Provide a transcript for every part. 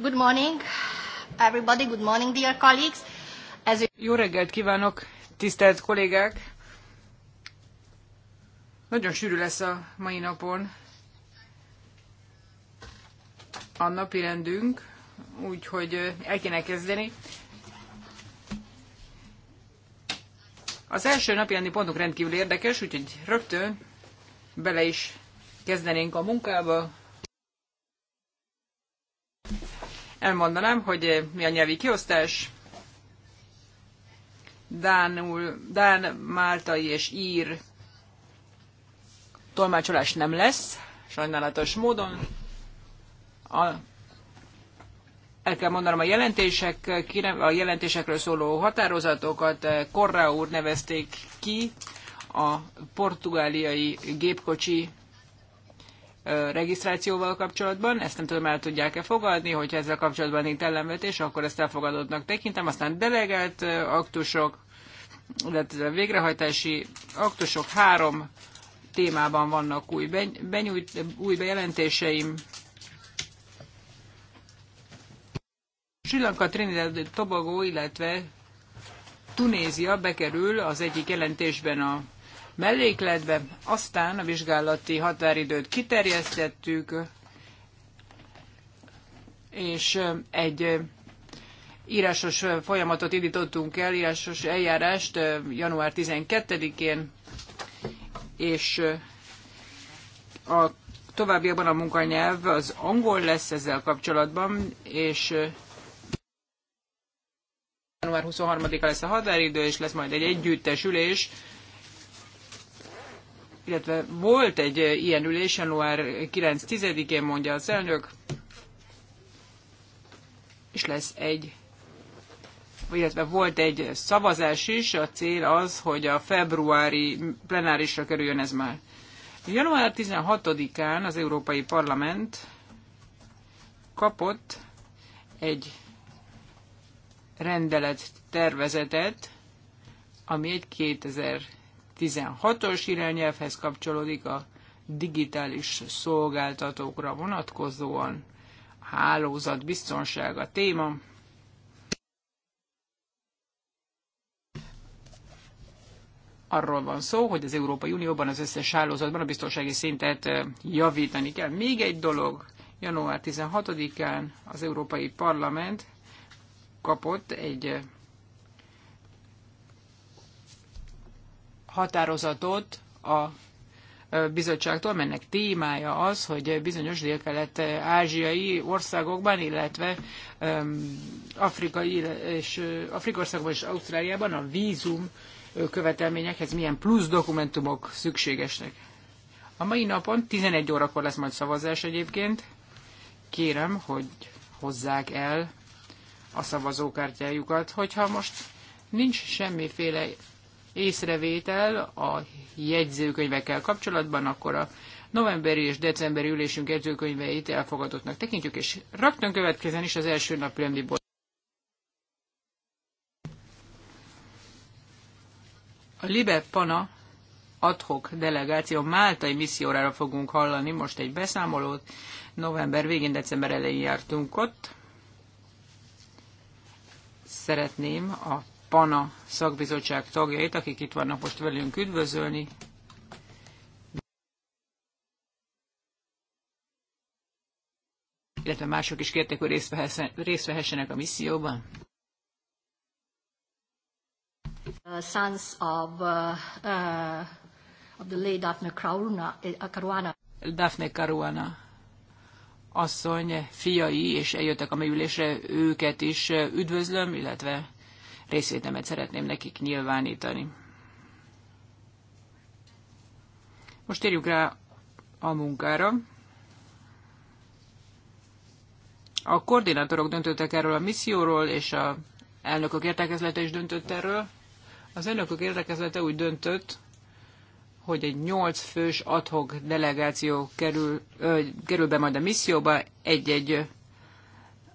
Good morning, everybody. Good morning, dear colleagues. As... Jó reggelt kívánok, tisztelt kollégák! Nagyon sűrű lesz a mai napon a napi rendünk, úgyhogy el kéne kezdeni. Az első napi rendi pontok rendkívül érdekes, úgyhogy rögtön bele is kezdenénk a munkába. elmondanám, hogy eh, mi a nyelvi kiosztás. Dánul, Dán, Máltai és Ír tolmácsolás nem lesz, sajnálatos módon. A, el kell mondanom a, jelentések, a jelentésekről szóló határozatokat. Korra úr nevezték ki a portugáliai gépkocsi regisztrációval kapcsolatban. Ezt nem tudom, el tudják-e fogadni, hogyha ezzel kapcsolatban nincs ellenvetés, akkor ezt elfogadottnak tekintem. Aztán delegált aktusok, illetve végrehajtási aktusok három témában vannak új, benyújt, új bejelentéseim. Sri Lanka, Trinidad, Tobago, illetve Tunézia bekerül az egyik jelentésben a mellékletbe, aztán a vizsgálati határidőt kiterjesztettük, és egy írásos folyamatot indítottunk el, írásos eljárást január 12-én, és a továbbiakban a munkanyelv az angol lesz ezzel kapcsolatban, és január 23-a lesz a határidő, és lesz majd egy együttes ülés illetve volt egy ilyen ülés január 9-10-én, mondja az elnök, és lesz egy, illetve volt egy szavazás is, a cél az, hogy a februári plenárisra kerüljön ez már. Január 16-án az Európai Parlament kapott egy rendelet tervezetet, ami egy 2000 16-os irányelvhez kapcsolódik a digitális szolgáltatókra vonatkozóan. A hálózat biztonsága téma. arról van szó, hogy az Európai Unióban az összes hálózatban a biztonsági szintet javítani kell. Még egy dolog, január 16-án az Európai Parlament kapott egy határozatot a bizottságtól, mennek témája az, hogy bizonyos dél-kelet-ázsiai országokban, illetve um, afrikai és Afrikországban és Ausztráliában a vízum követelményekhez milyen plusz dokumentumok szükségesnek. A mai napon 11 órakor lesz majd szavazás egyébként. Kérem, hogy hozzák el a szavazókártyájukat, hogyha most nincs semmiféle észrevétel a jegyzőkönyvekkel kapcsolatban, akkor a novemberi és decemberi ülésünk jegyzőkönyveit elfogadottnak tekintjük, és rögtön következen is az első nap rendi A Libe Pana adhok delegáció máltai missziórára fogunk hallani most egy beszámolót. November végén, december elején jártunk ott. Szeretném a PANA szakbizottság tagjait, akik itt vannak most velünk üdvözölni. illetve mások is kértek, hogy részt vehessenek a misszióban. Uh, sons of, uh, uh, of the late Daphne Caruana, eh, Daphne Caruana asszony fiai, és eljöttek a ülésre, őket is uh, üdvözlöm, illetve részvétemet szeretném nekik nyilvánítani. Most térjük rá a munkára. A koordinátorok döntöttek erről a misszióról, és a elnökök értekezlete is döntött erről. Az elnökök értekezlete úgy döntött, hogy egy nyolc fős adhok delegáció kerül, ö, kerül be majd a misszióba, egy-egy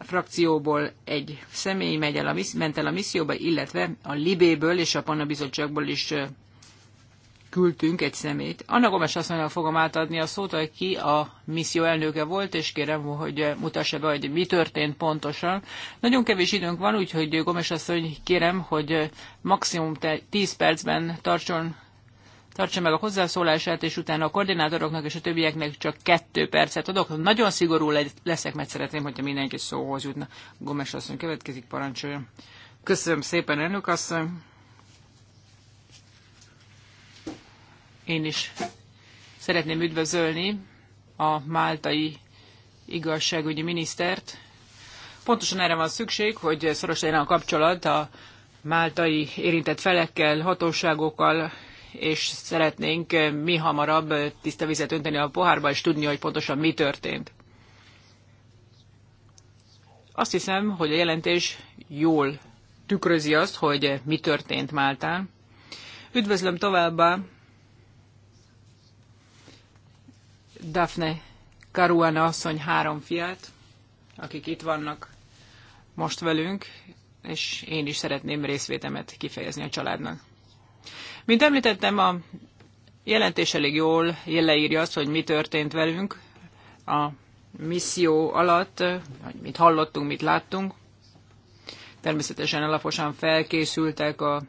frakcióból egy személy megy el a, ment el a misszióba, illetve a Libéből és a Panna Bizottságból is küldtünk egy szemét. Anna Gomes asszonynak fogom átadni a szót, aki a misszió elnöke volt, és kérem, hogy mutassa be, hogy mi történt pontosan. Nagyon kevés időnk van, úgyhogy Gomes asszony, kérem, hogy maximum 10 percben tartson tartsa meg a hozzászólását, és utána a koordinátoroknak és a többieknek csak kettő percet adok. Nagyon szigorú leszek, mert szeretném, hogyha mindenki szóhoz jutna. Gomes asszony következik, parancsolja. Köszönöm szépen, elnök asszony. Én is szeretném üdvözölni a máltai igazságügyi minisztert. Pontosan erre van szükség, hogy szoros legyen a kapcsolat a máltai érintett felekkel, hatóságokkal, és szeretnénk eh, mi hamarabb eh, tiszta vizet önteni a pohárba, és tudni, hogy pontosan mi történt. Azt hiszem, hogy a jelentés jól tükrözi azt, hogy eh, mi történt Máltán. Üdvözlöm továbbá Daphne Caruana asszony három fiát, akik itt vannak most velünk, és én is szeretném részvétemet kifejezni a családnak. Mint említettem, a jelentés elég jól leírja azt, hogy mi történt velünk a misszió alatt, hogy mit hallottunk, mit láttunk. Természetesen alaposan felkészültek a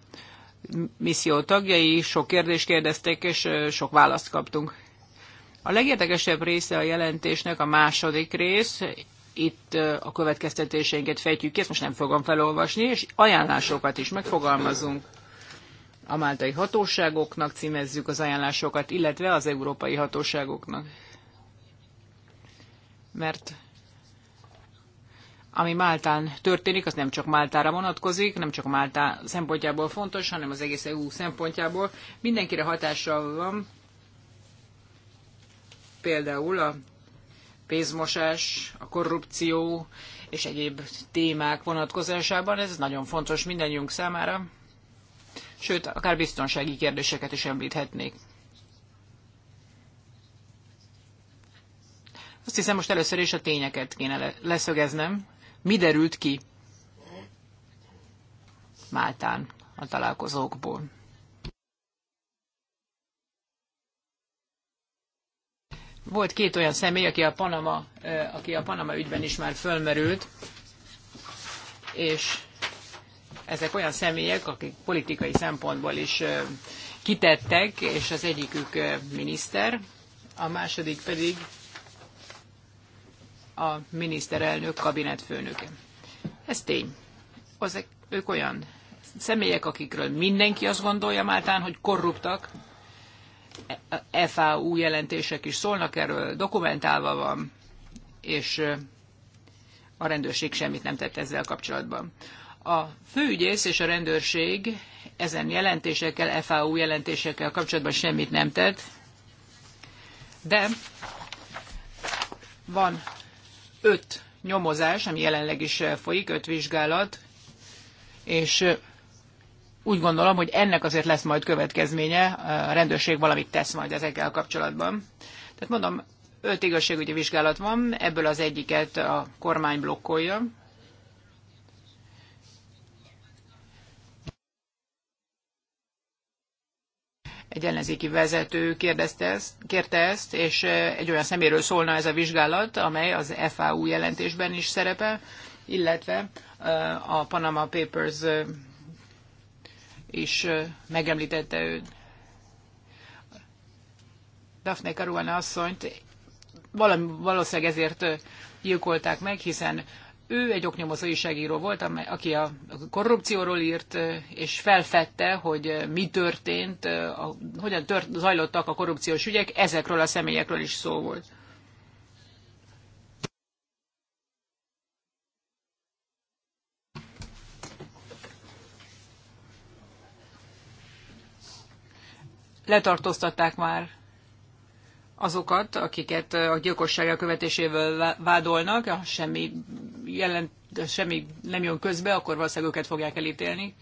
misszió tagjai, sok kérdést kérdezték, és sok választ kaptunk. A legérdekesebb része a jelentésnek a második rész, itt a következtetéseinket fejtjük ki, ezt most nem fogom felolvasni, és ajánlásokat is megfogalmazunk a máltai hatóságoknak címezzük az ajánlásokat, illetve az európai hatóságoknak. Mert ami Máltán történik, az nem csak Máltára vonatkozik, nem csak Máltá szempontjából fontos, hanem az egész EU szempontjából. Mindenkire hatással van például a pénzmosás, a korrupció és egyéb témák vonatkozásában. Ez nagyon fontos mindenjünk számára sőt, akár biztonsági kérdéseket is említhetnék. Azt hiszem, most először is a tényeket kéne leszögeznem. Mi derült ki Máltán a találkozókból? Volt két olyan személy, aki a Panama, aki a Panama ügyben is már fölmerült, és ezek olyan személyek, akik politikai szempontból is kitettek, és az egyikük miniszter, a második pedig a miniszterelnök kabinetfőnöke. Ez tény. Ezek, ők olyan személyek, akikről mindenki azt gondolja máltán, hogy korruptak. E, e, FAU jelentések is szólnak erről, dokumentálva van, és a rendőrség semmit nem tett ezzel kapcsolatban. A főügyész és a rendőrség ezen jelentésekkel, FAU jelentésekkel kapcsolatban semmit nem tett, de van öt nyomozás, ami jelenleg is folyik, öt vizsgálat, és úgy gondolom, hogy ennek azért lesz majd következménye, a rendőrség valamit tesz majd ezekkel kapcsolatban. Tehát mondom, öt igazságügyi vizsgálat van, ebből az egyiket a kormány blokkolja, egy ellenzéki vezető kérdezte ezt, kérte ezt, és egy olyan szeméről szólna ez a vizsgálat, amely az FAU jelentésben is szerepel, illetve a Panama Papers is megemlítette őt. Daphne Caruana asszonyt valami, valószínűleg ezért gyilkolták meg, hiszen ő egy oknyomozó újságíró volt, amely, aki a korrupcióról írt, és felfedte, hogy mi történt, a, hogyan tört, zajlottak a korrupciós ügyek, ezekről a személyekről is szó volt. Letartóztatták már azokat, akiket a gyilkosság követésével vádolnak, ha semmi, jelent, semmi nem jön közbe, akkor valószínűleg őket fogják elítélni.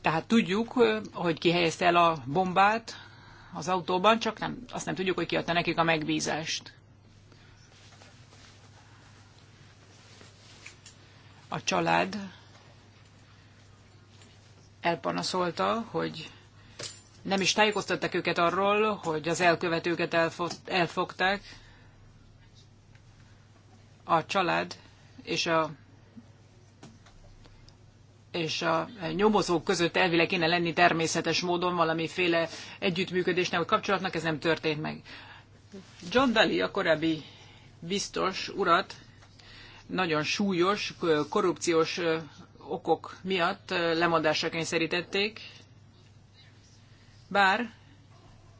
Tehát tudjuk, hogy ki helyezte el a bombát az autóban, csak nem, azt nem tudjuk, hogy ki adta nekik a megbízást. A család elpanaszolta, hogy nem is tájékoztatták őket arról, hogy az elkövetőket elfogták. A család és a és a nyomozók között elvileg kéne lenni természetes módon valamiféle együttműködésnek vagy kapcsolatnak, ez nem történt meg. John Daly, a korábbi biztos urat nagyon súlyos korrupciós okok miatt lemondásra kényszerítették, bár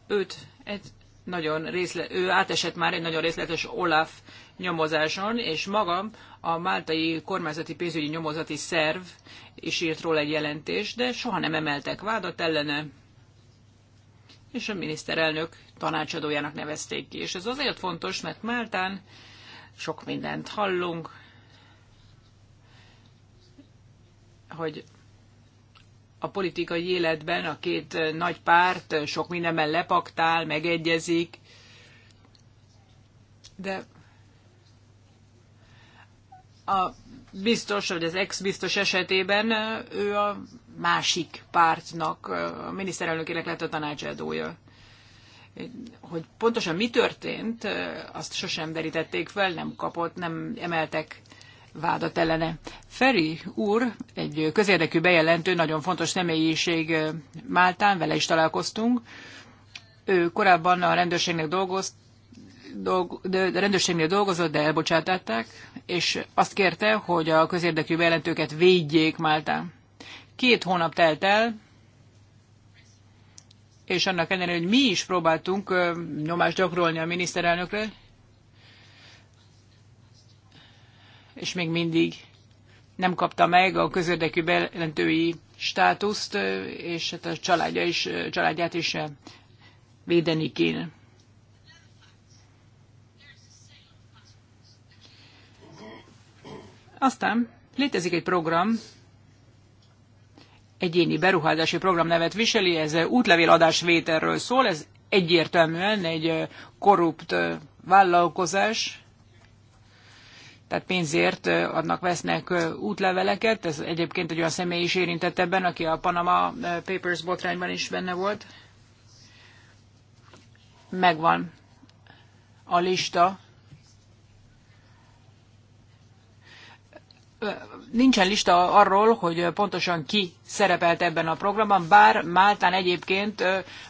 őt egy nagyon részle, ő átesett már egy nagyon részletes Olaf nyomozáson, és magam a Máltai Kormányzati Pénzügyi Nyomozati Szerv is írt róla egy jelentést, de soha nem emeltek vádat ellene, és a miniszterelnök tanácsadójának nevezték ki. És ez azért fontos, mert Máltán sok mindent hallunk, hogy a politikai életben a két nagy párt sok mindenben lepaktál, megegyezik, de a biztos, hogy az ex-biztos esetében ő a másik pártnak, a miniszterelnökének lett a tanácsadója. Hogy pontosan mi történt, azt sosem derítették fel, nem kapott, nem emeltek vádat ellene. Feri úr, egy közérdekű bejelentő, nagyon fontos személyiség Máltán, vele is találkoztunk. Ő korábban a rendőrségnek dolgozt, dolg, de rendőrségnél dolgozott, de elbocsátották, és azt kérte, hogy a közérdekű bejelentőket védjék Máltán. Két hónap telt el, és annak ellenére, hogy mi is próbáltunk nyomást gyakorolni a miniszterelnökre, és még mindig nem kapta meg a közérdekű bejelentői státuszt, és hát a családja is, családját is védeni kéne. Aztán létezik egy program, egyéni beruházási program nevet viseli, ez útlevéladásvételről szól, ez egyértelműen egy korrupt vállalkozás, tehát pénzért adnak, vesznek útleveleket. Ez egyébként egy olyan személy is érintett ebben, aki a Panama Papers botrányban is benne volt. Megvan a lista nincsen lista arról, hogy pontosan ki szerepelt ebben a programban, bár Máltán egyébként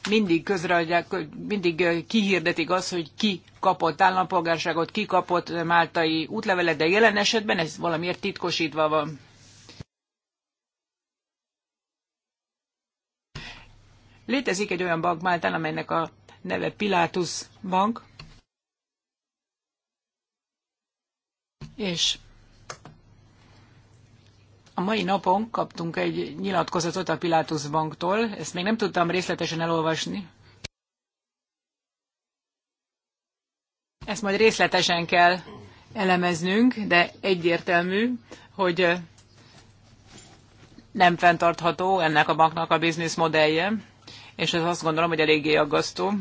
mindig közreadják, mindig kihirdetik azt, hogy ki kapott állampolgárságot, ki kapott máltai útlevelet, de jelen esetben ez valamiért titkosítva van. Létezik egy olyan bank Máltán, amelynek a neve Pilatus Bank, és a mai napon kaptunk egy nyilatkozatot a Pilatus Banktól, ezt még nem tudtam részletesen elolvasni. Ezt majd részletesen kell elemeznünk, de egyértelmű, hogy nem fenntartható ennek a banknak a bizniszmodellje, és ez azt gondolom, hogy eléggé aggasztó.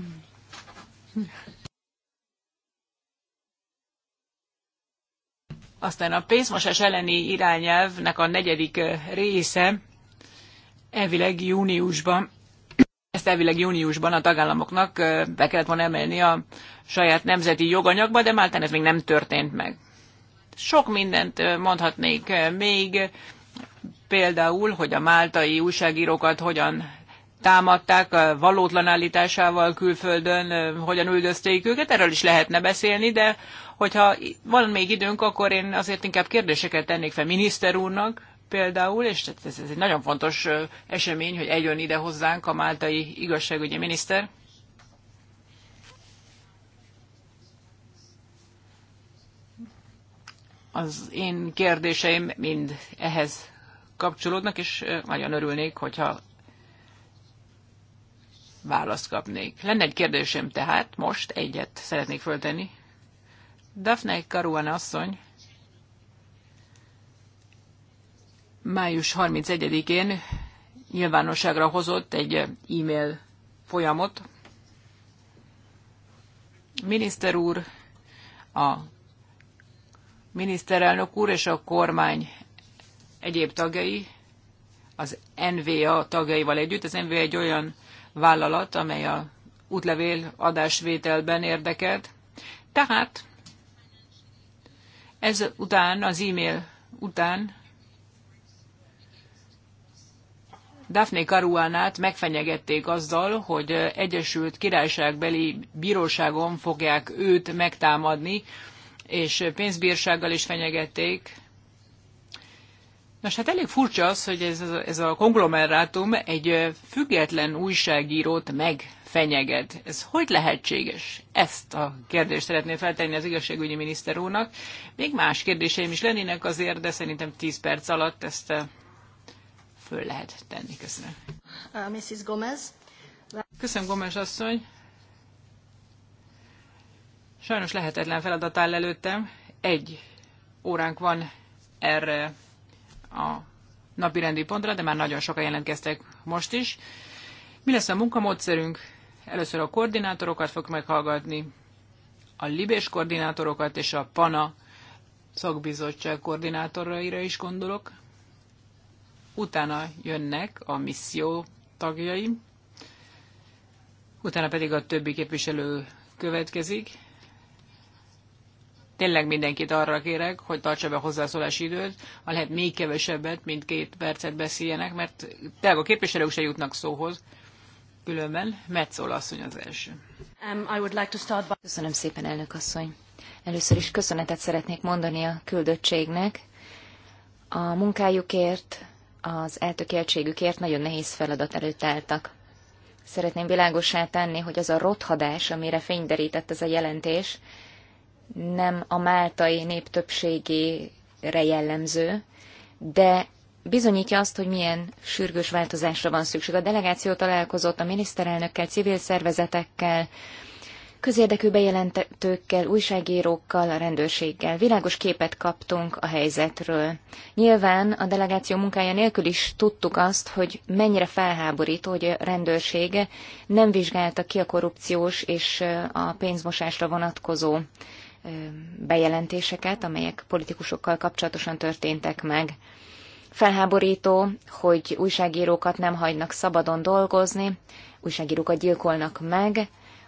Aztán a pénzmosás elleni irányelvnek a negyedik része elvileg júniusban, ezt elvileg júniusban a tagállamoknak be kellett volna emelni a saját nemzeti joganyagba, de Máltán ez még nem történt meg. Sok mindent mondhatnék még, például, hogy a máltai újságírókat hogyan támadták valótlan állításával külföldön, hogyan üldözték őket, erről is lehetne beszélni, de Hogyha van még időnk, akkor én azért inkább kérdéseket tennék fel miniszter úrnak például, és ez, ez egy nagyon fontos esemény, hogy eljön ide hozzánk a máltai igazságügyi miniszter. Az én kérdéseim mind ehhez kapcsolódnak, és nagyon örülnék, hogyha választ kapnék. Lenne egy kérdésem tehát, most egyet szeretnék föltenni. Daphne Caruana asszony május 31-én nyilvánosságra hozott egy e-mail folyamot. Miniszter úr, a miniszterelnök úr és a kormány egyéb tagjai, az NVA tagjaival együtt. Az NVA egy olyan vállalat, amely a útlevél adásvételben érdekelt. Tehát ez után, az e-mail után Daphne Caruanát megfenyegették azzal, hogy Egyesült Királyságbeli bíróságon fogják őt megtámadni, és pénzbírsággal is fenyegették. Nos, hát elég furcsa az, hogy ez, ez a konglomerátum egy független újságírót meg fenyeget. Ez hogy lehetséges? Ezt a kérdést szeretném feltenni az igazságügyi miniszter úrnak. Még más kérdéseim is lennének azért, de szerintem 10 perc alatt ezt eh, föl lehet tenni. Köszönöm. Uh, Mrs. Gomez. Köszönöm, Gomes asszony. Sajnos lehetetlen feladat áll előttem. Egy óránk van erre a napi rendi pontra, de már nagyon sokan jelentkeztek most is. Mi lesz a munkamódszerünk? Először a koordinátorokat fog meghallgatni, a libés koordinátorokat és a PANA szakbizottság koordinátoraira is gondolok. Utána jönnek a misszió tagjai, utána pedig a többi képviselő következik. Tényleg mindenkit arra kérek, hogy tartsa be a hozzászólási időt, ha lehet még kevesebbet, mint két percet beszéljenek, mert tényleg a képviselők se jutnak szóhoz különben Metzola asszony az első. Um, like by... Köszönöm szépen, elnök asszony. Először is köszönetet szeretnék mondani a küldöttségnek. A munkájukért, az eltökéltségükért nagyon nehéz feladat előtt álltak. Szeretném világosá tenni, hogy az a rothadás, amire fényderített ez a jelentés, nem a máltai nép többségére jellemző, de bizonyítja azt, hogy milyen sürgős változásra van szükség. A delegáció találkozott a miniszterelnökkel, civil szervezetekkel, közérdekű bejelentőkkel, újságírókkal, a rendőrséggel. Világos képet kaptunk a helyzetről. Nyilván a delegáció munkája nélkül is tudtuk azt, hogy mennyire felháborít, hogy a rendőrség nem vizsgálta ki a korrupciós és a pénzmosásra vonatkozó bejelentéseket, amelyek politikusokkal kapcsolatosan történtek meg. Felháborító, hogy újságírókat nem hagynak szabadon dolgozni, újságírókat gyilkolnak meg,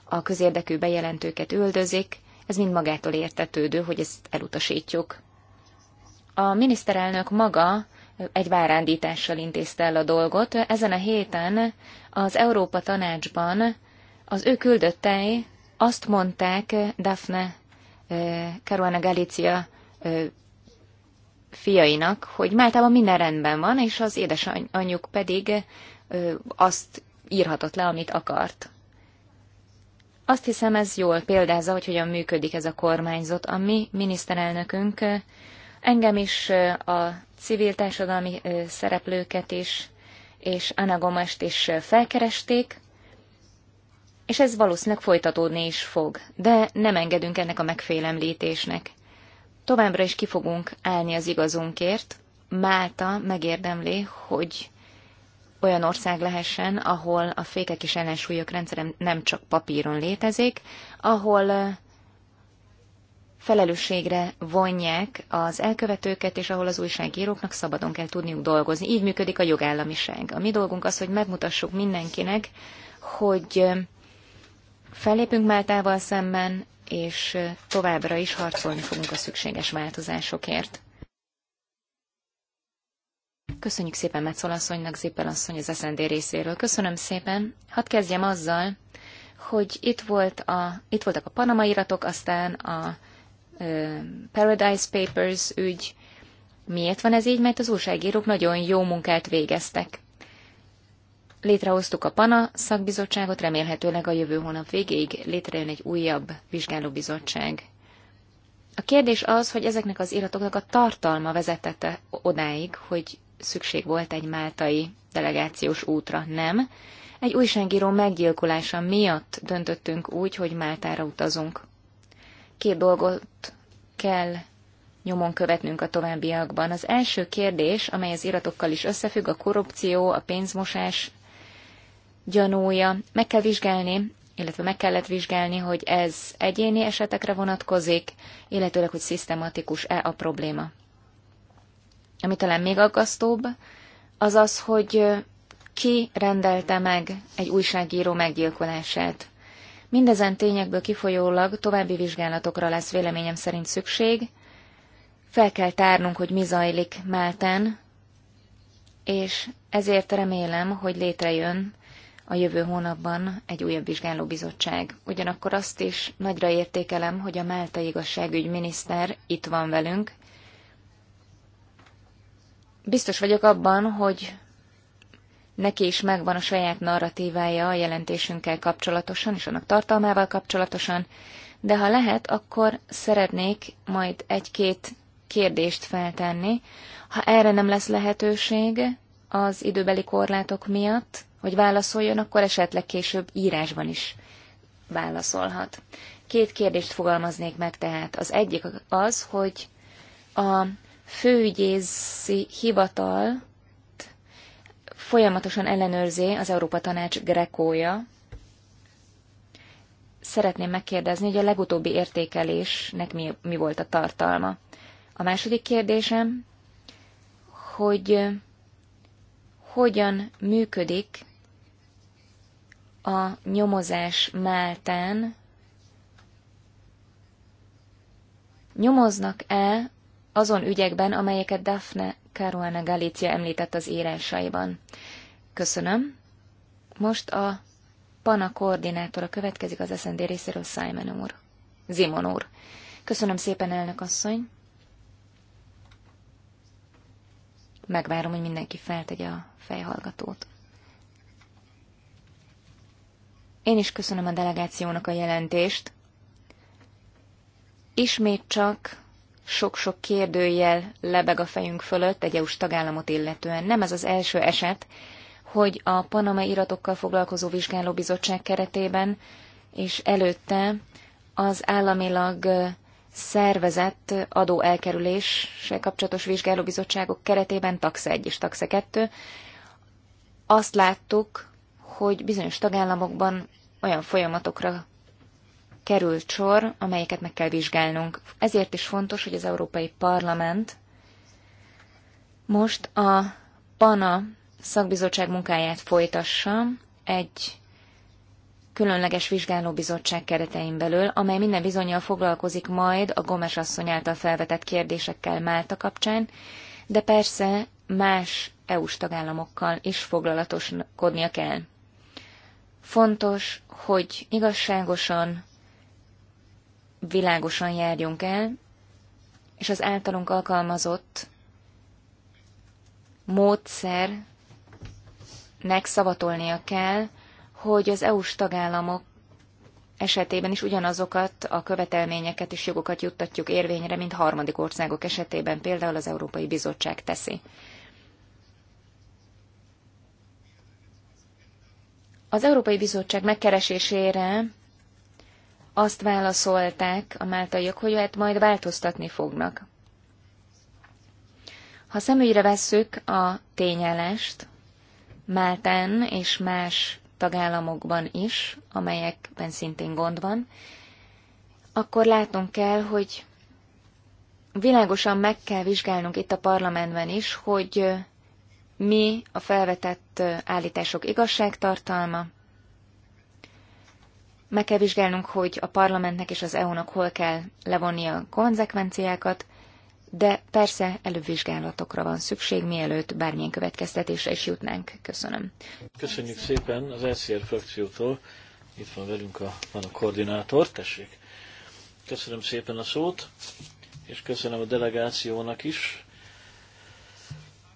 a közérdekű bejelentőket üldözik, ez mind magától értetődő, hogy ezt elutasítjuk. A miniszterelnök maga egy várándítással intézte el a dolgot. Ezen a héten az Európa Tanácsban az ő küldöttei azt mondták Daphne eh, Caruana Galizia eh, fiainak, hogy Máltában minden rendben van, és az édesanyjuk pedig azt írhatott le, amit akart. Azt hiszem, ez jól példázza, hogy hogyan működik ez a kormányzat. A mi miniszterelnökünk engem is, a civil társadalmi szereplőket is, és Anna Gomest is felkeresték, és ez valószínűleg folytatódni is fog, de nem engedünk ennek a megfélemlítésnek. Továbbra is ki fogunk állni az igazunkért. Málta megérdemli, hogy olyan ország lehessen, ahol a fékek és ellensúlyok rendszerem nem csak papíron létezik, ahol felelősségre vonják az elkövetőket, és ahol az újságíróknak szabadon kell tudniuk dolgozni. Így működik a jogállamiság. A mi dolgunk az, hogy megmutassuk mindenkinek, hogy fellépünk Máltával szemben, és továbbra is harcolni fogunk a szükséges változásokért. Köszönjük szépen Metszol asszonynak, Zippel asszony az SND részéről. Köszönöm szépen. Hadd kezdjem azzal, hogy itt, volt a, itt voltak a Panama iratok, aztán a ö, Paradise Papers ügy. Miért van ez így? Mert az újságírók nagyon jó munkát végeztek. Létrehoztuk a PANA szakbizottságot, remélhetőleg a jövő hónap végéig létrejön egy újabb vizsgálóbizottság. A kérdés az, hogy ezeknek az iratoknak a tartalma vezetette odáig, hogy szükség volt egy máltai delegációs útra, nem? Egy újságíró meggyilkolása miatt döntöttünk úgy, hogy Máltára utazunk. Két dolgot kell nyomon követnünk a továbbiakban. Az első kérdés, amely az iratokkal is összefügg, a korrupció, a pénzmosás gyanúja. Meg kell vizsgálni, illetve meg kellett vizsgálni, hogy ez egyéni esetekre vonatkozik, illetőleg, hogy szisztematikus-e a probléma. Ami talán még aggasztóbb, az az, hogy ki rendelte meg egy újságíró meggyilkolását. Mindezen tényekből kifolyólag további vizsgálatokra lesz véleményem szerint szükség, fel kell tárnunk, hogy mi zajlik Máltán, és ezért remélem, hogy létrejön a jövő hónapban egy újabb vizsgálóbizottság. Ugyanakkor azt is nagyra értékelem, hogy a Málta miniszter itt van velünk. Biztos vagyok abban, hogy neki is megvan a saját narratívája a jelentésünkkel kapcsolatosan és annak tartalmával kapcsolatosan, de ha lehet, akkor szeretnék majd egy-két kérdést feltenni. Ha erre nem lesz lehetőség az időbeli korlátok miatt, hogy válaszoljon, akkor esetleg később írásban is válaszolhat. Két kérdést fogalmaznék meg tehát. Az egyik az, hogy a főügyészi hivatal folyamatosan ellenőrzi az Európa Tanács grekója. Szeretném megkérdezni, hogy a legutóbbi értékelésnek mi, mi volt a tartalma. A második kérdésem, hogy hogyan működik a nyomozás Máltán nyomoznak-e azon ügyekben, amelyeket Daphne Caruana Galizia említett az írásaiban. Köszönöm. Most a PANA koordinátora következik az SND részéről Simon úr. Zimon úr. Köszönöm szépen, elnök asszony. Megvárom, hogy mindenki feltegye a fejhallgatót. Én is köszönöm a delegációnak a jelentést. Ismét csak sok-sok kérdőjel lebeg a fejünk fölött egy EU-s tagállamot illetően. Nem ez az első eset, hogy a Panama iratokkal foglalkozó vizsgálóbizottság keretében és előtte az államilag szervezett adóelkerüléssel kapcsolatos vizsgálóbizottságok keretében TAX 1 és TAX 2 azt láttuk, hogy bizonyos tagállamokban olyan folyamatokra kerül sor, amelyeket meg kell vizsgálnunk. Ezért is fontos, hogy az Európai Parlament most a PANA szakbizottság munkáját folytassa egy különleges vizsgálóbizottság keretein belül, amely minden bizonyal foglalkozik majd a Gomes asszony által felvetett kérdésekkel Málta kapcsán, de persze más EU-s tagállamokkal is foglalatoskodnia kell. Fontos, hogy igazságosan, világosan járjunk el, és az általunk alkalmazott módszernek szavatolnia kell, hogy az EU-s tagállamok esetében is ugyanazokat a követelményeket és jogokat juttatjuk érvényre, mint harmadik országok esetében, például az Európai Bizottság teszi. Az Európai Bizottság megkeresésére azt válaszolták a máltaiak, hogy hát majd változtatni fognak. Ha szemügyre vesszük a tényállást, Máltán és más tagállamokban is, amelyekben szintén gond van, akkor látnunk kell, hogy világosan meg kell vizsgálnunk itt a parlamentben is, hogy mi a felvetett állítások igazságtartalma, meg kell vizsgálnunk, hogy a parlamentnek és az EU-nak hol kell levonnia a konzekvenciákat, de persze elővizsgálatokra van szükség, mielőtt bármilyen következtetésre is jutnánk. Köszönöm. Köszönjük szépen az SZR frakciótól. Itt van velünk a, van a koordinátor, tessék. Köszönöm szépen a szót, és köszönöm a delegációnak is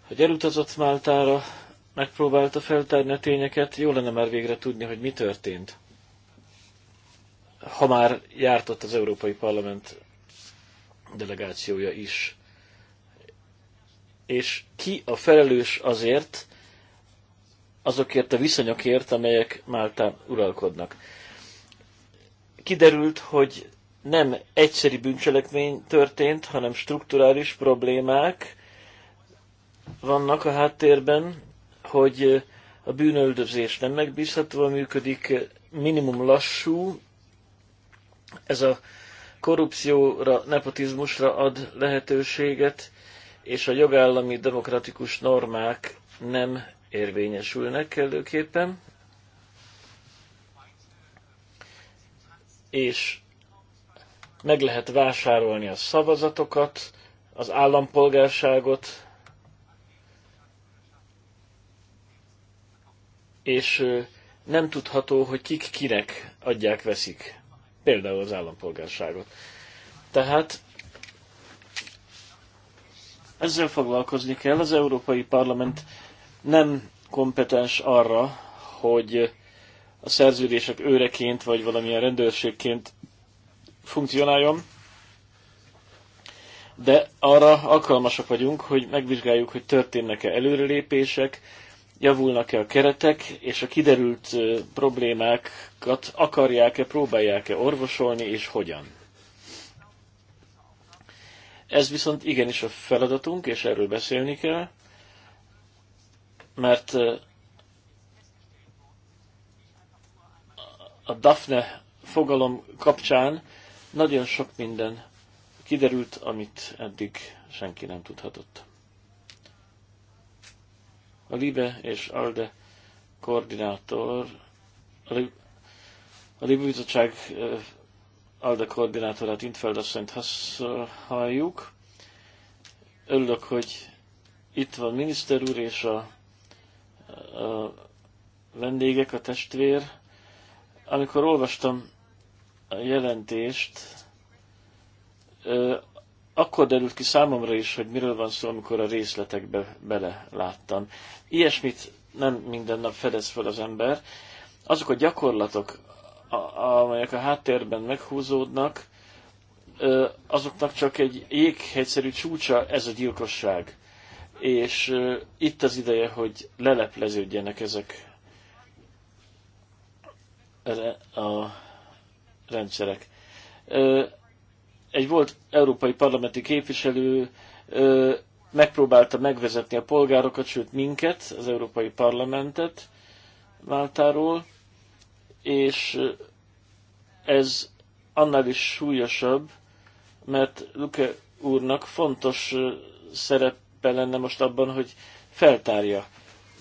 hogy elutazott Máltára, megpróbálta feltárni a tényeket, jó lenne már végre tudni, hogy mi történt. Ha már járt ott az Európai Parlament delegációja is. És ki a felelős azért, azokért a viszonyokért, amelyek Máltán uralkodnak. Kiderült, hogy nem egyszeri bűncselekmény történt, hanem strukturális problémák, vannak a háttérben, hogy a bűnöldözés nem megbízhatóan működik, minimum lassú, ez a korrupcióra, nepotizmusra ad lehetőséget, és a jogállami demokratikus normák nem érvényesülnek kellőképpen. És meg lehet vásárolni a szavazatokat, az állampolgárságot, és nem tudható, hogy kik kinek adják, veszik. Például az állampolgárságot. Tehát ezzel foglalkozni kell. Az Európai Parlament nem kompetens arra, hogy a szerződések őreként vagy valamilyen rendőrségként funkcionáljon, de arra alkalmasak vagyunk, hogy megvizsgáljuk, hogy történnek-e előrelépések, javulnak-e a keretek, és a kiderült problémákat akarják-e, próbálják-e orvosolni, és hogyan. Ez viszont igenis a feladatunk, és erről beszélni kell, mert a Daphne fogalom kapcsán nagyon sok minden kiderült, amit eddig senki nem tudhatott. A LIBE és ALDE koordinátor, a LIBE, bizottság ALDE koordinátorát, Intfeld asszonyt halljuk. Örülök, hogy itt van miniszter úr és a, a vendégek, a testvér. Amikor olvastam a jelentést, akkor derült ki számomra is, hogy miről van szó, amikor a részletekbe beleláttam. Ilyesmit nem minden nap fedez fel az ember. Azok a gyakorlatok, amelyek a háttérben meghúzódnak, azoknak csak egy jéghegyszerű csúcsa ez a gyilkosság. És itt az ideje, hogy lelepleződjenek ezek a rendszerek egy volt európai parlamenti képviselő ö, megpróbálta megvezetni a polgárokat, sőt minket, az Európai Parlamentet Máltáról, és ez annál is súlyosabb, mert Luke úrnak fontos szerepe lenne most abban, hogy feltárja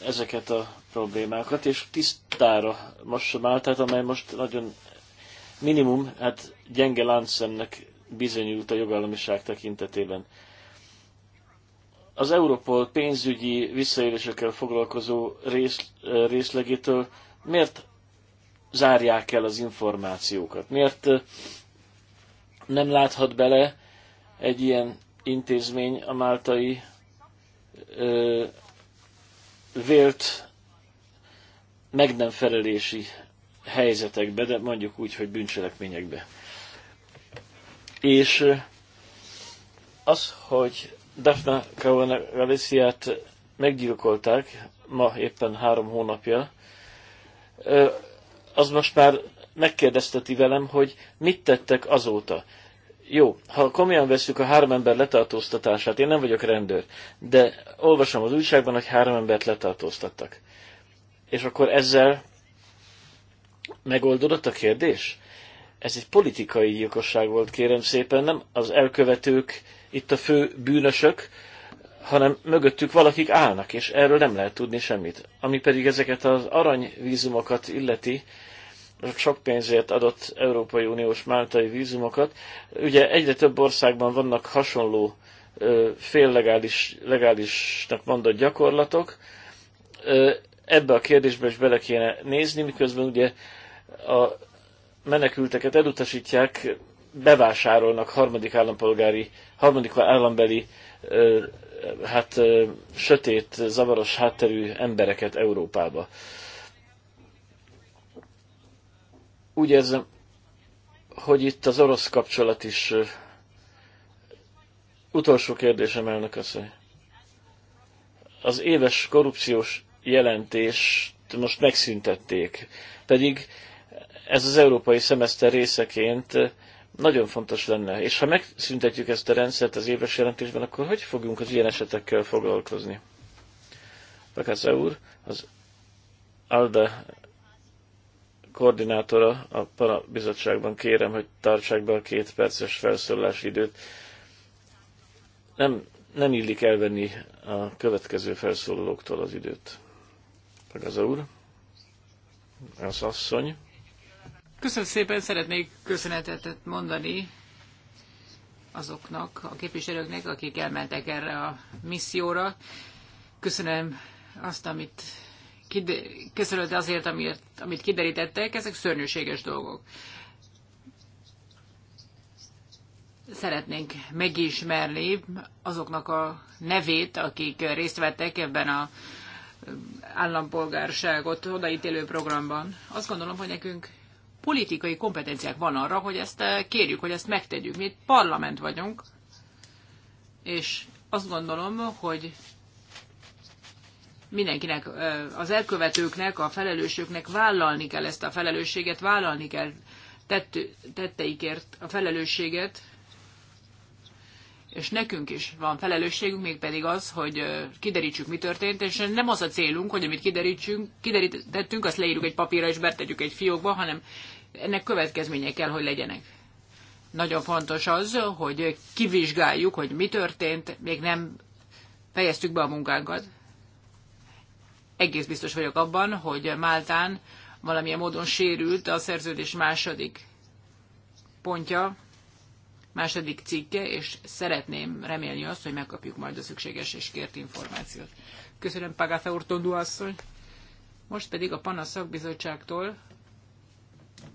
ezeket a problémákat, és tisztára mossa Máltát, amely most nagyon minimum, hát gyenge láncszemnek bizonyult a jogállamiság tekintetében. Az Európol pénzügyi visszaélésekkel foglalkozó rész, részlegétől miért zárják el az információkat? Miért nem láthat bele egy ilyen intézmény a máltai ö, vélt meg nem felelési helyzetekbe, de mondjuk úgy, hogy bűncselekményekbe. És az, hogy Daphne Caruana Galiciát meggyilkolták, ma éppen három hónapja, az most már megkérdezteti velem, hogy mit tettek azóta. Jó, ha komolyan veszük a három ember letartóztatását, én nem vagyok rendőr, de olvasom az újságban, hogy három embert letartóztattak. És akkor ezzel megoldódott a kérdés? Ez egy politikai gyilkosság volt, kérem szépen, nem az elkövetők itt a fő bűnösök, hanem mögöttük valakik állnak, és erről nem lehet tudni semmit. Ami pedig ezeket az aranyvízumokat illeti, sok pénzért adott Európai Uniós máltai vízumokat. Ugye egyre több országban vannak hasonló féllegális, legálisnak mondott gyakorlatok. Ebbe a kérdésbe is bele kéne nézni, miközben ugye a menekülteket elutasítják, bevásárolnak harmadik állampolgári, harmadik állambeli hát sötét, zavaros hátterű embereket Európába. Úgy érzem, hogy itt az orosz kapcsolat is utolsó kérdésem elnök asszony. Az éves korrupciós jelentést most megszüntették, pedig ez az európai szemeszter részeként eh, nagyon fontos lenne. És ha megszüntetjük ezt a rendszert az éves jelentésben, akkor hogy fogunk az ilyen esetekkel foglalkozni? Bakaza úr, az ALDE koordinátora a PANA bizottságban kérem, hogy tartsák be a két perces felszólalási időt. Nem, nem illik elvenni a következő felszólalóktól az időt. Bakaza úr, az asszony. Köszönöm szépen, szeretnék köszönetet mondani azoknak a képviselőknek, akik elmentek erre a misszióra. Köszönöm azt, amit köszönöm azért, amit, amit kiderítettek, ezek szörnyűséges dolgok. Szeretnénk megismerni azoknak a nevét, akik részt vettek ebben a állampolgárságot odaítélő programban. Azt gondolom, hogy nekünk politikai kompetenciák van arra, hogy ezt eh, kérjük, hogy ezt megtegyük. Mi itt parlament vagyunk, és azt gondolom, hogy mindenkinek, eh, az elkövetőknek, a felelősöknek vállalni kell ezt a felelősséget, vállalni kell tett, tetteikért a felelősséget, és nekünk is van felelősségünk, mégpedig az, hogy eh, kiderítsük, mi történt, és nem az a célunk, hogy amit kiderítsünk, kiderítettünk, azt leírjuk egy papírra és betegyük egy fiókba, hanem ennek következménye kell, hogy legyenek. Nagyon fontos az, hogy kivizsgáljuk, hogy mi történt, még nem fejeztük be a munkánkat. Egész biztos vagyok abban, hogy Máltán valamilyen módon sérült a szerződés második pontja, második cikke, és szeretném remélni azt, hogy megkapjuk majd a szükséges és kért információt. Köszönöm Pagatha úr, asszony. Most pedig a Panaszakbizottságtól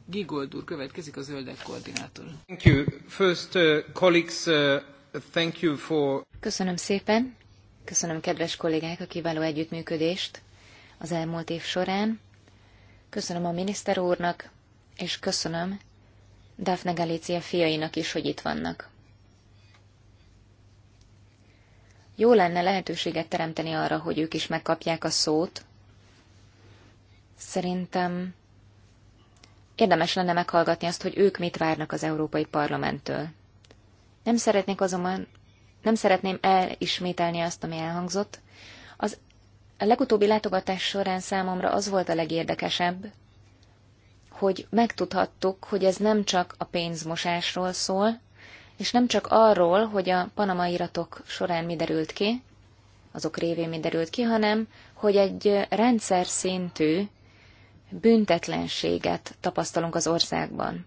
Gigold úr következik a zöldek koordinátor. Thank you. First, uh, colleagues, uh, thank you for... Köszönöm szépen. Köszönöm kedves kollégák a kiváló együttműködést az elmúlt év során. Köszönöm a miniszter úrnak, és köszönöm Daphne Galicia fiainak is, hogy itt vannak. Jó lenne lehetőséget teremteni arra, hogy ők is megkapják a szót. Szerintem Érdemes lenne meghallgatni azt, hogy ők mit várnak az Európai Parlamenttől. Nem szeretnék azonban, nem szeretném elismételni azt, ami elhangzott. Az a legutóbbi látogatás során számomra az volt a legérdekesebb, hogy megtudhattuk, hogy ez nem csak a pénzmosásról szól, és nem csak arról, hogy a panama iratok során mi derült ki, azok révén mi derült ki, hanem hogy egy rendszer szintű büntetlenséget tapasztalunk az országban.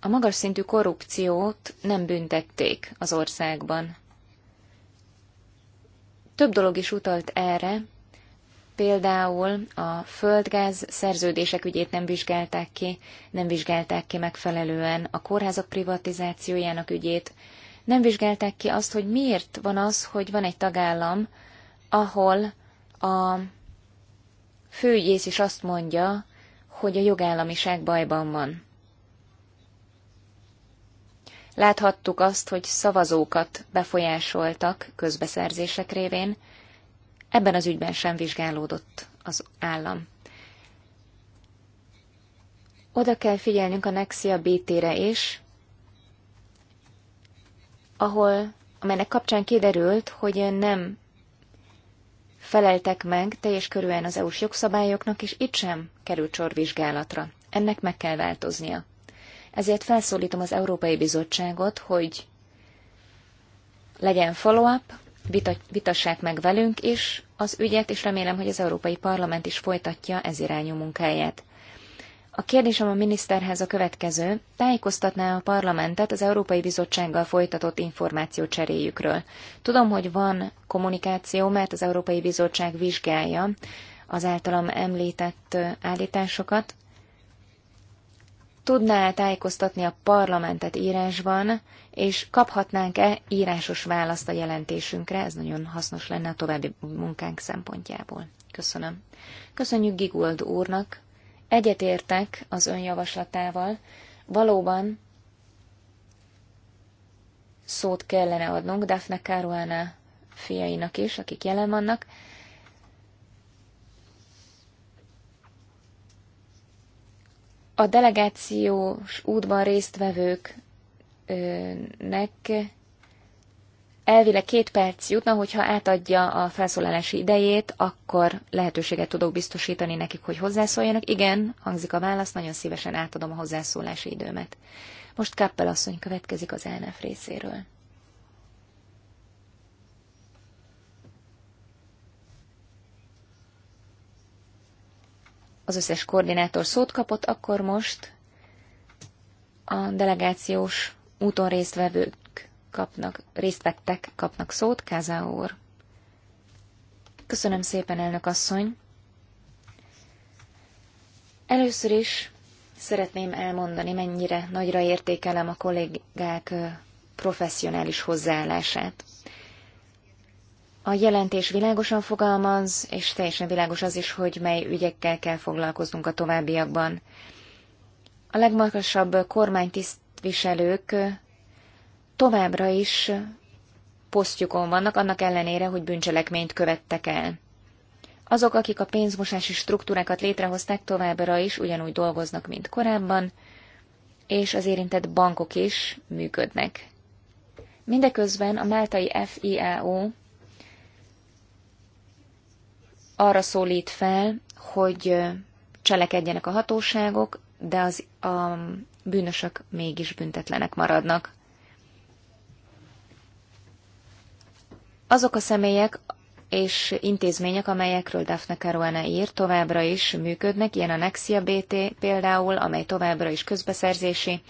A magas szintű korrupciót nem büntették az országban. Több dolog is utalt erre, például a földgáz szerződések ügyét nem vizsgálták ki, nem vizsgálták ki megfelelően a kórházak privatizációjának ügyét, nem vizsgálták ki azt, hogy miért van az, hogy van egy tagállam, ahol a főügyész is azt mondja, hogy a jogállamiság bajban van. Láthattuk azt, hogy szavazókat befolyásoltak közbeszerzések révén, ebben az ügyben sem vizsgálódott az állam. Oda kell figyelnünk a Nexia BT-re is, ahol, amelynek kapcsán kiderült, hogy nem feleltek meg teljes körülön az EU-s jogszabályoknak, és itt sem került sor vizsgálatra. Ennek meg kell változnia. Ezért felszólítom az Európai Bizottságot, hogy legyen follow-up, vitassák meg velünk is az ügyet, és remélem, hogy az Európai Parlament is folytatja ez irányú munkáját. A kérdésem a miniszterhez a következő. Tájékoztatná a parlamentet az Európai Bizottsággal folytatott információ cseréjükről. Tudom, hogy van kommunikáció, mert az Európai Bizottság vizsgálja az általam említett állításokat. Tudná -e tájékoztatni a parlamentet írásban, és kaphatnánk-e írásos választ a jelentésünkre? Ez nagyon hasznos lenne a további munkánk szempontjából. Köszönöm. Köszönjük Gigold úrnak, Egyetértek az ön javaslatával. Valóban szót kellene adnunk Daphne Caruana fiainak is, akik jelen vannak. A delegációs útban résztvevőknek Elvileg két perc jutna, hogyha átadja a felszólalási idejét, akkor lehetőséget tudok biztosítani nekik, hogy hozzászóljanak. Igen, hangzik a válasz, nagyon szívesen átadom a hozzászólási időmet. Most Kappel asszony következik az elnef részéről. Az összes koordinátor szót kapott, akkor most a delegációs úton résztvevő kapnak, részt vettek, kapnak szót, Kázá úr. Köszönöm szépen, elnök asszony. Először is szeretném elmondani, mennyire nagyra értékelem a kollégák professzionális hozzáállását. A jelentés világosan fogalmaz, és teljesen világos az is, hogy mely ügyekkel kell foglalkoznunk a továbbiakban. A legmagasabb kormánytisztviselők továbbra is posztjukon vannak, annak ellenére, hogy bűncselekményt követtek el. Azok, akik a pénzmosási struktúrákat létrehozták, továbbra is ugyanúgy dolgoznak, mint korábban, és az érintett bankok is működnek. Mindeközben a máltai FIAO arra szólít fel, hogy cselekedjenek a hatóságok, de az, a bűnösök mégis büntetlenek maradnak. Azok a személyek és intézmények, amelyekről Daphne Caruana ír, továbbra is működnek, ilyen a Nexia BT például, amely továbbra is közbeszerzési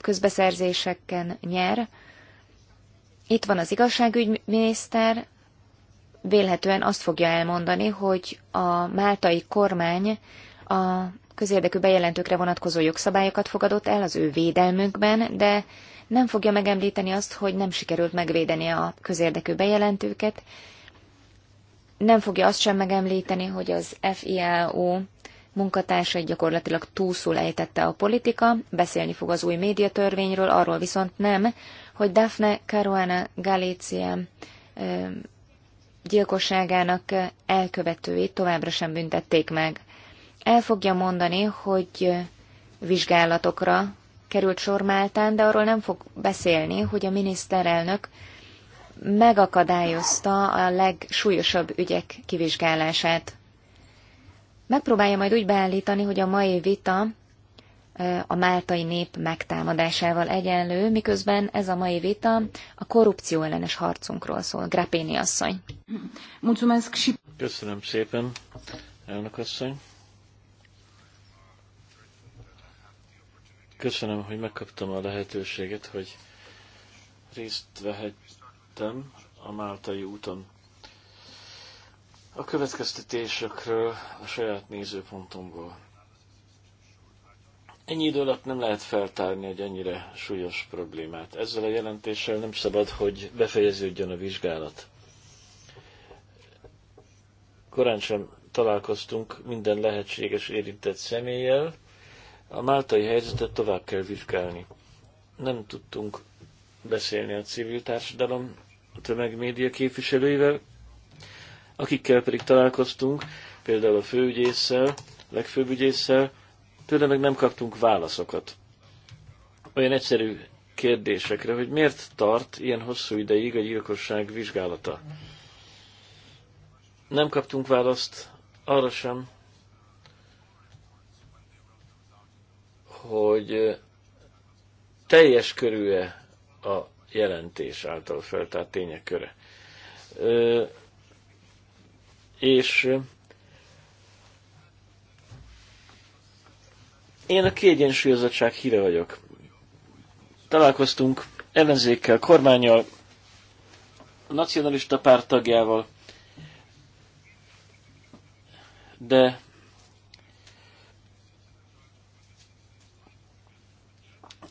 közbeszerzéseken nyer. Itt van az igazságügyminiszter, vélhetően azt fogja elmondani, hogy a máltai kormány a közérdekű bejelentőkre vonatkozó jogszabályokat fogadott el az ő védelmükben, de nem fogja megemlíteni azt, hogy nem sikerült megvédeni a közérdekű bejelentőket, nem fogja azt sem megemlíteni, hogy az FIAO munkatársa gyakorlatilag túlszul ejtette a politika, beszélni fog az új médiatörvényről, arról viszont nem, hogy Daphne Caruana Galizia gyilkosságának elkövetőit továbbra sem büntették meg. El fogja mondani, hogy vizsgálatokra került sor Máltán, de arról nem fog beszélni, hogy a miniszterelnök megakadályozta a legsúlyosabb ügyek kivizsgálását. Megpróbálja majd úgy beállítani, hogy a mai vita a máltai nép megtámadásával egyenlő, miközben ez a mai vita a korrupció ellenes harcunkról szól. Grapéni asszony. Köszönöm szépen, elnök asszony. Köszönöm, hogy megkaptam a lehetőséget, hogy részt vehettem a Máltai úton. A következtetésekről a saját nézőpontomból. Ennyi idő alatt nem lehet feltárni egy ennyire súlyos problémát. Ezzel a jelentéssel nem szabad, hogy befejeződjön a vizsgálat. Korán sem találkoztunk minden lehetséges érintett személlyel, a máltai helyzetet tovább kell vizsgálni. Nem tudtunk beszélni a civil társadalom, a tömegmédia képviselőivel, akikkel pedig találkoztunk, például a főügyésszel, legfőbb ügyésszel, tőle meg nem kaptunk válaszokat. Olyan egyszerű kérdésekre, hogy miért tart ilyen hosszú ideig a gyilkosság vizsgálata. Nem kaptunk választ arra sem, hogy teljes körűe a jelentés által feltárt tények köre. És én a kiegyensúlyozottság híre vagyok. Találkoztunk ellenzékkel, kormányjal, a nacionalista párt tagjával, de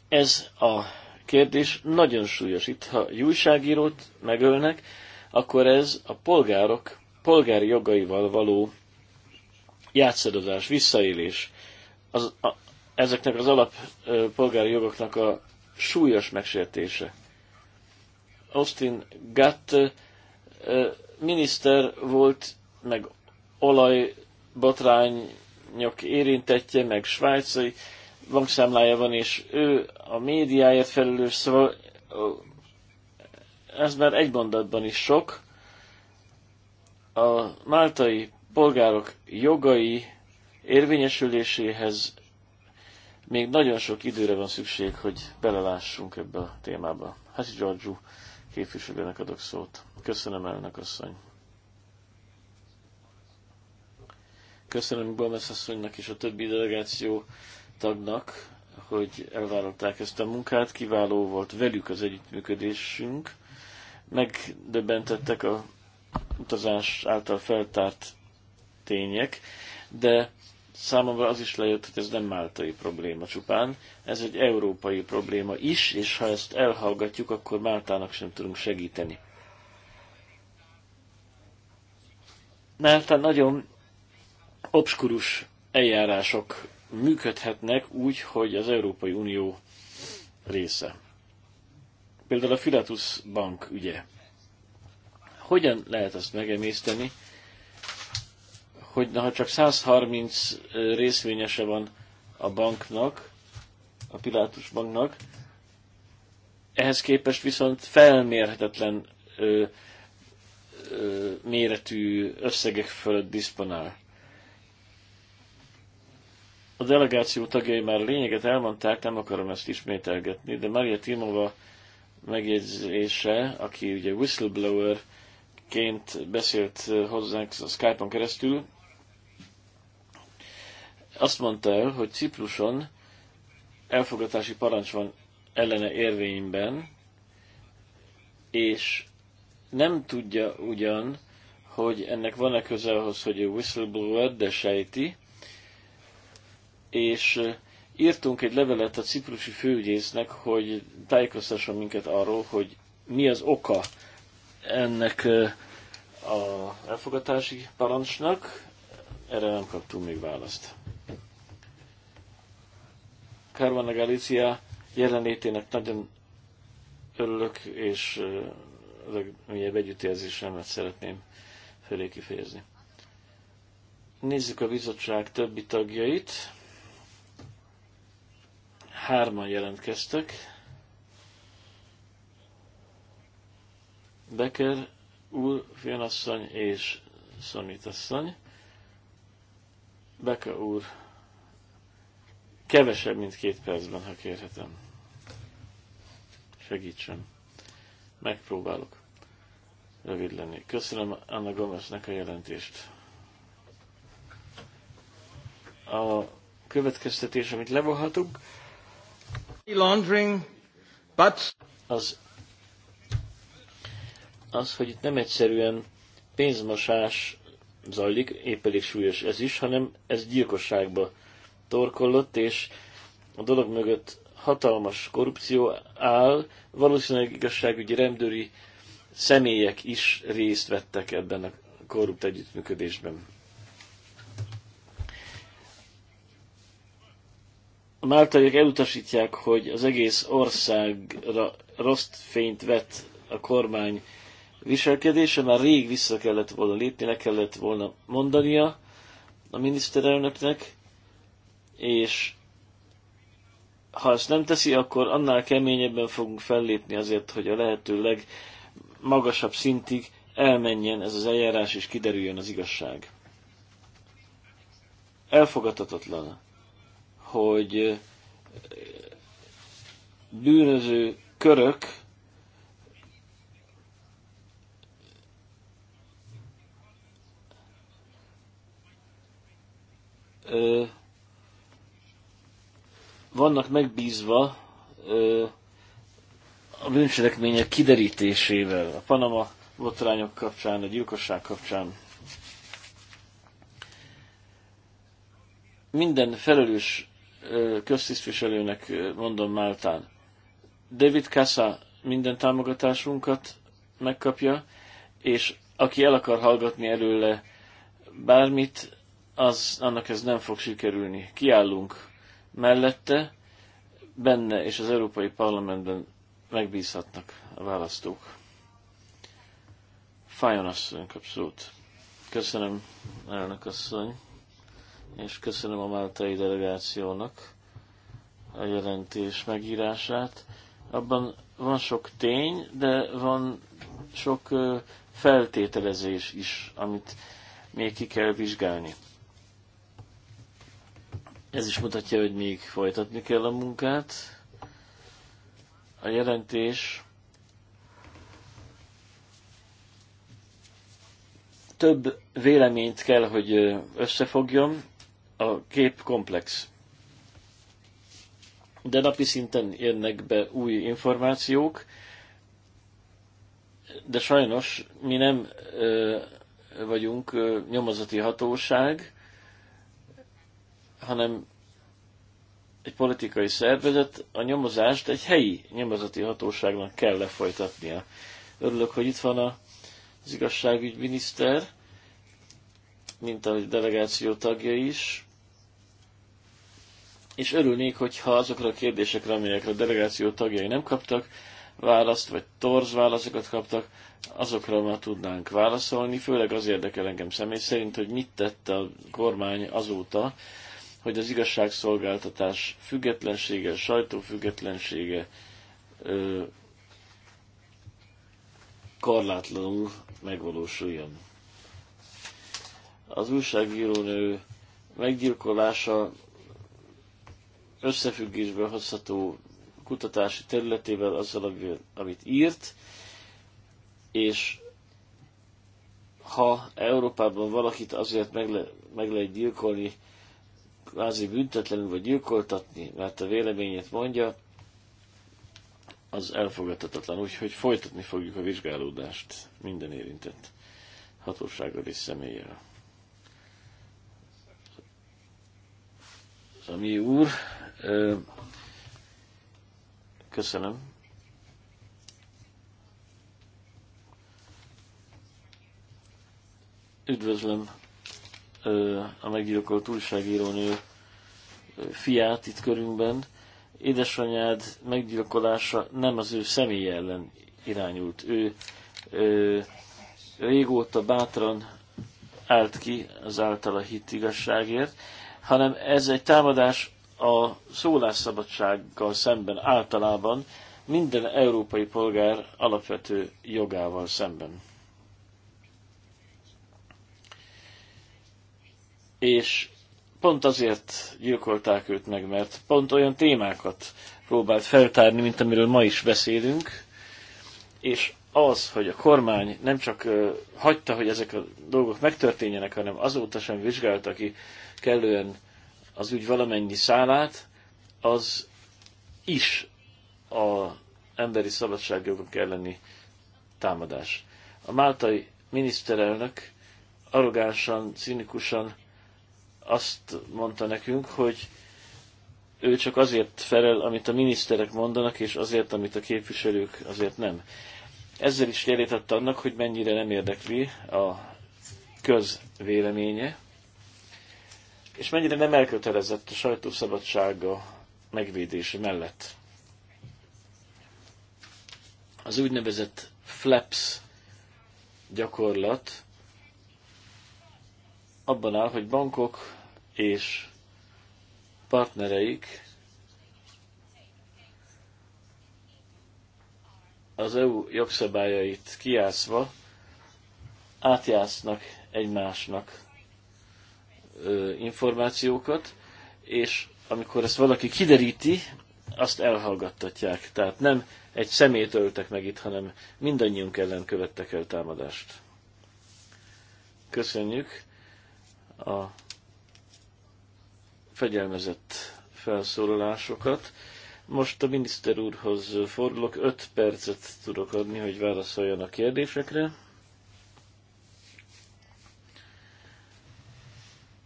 Ez a kérdés nagyon súlyos. Itt, ha egy újságírót megölnek, akkor ez a polgárok polgári jogaival való játszadozás, visszaélés, az, a, ezeknek az alap ö, polgári jogoknak a súlyos megsértése. Austin Gatt ö, miniszter volt, meg olajbotrányok érintettje, meg svájcai bankszámlája van, és ő a médiáért felelős, szóval ez már egy mondatban is sok. A máltai polgárok jogai érvényesüléséhez még nagyon sok időre van szükség, hogy belelássunk ebbe a témába. Hát Giorgio képviselőnek adok szót. Köszönöm, elnök asszony. Köszönöm Gomez asszonynak és a többi delegáció tagnak, hogy elvállalták ezt a munkát. Kiváló volt velük az együttműködésünk. Megdöbbentettek a utazás által feltárt tények, de számomra az is lejött, hogy ez nem máltai probléma csupán, ez egy európai probléma is, és ha ezt elhallgatjuk, akkor Máltának sem tudunk segíteni. Máltán nagyon obskurus eljárások működhetnek úgy, hogy az Európai Unió része. Például a Filatus Bank ügye. Hogyan lehet ezt megemészteni, hogy na, ha csak 130 részvényese van a banknak, a Pilátus banknak, ehhez képest viszont felmérhetetlen ö, ö, méretű összegek fölött diszponál. A delegáció tagjai már lényeget elmondták, nem akarom ezt ismételgetni, de Maria Timova megjegyzése, aki ugye whistleblower ként beszélt hozzánk a Skype-on keresztül, azt mondta el, hogy Cipruson elfogadási parancs van ellene érvényben, és nem tudja ugyan, hogy ennek van-e köze ahhoz, hogy ő whistleblower, de sejti, és írtunk egy levelet a ciprusi főügyésznek, hogy tájékoztasson minket arról, hogy mi az oka ennek a elfogatási parancsnak. Erre nem kaptunk még választ. Carvana Galicia jelenlétének nagyon örülök, és legmélyebb együttérzésemet szeretném felé kifejezni. Nézzük a bizottság többi tagjait. Hárman jelentkeztek. Becker úr, fianasszony és Szonitasszony. Becker úr, kevesebb, mint két percben, ha kérhetem. Segítsen. Megpróbálok rövid lenni. Köszönöm Anna Gomesnek a jelentést. A következtetés, amit levonhatunk, az, az, hogy itt nem egyszerűen pénzmosás zajlik, épp elég súlyos ez is, hanem ez gyilkosságba torkollott, és a dolog mögött hatalmas korrupció áll, valószínűleg igazságügyi rendőri személyek is részt vettek ebben a korrupt együttműködésben. a máltaiak elutasítják, hogy az egész országra rossz fényt vett a kormány viselkedése, már rég vissza kellett volna lépni, le kellett volna mondania a miniszterelnöknek, és ha ezt nem teszi, akkor annál keményebben fogunk fellépni azért, hogy a lehető legmagasabb szintig elmenjen ez az eljárás, és kiderüljön az igazság. Elfogadhatatlan hogy bűnöző körök vannak megbízva a bűncselekmények kiderítésével, a Panama botrányok kapcsán, a gyilkosság kapcsán. Minden felelős köztisztviselőnek mondom Máltán. David Kassa minden támogatásunkat megkapja, és aki el akar hallgatni előle bármit, az, annak ez nem fog sikerülni. Kiállunk mellette, benne és az Európai Parlamentben megbízhatnak a választók. Fájon asszony kapszót. Köszönöm, elnök asszony és köszönöm a máltai delegációnak a jelentés megírását. Abban van sok tény, de van sok feltételezés is, amit még ki kell vizsgálni. Ez is mutatja, hogy még folytatni kell a munkát. A jelentés több véleményt kell, hogy összefogjon, a kép komplex. De napi szinten jönnek be új információk, de sajnos mi nem ö, vagyunk ö, nyomozati hatóság, hanem egy politikai szervezet a nyomozást egy helyi nyomozati hatóságnak kell lefolytatnia. Örülök, hogy itt van a, az igazságügyminiszter, mint a delegáció tagja is, és örülnék, hogyha azokra a kérdésekre, amelyekre a delegáció tagjai nem kaptak választ, vagy torz válaszokat kaptak, azokra már tudnánk válaszolni, főleg az érdekel engem személy szerint, hogy mit tette a kormány azóta, hogy az igazságszolgáltatás függetlensége, sajtófüggetlensége függetlensége korlátlanul megvalósuljon. Az újságírónő meggyilkolása összefüggésbe hozható kutatási területével azzal, amit írt, és ha Európában valakit azért meg, le, meg lehet gyilkolni, kvázi büntetlenül vagy gyilkoltatni, mert a véleményét mondja, az elfogadhatatlan, úgyhogy folytatni fogjuk a vizsgálódást minden érintett hatósággal és személlyel. A mi úr Köszönöm. Üdvözlöm a meggyilkolt újságírónő fiát itt körünkben. Édesanyád meggyilkolása nem az ő személy ellen irányult. Ő ö, régóta bátran állt ki az általa hit igazságért, hanem ez egy támadás a szólásszabadsággal szemben általában minden európai polgár alapvető jogával szemben. És pont azért gyilkolták őt meg, mert pont olyan témákat próbált feltárni, mint amiről ma is beszélünk, és az, hogy a kormány nem csak hagyta, hogy ezek a dolgok megtörténjenek, hanem azóta sem vizsgálta ki kellően az úgy valamennyi szálát, az is az emberi szabadságjogok elleni támadás. A máltai miniszterelnök arrogánsan, cinikusan azt mondta nekünk, hogy ő csak azért felel, amit a miniszterek mondanak, és azért, amit a képviselők, azért nem. Ezzel is jelétette annak, hogy mennyire nem érdekli a közvéleménye, és mennyire nem elkötelezett a sajtószabadsága megvédése mellett. Az úgynevezett flaps gyakorlat abban áll, hogy bankok és partnereik az EU jogszabályait kiászva átjásznak egymásnak információkat, és amikor ezt valaki kideríti, azt elhallgattatják. Tehát nem egy szemét öltek meg itt, hanem mindannyiunk ellen követtek el támadást. Köszönjük a fegyelmezett felszólalásokat. Most a miniszter úrhoz fordulok, 5 percet tudok adni, hogy válaszoljon a kérdésekre.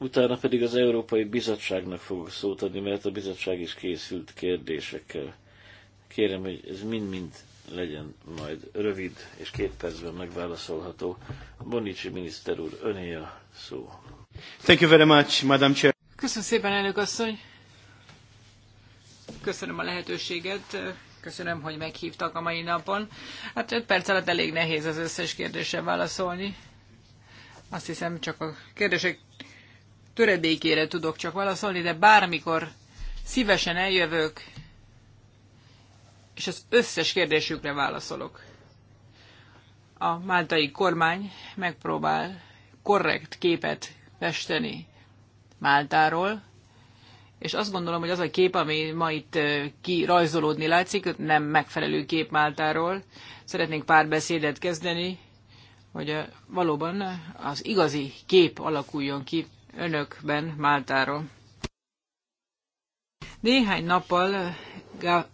utána pedig az Európai Bizottságnak fogok szót adni, mert a bizottság is készült kérdésekkel. Kérem, hogy ez mind-mind legyen majd rövid és két percben megválaszolható. Bonicsi miniszter úr, öné a szó. Thank you very much, Madam Chair. Köszönöm szépen, elnök asszony. Köszönöm a lehetőséget. Köszönöm, hogy meghívtak a mai napon. Hát öt perc alatt elég nehéz az összes kérdésre válaszolni. Azt hiszem, csak a kérdések töredékére tudok csak válaszolni, de bármikor szívesen eljövök, és az összes kérdésükre válaszolok. A máltai kormány megpróbál korrekt képet festeni Máltáról, és azt gondolom, hogy az a kép, ami ma itt kirajzolódni látszik, nem megfelelő kép Máltáról. Szeretnénk pár beszédet kezdeni, hogy valóban az igazi kép alakuljon ki önökben Máltáról. Néhány nappal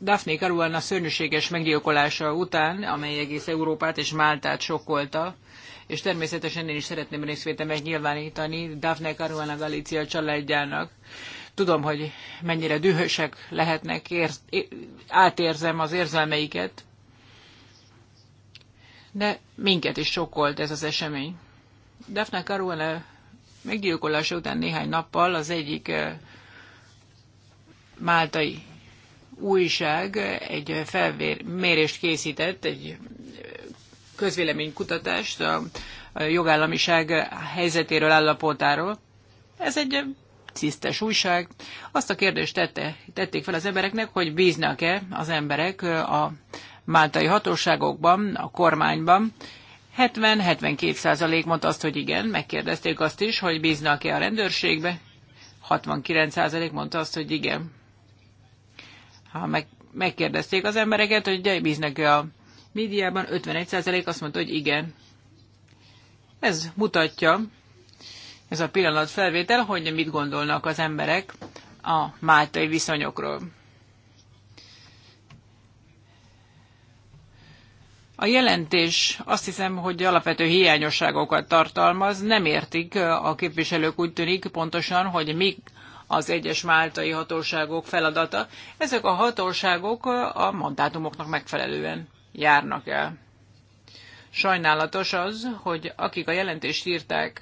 Daphne Caruana szörnyűséges meggyilkolása után, amely egész Európát és Máltát sokkolta, és természetesen én is szeretném részvétel nyilvánítani Daphne Caruana Galícia családjának. Tudom, hogy mennyire dühösek lehetnek, ér, átérzem az érzelmeiket, de minket is sokkolt ez az esemény. Daphne Caruana meggyilkolása után néhány nappal az egyik eh, máltai újság egy felmérést készített, egy eh, közvéleménykutatást a jogállamiság helyzetéről, állapotáról. Ez egy eh, tisztes újság. Azt a kérdést tette, tették fel az embereknek, hogy bíznak-e az emberek a máltai hatóságokban, a kormányban, 70-72 százalék mondta azt, hogy igen, megkérdezték azt is, hogy bíznak-e a rendőrségbe. 69 százalék mondta azt, hogy igen. Ha meg, megkérdezték az embereket, hogy bíznak-e a médiában, 51 százalék azt mondta, hogy igen. Ez mutatja, ez a pillanat felvétel, hogy mit gondolnak az emberek a máltai viszonyokról. A jelentés azt hiszem, hogy alapvető hiányosságokat tartalmaz, nem értik a képviselők úgy tűnik pontosan, hogy mi az egyes máltai hatóságok feladata. Ezek a hatóságok a mandátumoknak megfelelően járnak el. Sajnálatos az, hogy akik a jelentést írták,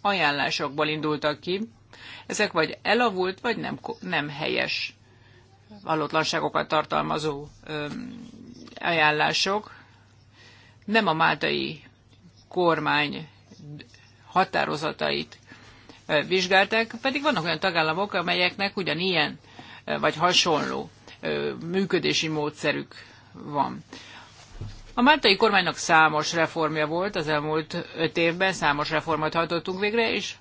ajánlásokból indultak ki, ezek vagy elavult, vagy nem, nem helyes valótlanságokat tartalmazó öm, ajánlások nem a máltai kormány határozatait vizsgálták, pedig vannak olyan tagállamok, amelyeknek ugyanilyen vagy hasonló működési módszerük van. A máltai kormánynak számos reformja volt az elmúlt öt évben, számos reformot hajtottunk végre, és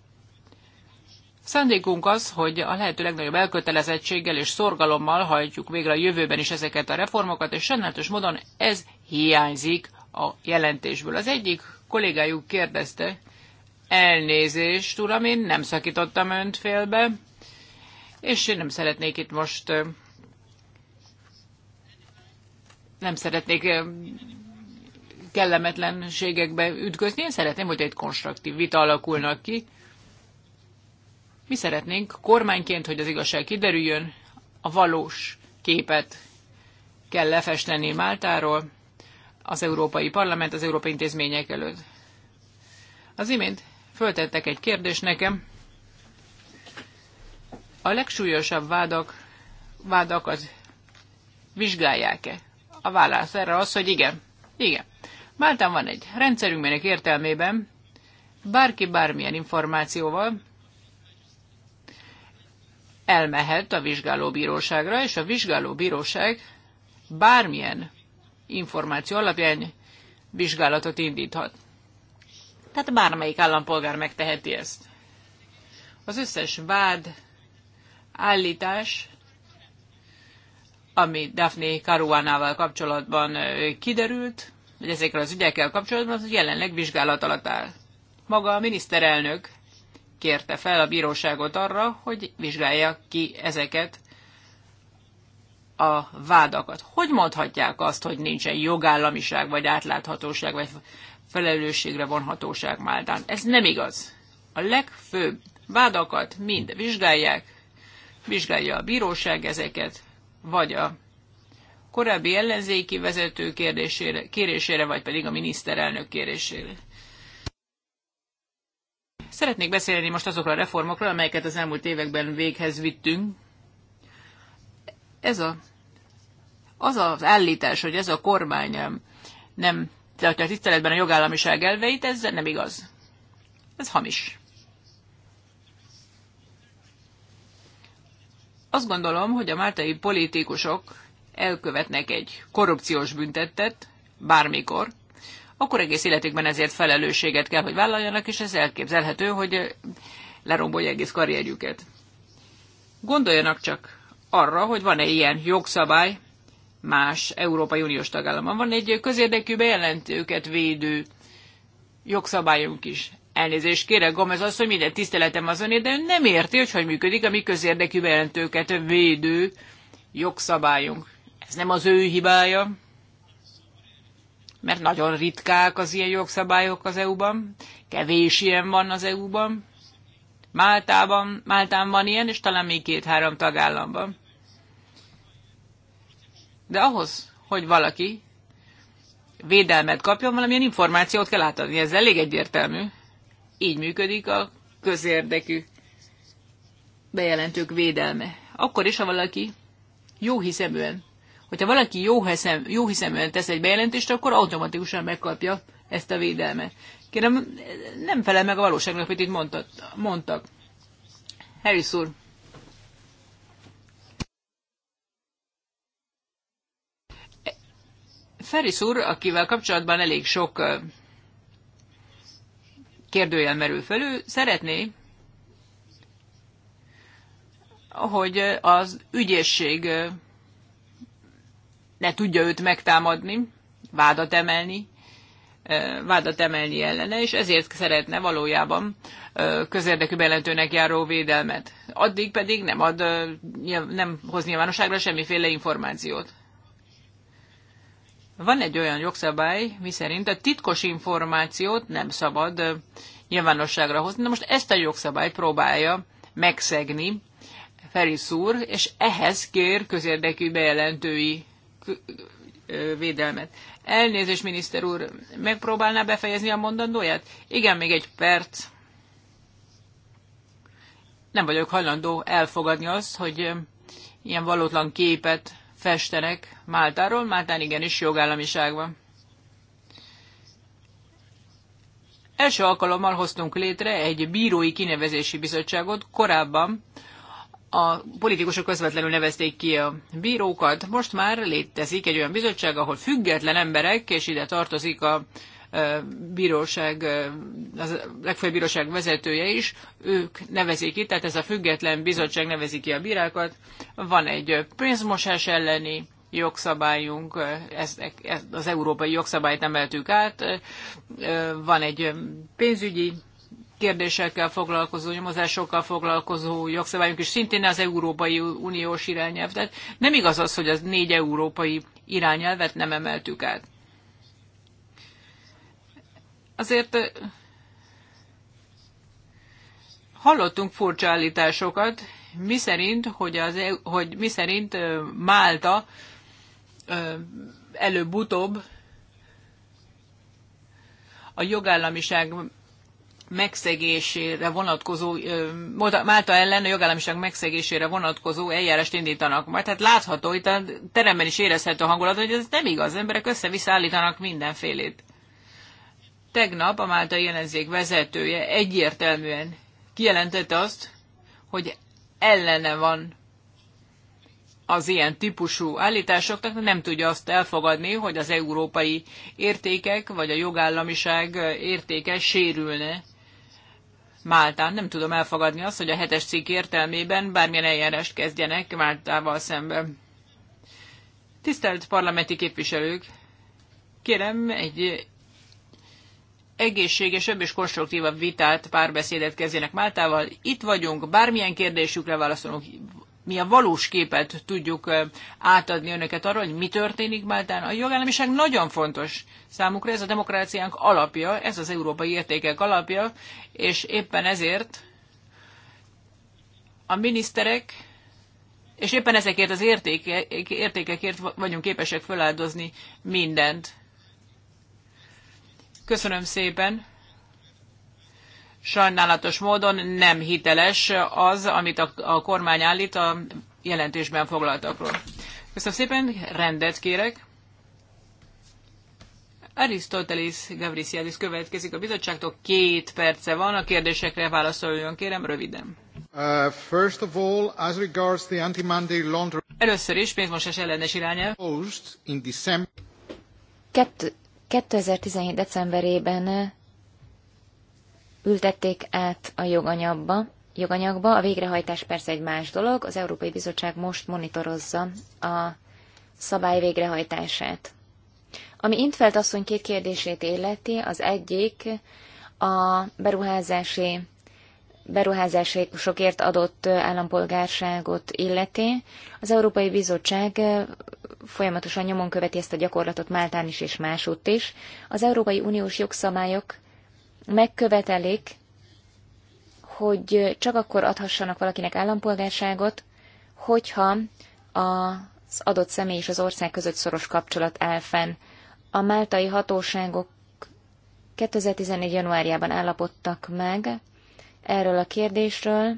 Szándékunk az, hogy a lehető legnagyobb elkötelezettséggel és szorgalommal hajtjuk végre a jövőben is ezeket a reformokat, és sajnálatos módon ez hiányzik a jelentésből. Az egyik kollégájuk kérdezte, elnézést, uram, én nem szakítottam önt félbe, és én nem szeretnék itt most nem szeretnék kellemetlenségekbe ütközni. Én szeretném, hogy egy konstruktív vita alakulnak ki. Mi szeretnénk kormányként, hogy az igazság kiderüljön, a valós képet kell lefesteni Máltáról az Európai Parlament, az Európai Intézmények előtt. Az imént föltettek egy kérdést nekem. A legsúlyosabb vádak, vádakat vizsgálják-e? A válasz erre az, hogy igen. Igen. Máltán van egy rendszerünk, melynek értelmében bárki bármilyen információval elmehet a vizsgálóbíróságra, és a vizsgálóbíróság bármilyen információ alapján vizsgálatot indíthat. Tehát bármelyik állampolgár megteheti ezt. Az összes vád, állítás, ami Daphne Caruanával kapcsolatban kiderült, vagy ezekkel az ügyekkel kapcsolatban, az jelenleg vizsgálat alatt áll. Maga a miniszterelnök kérte fel a bíróságot arra, hogy vizsgálja ki ezeket a vádakat. Hogy mondhatják azt, hogy nincsen jogállamiság, vagy átláthatóság, vagy felelősségre vonhatóság Máltán? Ez nem igaz. A legfőbb vádakat mind vizsgálják, vizsgálja a bíróság ezeket, vagy a korábbi ellenzéki vezető kérdésére, kérésére, vagy pedig a miniszterelnök kérésére. Szeretnék beszélni most azokról a reformokról, amelyeket az elmúlt években véghez vittünk. Ez a, az az állítás, hogy ez a kormány nem tartja tiszteletben a jogállamiság elveit, ez nem igaz. Ez hamis. Azt gondolom, hogy a máltai politikusok elkövetnek egy korrupciós büntettet, bármikor, akkor egész életükben ezért felelősséget kell, hogy vállaljanak, és ez elképzelhető, hogy eh, lerombolja egész karrierjüket. Gondoljanak csak arra, hogy van-e ilyen jogszabály más Európai Uniós tagállamban. Van egy közérdekű bejelentőket védő jogszabályunk is. Elnézést kérek, Gomez az, hogy minden tiszteletem az öné, de ön nem érti, hogy hogy működik a mi közérdekű bejelentőket védő jogszabályunk. Ez nem az ő hibája mert nagyon ritkák az ilyen jogszabályok az EU-ban, kevés ilyen van az EU-ban. Máltában, Máltán van ilyen, és talán még két-három tagállamban. De ahhoz, hogy valaki védelmet kapjon, valamilyen információt kell átadni. Ez elég egyértelmű. Így működik a közérdekű bejelentők védelme. Akkor is, ha valaki jó hiszeműen hogyha valaki jó, hiszem, jó hiszeműen tesz egy bejelentést, akkor automatikusan megkapja ezt a védelmet. Kérem, nem felel meg a valóságnak, amit itt mondtad, mondtak. Harris úr. Ferris úr, akivel kapcsolatban elég sok kérdőjel merül fel, szeretné, hogy az ügyészség ne tudja őt megtámadni, vádat emelni, vádat emelni ellene, és ezért szeretne valójában közérdekű bejelentőnek járó védelmet. Addig pedig nem, ad, nem hoz nyilvánosságra semmiféle információt. Van egy olyan jogszabály, miszerint a titkos információt nem szabad nyilvánosságra hozni. Na most ezt a jogszabály próbálja megszegni Feris és ehhez kér közérdekű bejelentői védelmet. Elnézést, miniszter úr, megpróbálná befejezni a mondandóját? Igen, még egy perc. Nem vagyok hajlandó elfogadni azt, hogy ilyen valótlan képet festenek Máltáról. Máltán igenis jogállamiság van. Első alkalommal hoztunk létre egy bírói kinevezési bizottságot, korábban a politikusok közvetlenül nevezték ki a bírókat. Most már létezik egy olyan bizottság, ahol független emberek, és ide tartozik a bíróság, a legfőbb bíróság vezetője is, ők nevezik ki, tehát ez a független bizottság nevezi ki a bírákat. Van egy pénzmosás elleni jogszabályunk, ezt, ezt az európai jogszabályt emeltük át, van egy pénzügyi kérdésekkel foglalkozó, nyomozásokkal foglalkozó jogszabályunk is, szintén az Európai Uniós tehát Nem igaz az, hogy az négy európai irányelvet nem emeltük át. Azért hallottunk furcsa állításokat, mi szerint, hogy, az, e hogy mi szerint Málta előbb-utóbb a jogállamiság megszegésére vonatkozó, Málta ellen a jogállamiság megszegésére vonatkozó eljárást indítanak majd. Tehát látható, itt a teremben is érezhető a hangulat, hogy ez nem igaz, emberek össze-visszaállítanak mindenfélét. Tegnap a Máltai ellenzék vezetője egyértelműen kijelentette azt, hogy ellene van az ilyen típusú állításoknak nem tudja azt elfogadni, hogy az európai értékek vagy a jogállamiság értéke sérülne Máltán. Nem tudom elfogadni azt, hogy a hetes cikk értelmében bármilyen eljárást kezdjenek Máltával szemben. Tisztelt parlamenti képviselők! Kérem, egy egészségesebb és konstruktívabb vitát, párbeszédet kezdjenek Máltával. Itt vagyunk, bármilyen kérdésükre válaszolunk, mi a valós képet tudjuk átadni önöket arról, hogy mi történik Máltán. A jogállamiság nagyon fontos számukra, ez a demokráciánk alapja, ez az európai értékek alapja, és éppen ezért a miniszterek, és éppen ezekért az értéke, értékekért vagyunk képesek feláldozni mindent. Köszönöm szépen! sajnálatos módon nem hiteles az, amit a, a kormány állít a jelentésben foglaltakról. Köszönöm szépen, rendet kérek. Arisztotelis Gavrisiadis következik a bizottságtól. Két perce van, a kérdésekre válaszoljon, kérem, röviden. Uh, first of all, as regards the anti Először is pénzmosás ellenes irányelv. Post in December... 2017. decemberében ültették át a joganyagba, joganyagba. A végrehajtás persze egy más dolog, az Európai Bizottság most monitorozza a szabály végrehajtását. Ami Intfeld asszony két kérdését illeti, az egyik a beruházási beruházásokért adott állampolgárságot illeti. Az Európai Bizottság folyamatosan nyomon követi ezt a gyakorlatot Máltán is és másútt is. Az Európai Uniós jogszabályok megkövetelik, hogy csak akkor adhassanak valakinek állampolgárságot, hogyha az adott személy és az ország között szoros kapcsolat áll fenn. A máltai hatóságok 2014. januárjában állapodtak meg erről a kérdésről,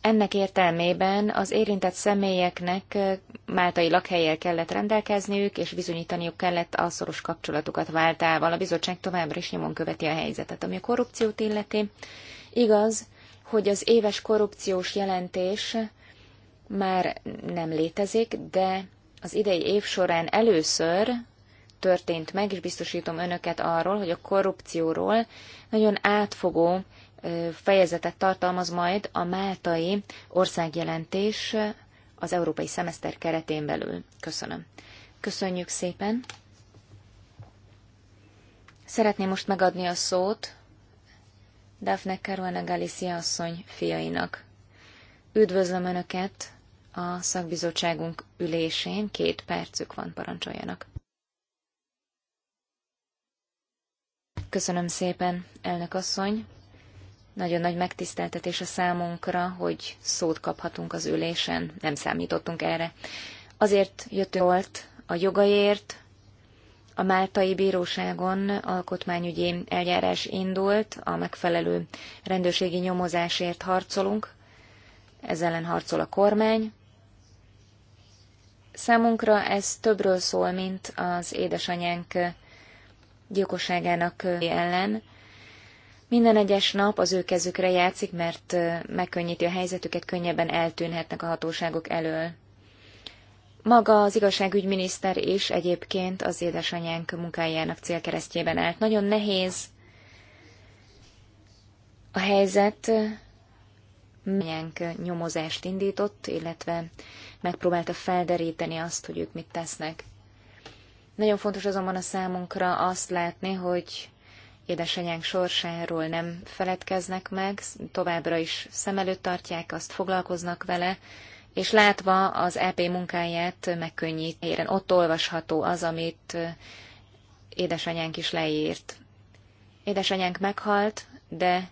ennek értelmében az érintett személyeknek máltai lakhelyel kellett rendelkezniük, és bizonyítaniuk kellett a szoros kapcsolatukat váltával. A bizottság továbbra is nyomon követi a helyzetet, ami a korrupciót illeti. Igaz, hogy az éves korrupciós jelentés már nem létezik, de az idei év során először történt meg, és biztosítom önöket arról, hogy a korrupcióról nagyon átfogó fejezetet tartalmaz majd a máltai országjelentés az európai szemeszter keretén belül. Köszönöm. Köszönjük szépen. Szeretném most megadni a szót Daphne Caruana Galicia asszony fiainak. Üdvözlöm Önöket a szakbizottságunk ülésén, két percük van, parancsoljanak. Köszönöm szépen, elnök asszony. Nagyon nagy megtiszteltetés a számunkra, hogy szót kaphatunk az ülésen, nem számítottunk erre. Azért jött volt a jogaért, a Máltai Bíróságon alkotmányügyi eljárás indult, a megfelelő rendőrségi nyomozásért harcolunk, ezzel ellen harcol a kormány. Számunkra ez többről szól, mint az édesanyánk gyilkosságának ellen. Minden egyes nap az ő kezükre játszik, mert megkönnyíti a helyzetüket, könnyebben eltűnhetnek a hatóságok elől. Maga az igazságügyminiszter is egyébként az édesanyánk munkájának célkeresztjében állt. Nagyon nehéz a helyzet, anyánk nyomozást indított, illetve megpróbálta felderíteni azt, hogy ők mit tesznek. Nagyon fontos azonban a számunkra azt látni, hogy édesanyánk sorsáról nem feledkeznek meg, továbbra is szem előtt tartják, azt foglalkoznak vele, és látva az EP munkáját megkönnyít. Éren ott olvasható az, amit édesanyánk is leírt. Édesanyánk meghalt, de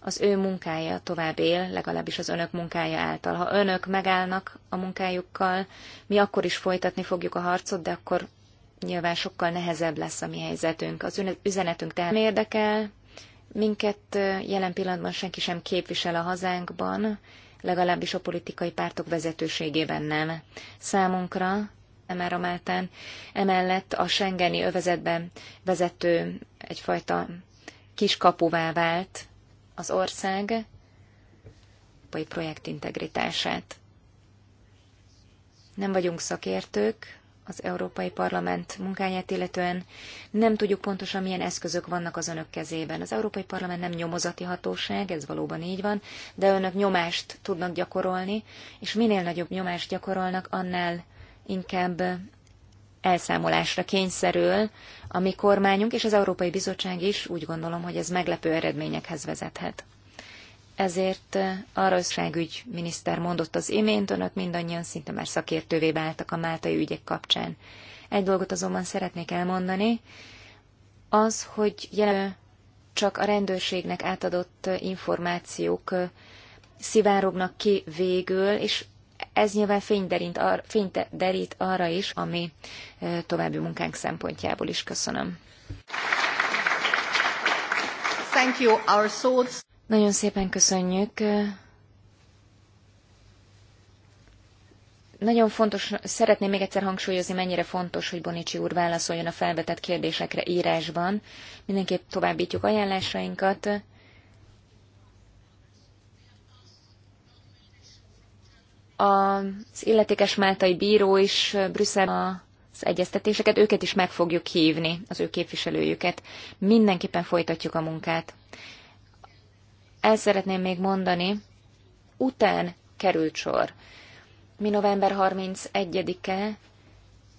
az ő munkája tovább él, legalábbis az önök munkája által. Ha önök megállnak a munkájukkal, mi akkor is folytatni fogjuk a harcot, de akkor nyilván sokkal nehezebb lesz a mi helyzetünk. Az üzenetünk tehát nem érdekel, minket jelen pillanatban senki sem képvisel a hazánkban, legalábbis a politikai pártok vezetőségében nem. Számunkra Emára Máltán emellett a Schengeni övezetben vezető egyfajta kiskapuvá vált az ország projekt integritását. Nem vagyunk szakértők, az Európai Parlament munkáját illetően. Nem tudjuk pontosan, milyen eszközök vannak az önök kezében. Az Európai Parlament nem nyomozati hatóság, ez valóban így van, de önök nyomást tudnak gyakorolni, és minél nagyobb nyomást gyakorolnak, annál inkább elszámolásra kényszerül a mi kormányunk, és az Európai Bizottság is úgy gondolom, hogy ez meglepő eredményekhez vezethet ezért eh, arra összságügy miniszter mondott az imént, önök mindannyian szinte már szakértővé váltak a máltai ügyek kapcsán. Egy dolgot azonban szeretnék elmondani, az, hogy jelen csak a rendőrségnek átadott eh, információk eh, szivárognak ki végül, és ez nyilván fényderít arra, fényderít arra is, ami további munkánk szempontjából is köszönöm. Thank you, our nagyon szépen köszönjük. Nagyon fontos, szeretném még egyszer hangsúlyozni, mennyire fontos, hogy Bonicsi úr válaszoljon a felvetett kérdésekre írásban. Mindenképp továbbítjuk ajánlásainkat. Az illetékes máltai bíró is Brüsszel az egyeztetéseket, őket is meg fogjuk hívni, az ő képviselőjüket. Mindenképpen folytatjuk a munkát el szeretném még mondani, után került sor. Mi november 31-e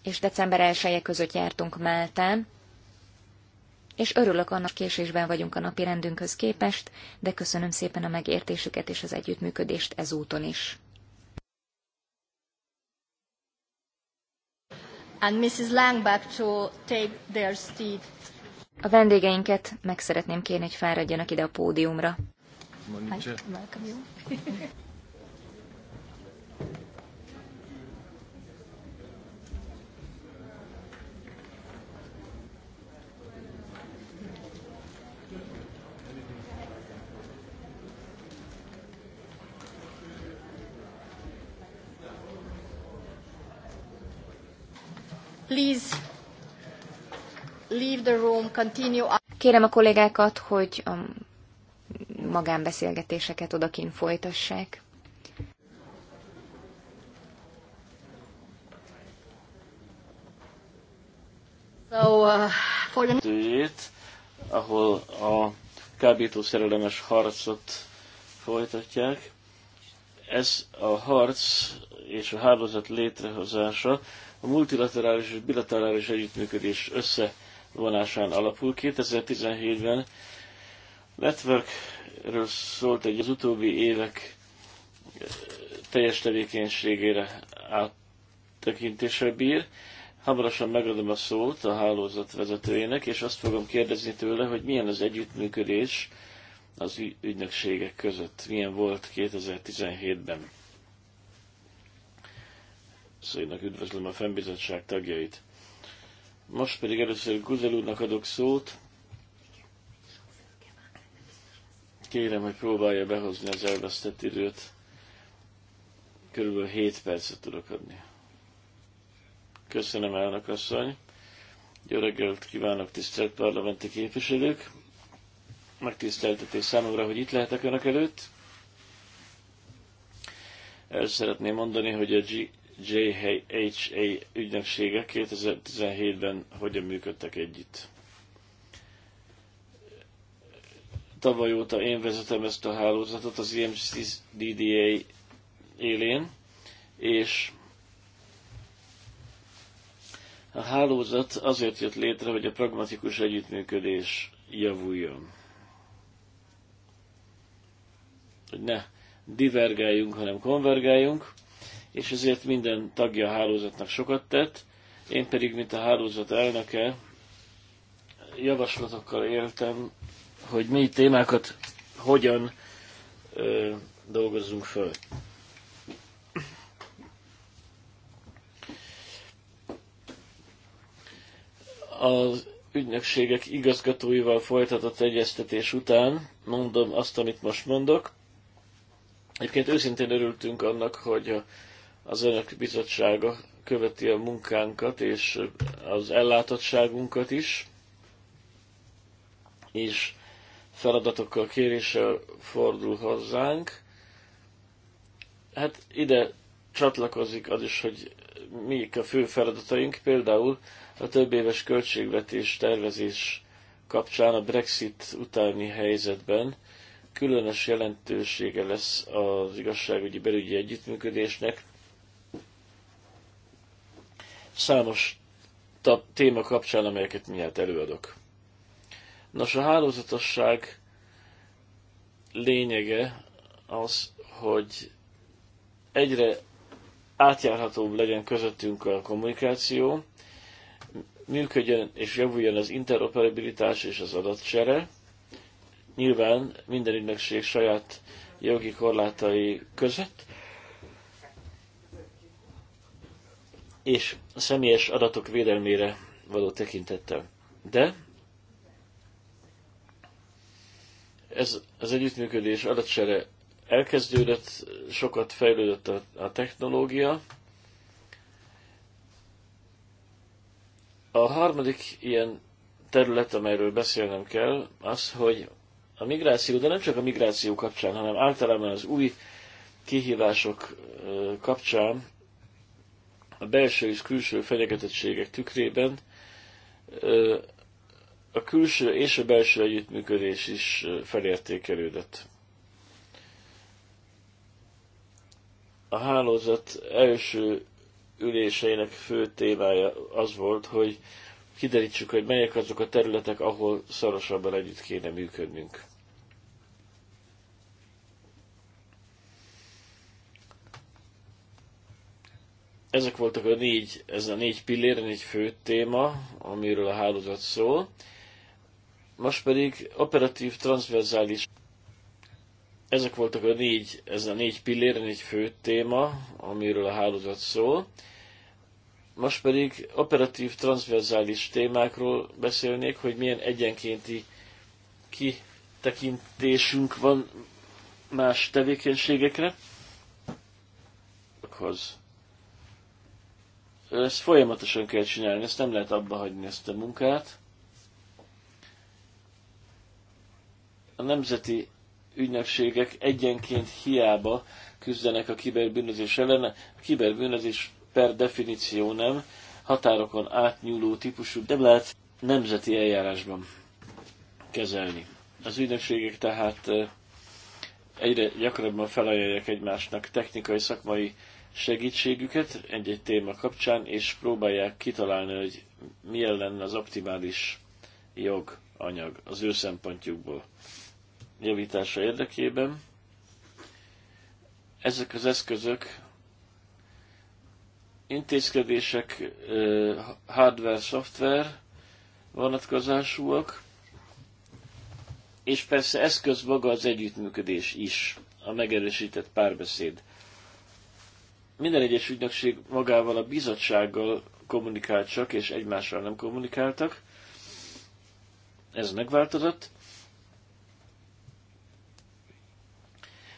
és december 1 -e között jártunk Máltán, és örülök annak késésben vagyunk a napi rendünkhöz képest, de köszönöm szépen a megértésüket és az együttműködést ezúton is. And Mrs. Langback to take their seat. A vendégeinket meg szeretném kérni, hogy fáradjanak ide a pódiumra. Monique. welcome you. Please leave the room, continue. Kérem a kollégákat, hogy um, magánbeszélgetéseket odakin folytassák. So, uh, for the... Tőjét, ahol a kábítószerelemes harcot folytatják. Ez a harc és a hálózat létrehozása a multilaterális és bilaterális együttműködés összevonásán alapul. 2017-ben Networkről szólt egy az utóbbi évek eh, teljes tevékenységére áttekintésre bír. Hamarosan megadom a szót a hálózat vezetőjének, és azt fogom kérdezni tőle, hogy milyen az együttműködés az ügynökségek között, milyen volt 2017-ben. Szóval üdvözlöm a fennbizottság tagjait. Most pedig először Guzel úrnak adok szót, kérem, hogy próbálja behozni az elvesztett időt. Körülbelül 7 percet tudok adni. Köszönöm, elnök asszony. Jó reggelt kívánok, tisztelt parlamenti képviselők. Megtiszteltetés számomra, hogy itt lehetek önök előtt. El szeretném mondani, hogy a G JHA ügynöksége 2017-ben hogyan működtek együtt. tavaly óta én vezetem ezt a hálózatot az IMC DDA élén, és a hálózat azért jött létre, hogy a pragmatikus együttműködés javuljon. Hogy ne divergáljunk, hanem konvergáljunk, és ezért minden tagja a hálózatnak sokat tett, én pedig, mint a hálózat elnöke, javaslatokkal éltem hogy mi témákat hogyan ö, dolgozzunk föl. Az ügynökségek igazgatóival folytatott egyeztetés után mondom azt, amit most mondok. Egyébként őszintén örültünk annak, hogy az önök bizottsága követi a munkánkat és az ellátottságunkat is, és feladatokkal, kéréssel fordul hozzánk. Hát ide csatlakozik az is, hogy mik a fő feladataink, például a több éves költségvetés tervezés kapcsán a Brexit utáni helyzetben különös jelentősége lesz az igazságügyi belügyi együttműködésnek. Számos téma kapcsán, amelyeket mindjárt előadok. Nos, a hálózatosság lényege az, hogy egyre átjárhatóbb legyen közöttünk a kommunikáció, működjön és javuljon az interoperabilitás és az adatcsere. Nyilván minden ügynökség saját jogi korlátai között, és a személyes adatok védelmére való tekintettel. De Ez az együttműködés adatsere elkezdődött, sokat fejlődött a, a technológia. A harmadik ilyen terület, amelyről beszélnem kell, az, hogy a migráció, de nem csak a migráció kapcsán, hanem általában az új kihívások kapcsán, a belső és külső fenyegetettségek tükrében a külső és a belső együttműködés is felértékelődött. A hálózat első üléseinek fő témája az volt, hogy kiderítsük, hogy melyek azok a területek, ahol szorosabban együtt kéne működnünk. Ezek voltak a négy, ez a négy pillér, négy fő téma, amiről a hálózat szól, most pedig operatív, transverzális. Ezek voltak a négy, ez a négy pillér, négy fő téma, amiről a hálózat szól. Most pedig operatív, transverzális témákról beszélnék, hogy milyen egyenkénti kitekintésünk van más tevékenységekre. Ezt folyamatosan kell csinálni, ezt nem lehet abba hagyni ezt a munkát a nemzeti ügynökségek egyenként hiába küzdenek a kiberbűnözés ellen. A kiberbűnözés per definíció nem határokon átnyúló típusú, de lehet nemzeti eljárásban kezelni. Az ügynökségek tehát egyre gyakrabban felajánlják egymásnak technikai, szakmai segítségüket egy-egy téma kapcsán, és próbálják kitalálni, hogy milyen lenne az optimális joganyag az ő szempontjukból javítása érdekében. Ezek az eszközök intézkedések hardware software vonatkozásúak, és persze eszköz maga az együttműködés is, a megerősített párbeszéd. Minden egyes ügynökség magával a bizottsággal kommunikált csak, és egymással nem kommunikáltak. Ez megváltozott.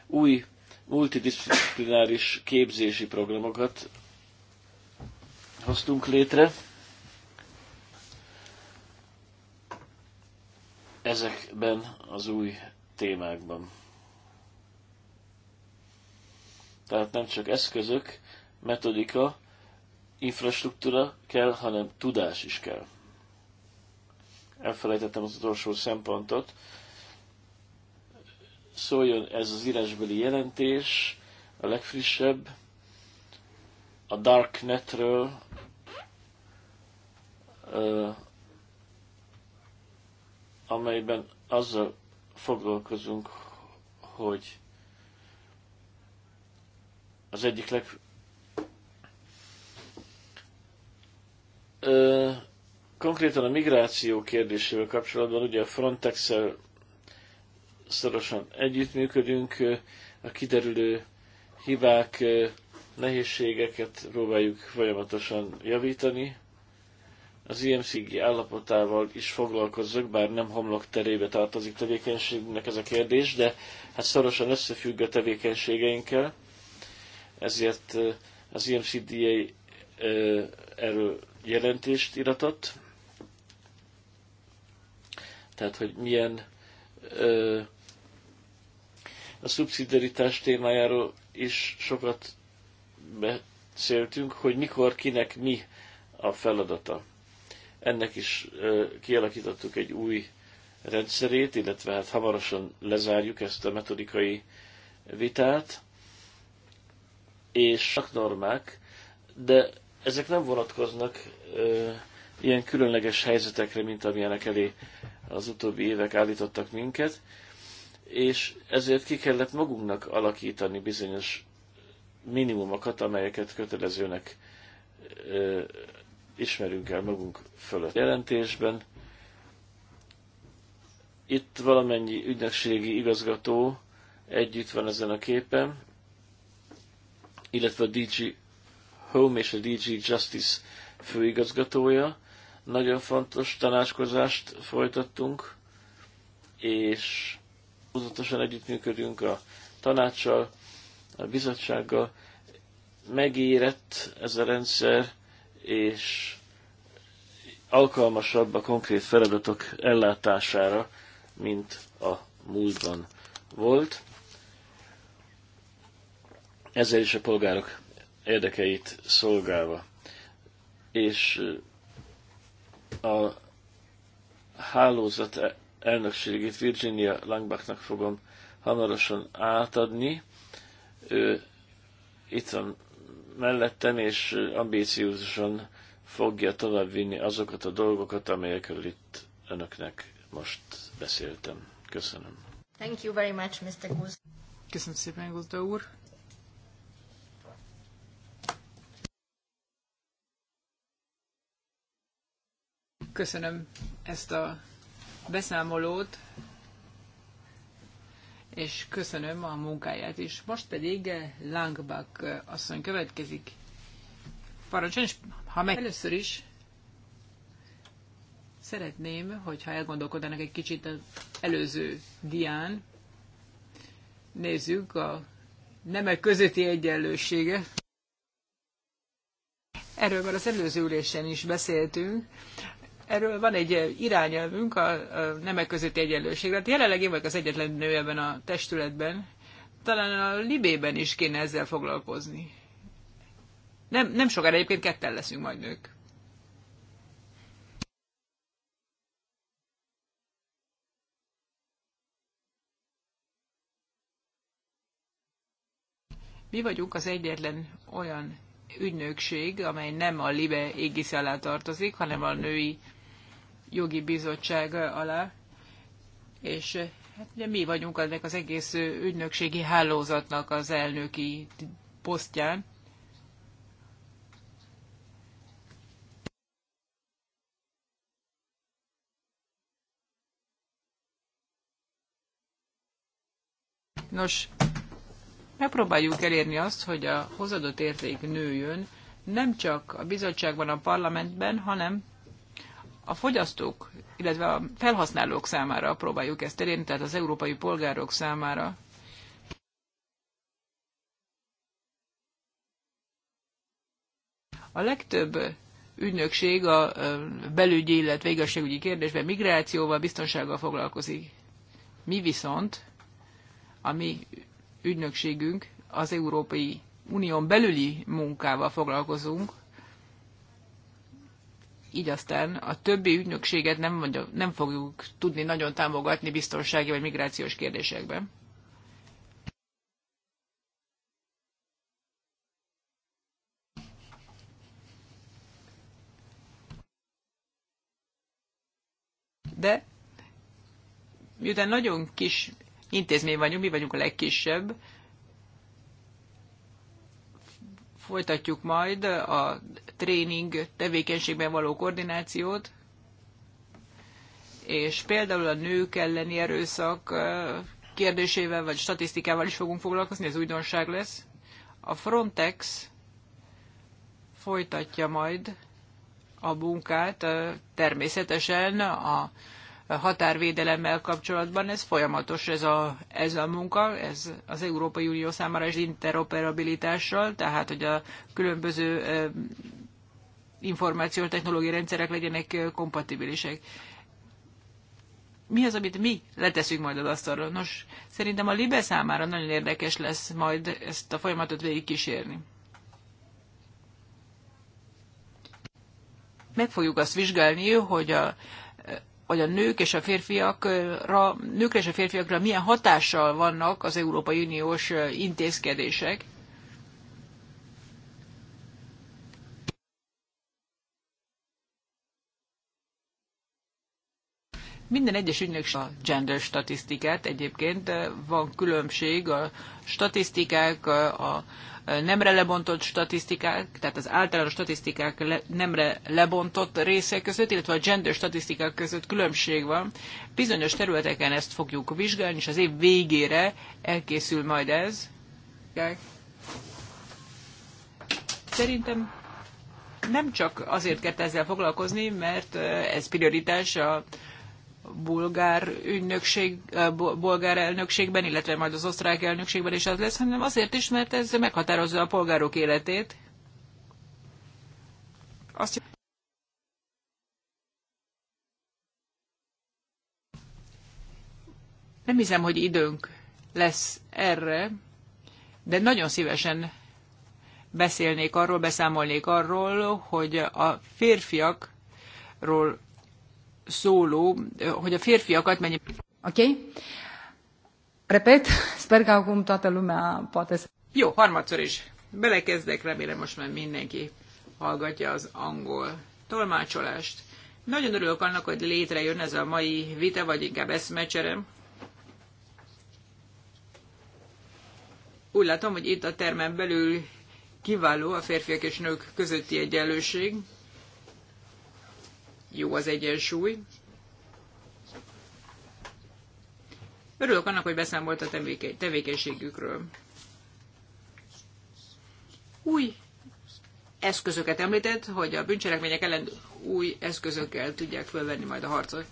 új multidisciplináris képzési programokat hoztunk létre. Ezekben az új témákban. Tehát nem csak eszközök, metodika, infrastruktúra kell, hanem tudás is kell. Elfelejtettem az utolsó szempontot, szóljon ez az írásbeli jelentés, a legfrissebb, a Darknetről, amelyben azzal foglalkozunk, hogy az egyik leg... Ö, konkrétan a migráció kérdésével kapcsolatban ugye a Frontex-el szorosan együttműködünk, a kiderülő hibák, nehézségeket próbáljuk folyamatosan javítani. Az IMCG állapotával is foglalkozzak, bár nem homlok terébe tartozik tevékenységünknek ez a kérdés, de hát szorosan összefügg a tevékenységeinkkel, ezért az IMCD erről jelentést iratott, tehát hogy milyen a szubszidiaritás témájáról is sokat beszéltünk, hogy mikor kinek mi a feladata. Ennek is kialakítottuk egy új rendszerét, illetve hát hamarosan lezárjuk ezt a metodikai vitát, és normák, de ezek nem vonatkoznak ö, ilyen különleges helyzetekre, mint amilyenek elé az utóbbi évek állítottak minket és ezért ki kellett magunknak alakítani bizonyos minimumokat, amelyeket kötelezőnek ö, ismerünk el magunk fölött. A jelentésben itt valamennyi ügynökségi igazgató együtt van ezen a képen, illetve a DG Home és a DG Justice főigazgatója. Nagyon fontos tanácskozást folytattunk, és Húzatosan együttműködünk a tanácssal, a bizottsággal. Megérett ez a rendszer, és alkalmasabb a konkrét feladatok ellátására, mint a múltban volt. Ezzel is a polgárok érdekeit szolgálva. És a hálózat elnökségét Virginia Langbachnak fogom hamarosan átadni. Ő itt van mellettem, és ambíciózusan fogja továbbvinni azokat a dolgokat, amelyekről itt önöknek most beszéltem. Köszönöm. Thank you very much, Mr. Guz. Köszönöm szépen, Guzda úr. Köszönöm ezt a beszámolót, és köszönöm a munkáját is. Most pedig eh, Langbach eh, asszony következik. Parancsoljon, ha meg először is szeretném, hogyha elgondolkodnának egy kicsit az előző dián, nézzük a nemek közötti egyenlősége. Erről már az előző ülésen is beszéltünk erről van egy irányelvünk a, a nemek közötti egyenlőségre. Hát jelenleg én vagyok az egyetlen nő ebben a testületben. Talán a Libében is kéne ezzel foglalkozni. Nem, nem sokára egyébként ketten leszünk majd nők. Mi vagyunk az egyetlen olyan ügynökség, amely nem a LIBE égisze alá tartozik, hanem a női jogi bizottság alá, és hát ugye mi vagyunk ennek az egész ügynökségi hálózatnak az elnöki posztján. Nos, megpróbáljuk elérni azt, hogy a hozadott érték nőjön, nem csak a bizottságban, a parlamentben, hanem a fogyasztók, illetve a felhasználók számára próbáljuk ezt elérni, tehát az európai polgárok számára. A legtöbb ügynökség a belügyi, illetve igazságügyi kérdésben migrációval, biztonsággal foglalkozik. Mi viszont, a mi ügynökségünk, az Európai Unión belüli munkával foglalkozunk, így aztán a többi ügynökséget nem, mondja, nem fogjuk tudni nagyon támogatni biztonsági vagy migrációs kérdésekben. De miután nagyon kis intézmény vagyunk, mi vagyunk a legkisebb, folytatjuk majd a tréning tevékenységben való koordinációt, és például a nők elleni erőszak kérdésével vagy statisztikával is fogunk foglalkozni, ez újdonság lesz. A Frontex folytatja majd a munkát, természetesen a határvédelemmel kapcsolatban. Ez folyamatos, ez a, ez a munka, ez az Európai Unió számára is interoperabilitással, tehát hogy a különböző technológiai rendszerek legyenek kompatibilisek. Mi az, amit mi leteszünk majd az asztalra? Nos, szerintem a Libe számára nagyon érdekes lesz majd ezt a folyamatot végigkísérni. Meg fogjuk azt vizsgálni, hogy a, hogy a nők és a férfiakra, nőkre és a férfiakra milyen hatással vannak az Európai Uniós intézkedések, Minden egyes ügynökség a gender statisztikát egyébként, eh, van különbség a statisztikák, a nemre lebontott statisztikák, tehát az általános statisztikák nemre lebontott részek között, illetve a gender statisztikák között különbség van. Bizonyos területeken ezt fogjuk vizsgálni, és az év végére elkészül majd ez. Szerintem nem csak azért kell ezzel foglalkozni, mert eh, ez prioritás a bulgár ügynökség, bulgár elnökségben, illetve majd az osztrák elnökségben is az lesz, hanem azért is, mert ez meghatározza a polgárok életét. Azt Nem hiszem, hogy időnk lesz erre, de nagyon szívesen beszélnék arról, beszámolnék arról, hogy a férfiakról szóló, hogy a férfiakat mennyi... Oké? Okay. Repet, sper că acum toată lumea poate să... Jó, harmadszor is. Belekezdek, remélem most már mindenki hallgatja az angol tolmácsolást. Nagyon örülök annak, hogy létrejön ez a mai vita, vagy inkább eszmecserem. Úgy látom, hogy itt a termen belül kiváló a férfiak és nők közötti egyenlőség jó az egyensúly. Örülök annak, hogy beszámolt a tevékenységükről. Új eszközöket említett, hogy a bűncselekmények ellen új eszközökkel tudják fölvenni majd a harcot.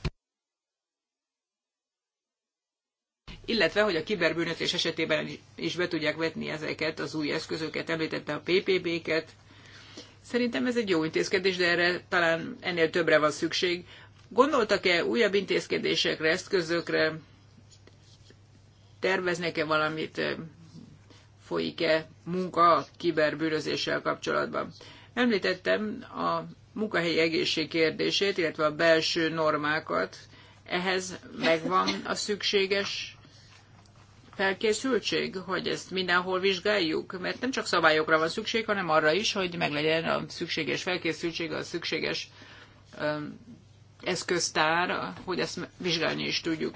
Illetve, hogy a kiberbűnözés esetében is be tudják vetni ezeket az új eszközöket, említette a PPB-ket, Szerintem ez egy jó intézkedés, de erre talán ennél többre van szükség. Gondoltak-e újabb intézkedésekre, eszközökre? Terveznek-e valamit? Folyik-e munka a kiberbűnözéssel kapcsolatban? Említettem a munkahelyi egészség kérdését, illetve a belső normákat. Ehhez megvan a szükséges felkészültség, hogy ezt mindenhol vizsgáljuk? Mert nem csak szabályokra van szükség, hanem arra is, hogy meglegyen a szükséges felkészültség, a szükséges eszköztár, hogy ezt vizsgálni is tudjuk.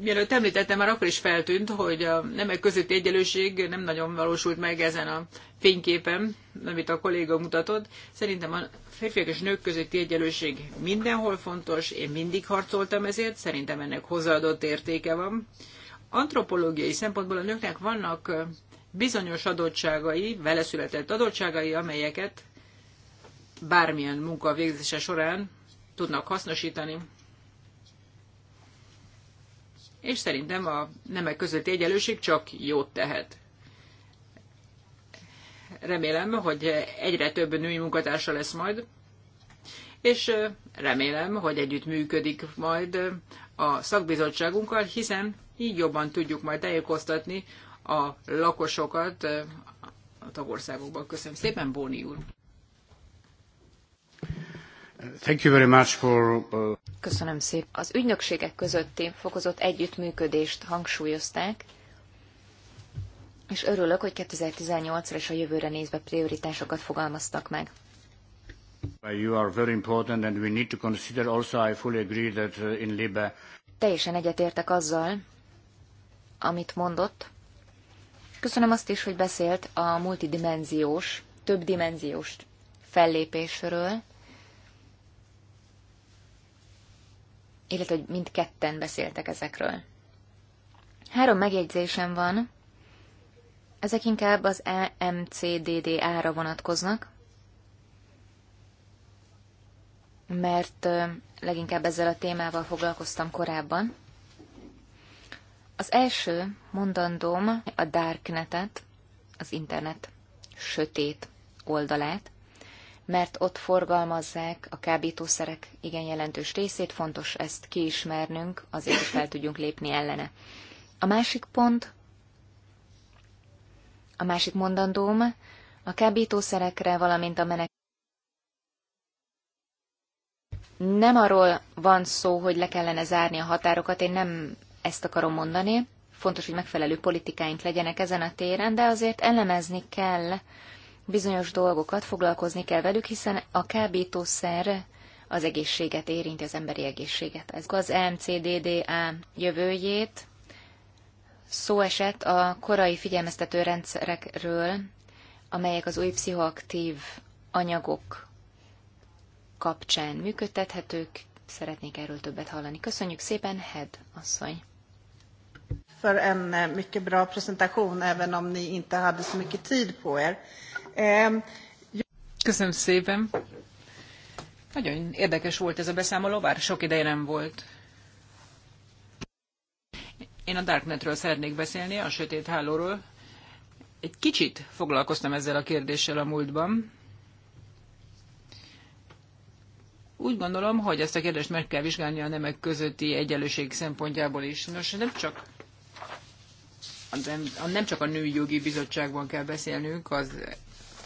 mielőtt említettem, már akkor is feltűnt, hogy a nemek közötti egyenlőség nem nagyon valósult meg ezen a fényképen, amit a kolléga mutatott. Szerintem a férfiak és nők közötti egyenlőség mindenhol fontos, én mindig harcoltam ezért, szerintem ennek hozzáadott értéke van. Antropológiai szempontból a nőknek vannak bizonyos adottságai, veleszületett adottságai, amelyeket bármilyen munka végzése során tudnak hasznosítani és szerintem a nemek közötti egyenlőség csak jót tehet. Remélem, hogy egyre több női munkatársa lesz majd, és remélem, hogy együtt működik majd a szakbizottságunkkal, hiszen így jobban tudjuk majd tájékoztatni a lakosokat a tagországokban. Köszönöm szépen, Bóni úr! Uh, Köszönöm szép. Az ügynökségek közötti fokozott együttműködést hangsúlyozták, és örülök, hogy 2018-ra és a jövőre nézve prioritásokat fogalmaztak meg. You are very important and we need to consider also, I fully agree that uh, in Libe... Teljesen egyetértek azzal, amit mondott. Köszönöm azt is, hogy beszélt a multidimenziós, többdimenziós fellépésről, illetve hogy mindketten beszéltek ezekről. Három megjegyzésem van, ezek inkább az EMCDDA-ra vonatkoznak, mert leginkább ezzel a témával foglalkoztam korábban. Az első mondandóm a darknetet, az internet sötét oldalát, mert ott forgalmazzák a kábítószerek igen jelentős részét, fontos ezt kiismernünk, azért, hogy fel tudjunk lépni ellene. A másik pont, a másik mondandóm, a kábítószerekre, valamint a menek nem arról van szó, hogy le kellene zárni a határokat, én nem ezt akarom mondani. Fontos, hogy megfelelő politikáink legyenek ezen a téren, de azért elemezni kell bizonyos dolgokat, foglalkozni kell velük, hiszen a kábítószer az egészséget érinti, az emberi egészséget. Ez az MCDDA jövőjét, szó esett a korai figyelmeztető rendszerekről, amelyek az új pszichoaktív anyagok kapcsán működtethetők. Szeretnék erről többet hallani. Köszönjük szépen, Head asszony! för en eh, mycket bra presentation, även om ni inte hade så mycket tid på er. Köszönöm szépen. Nagyon érdekes volt ez a beszámoló, bár sok ideje nem volt. Én a Darknetről szeretnék beszélni, a sötét hálóról. Egy kicsit foglalkoztam ezzel a kérdéssel a múltban. Úgy gondolom, hogy ezt a kérdést meg kell vizsgálni a nemek közötti egyenlőség szempontjából is. Nos, nem csak nem, nem csak a női jogi bizottságban kell beszélnünk az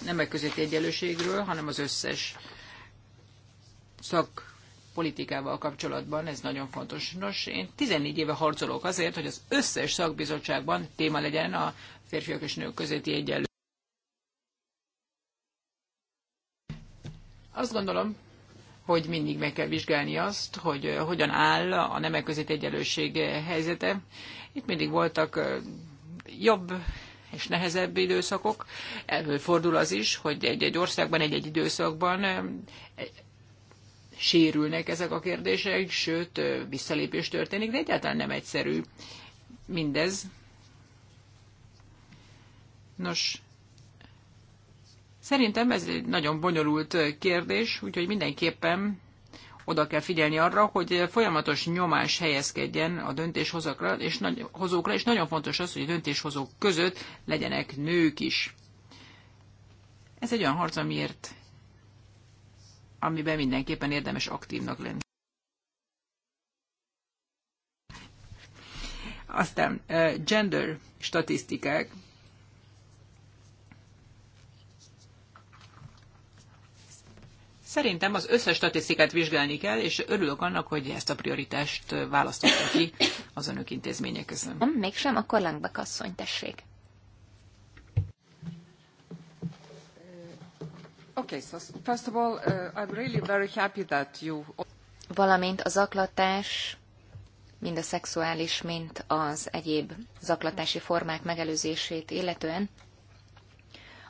nemek közötti egyenlőségről, hanem az összes szakpolitikával kapcsolatban, ez nagyon fontos. Nos, én 14 éve harcolok azért, hogy az összes szakbizottságban téma legyen a férfiak és nők közötti egyenlőség. Azt gondolom, hogy mindig meg kell vizsgálni azt, hogy hogyan áll a nemek között egyenlőség helyzete. Itt mindig voltak jobb és nehezebb időszakok. Fordul az is, hogy egy-egy országban, egy-egy időszakban sérülnek ezek a kérdések, sőt, visszalépés történik, de egyáltalán nem egyszerű mindez. Nos, szerintem ez egy nagyon bonyolult kérdés, úgyhogy mindenképpen oda kell figyelni arra, hogy folyamatos nyomás helyezkedjen a döntéshozókra, és, nagy, hozókra, és nagyon fontos az, hogy a döntéshozók között legyenek nők is. Ez egy olyan harc, amiért, amiben mindenképpen érdemes aktívnak lenni. Aztán eh, gender statisztikák. Szerintem az összes statisztikát vizsgálni kell, és örülök annak, hogy ezt a prioritást választottak ki az önök intézménye közön. Nem, mégsem, akkor Langbek kasszony, tessék. Okay, so first of all, uh, I'm really very happy that you... Valamint a zaklatás, mind a szexuális, mint az egyéb zaklatási formák megelőzését illetően,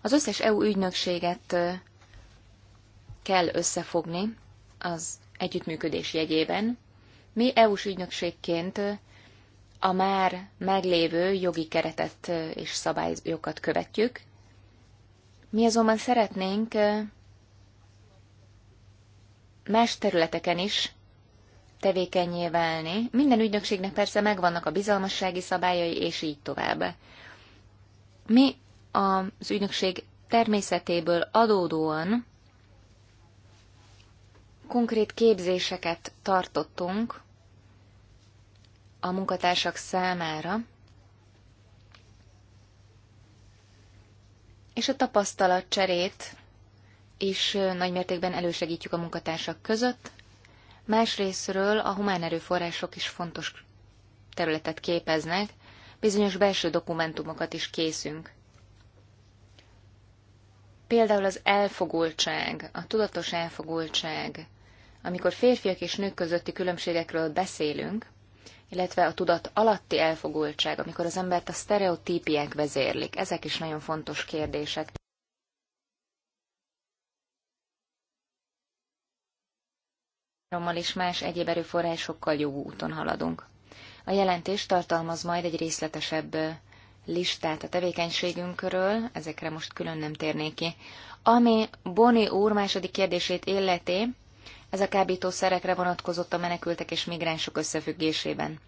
az összes EU ügynökséget kell összefogni az együttműködés jegyében. Mi EU-s ügynökségként a már meglévő jogi keretet és szabályokat követjük. Mi azonban szeretnénk más területeken is tevékenyé válni. Minden ügynökségnek persze megvannak a bizalmassági szabályai, és így tovább. Mi az ügynökség természetéből adódóan konkrét képzéseket tartottunk a munkatársak számára, és a tapasztalatcserét is nagymértékben elősegítjük a munkatársak között. Másrésztről a humán erőforrások is fontos területet képeznek, bizonyos belső dokumentumokat is készünk. Például az elfogultság, a tudatos elfogultság amikor férfiak és nők közötti különbségekről beszélünk, illetve a tudat alatti elfogultság, amikor az embert a sztereotípiek vezérlik, ezek is nagyon fontos kérdések. és más egyéb erőforrásokkal jó úton haladunk. A jelentés tartalmaz majd egy részletesebb listát a tevékenységünkről, ezekre most külön nem térnék ki. Ami Boni úr második kérdését illeti, ez a kábítószerekre vonatkozott a menekültek és migránsok összefüggésében.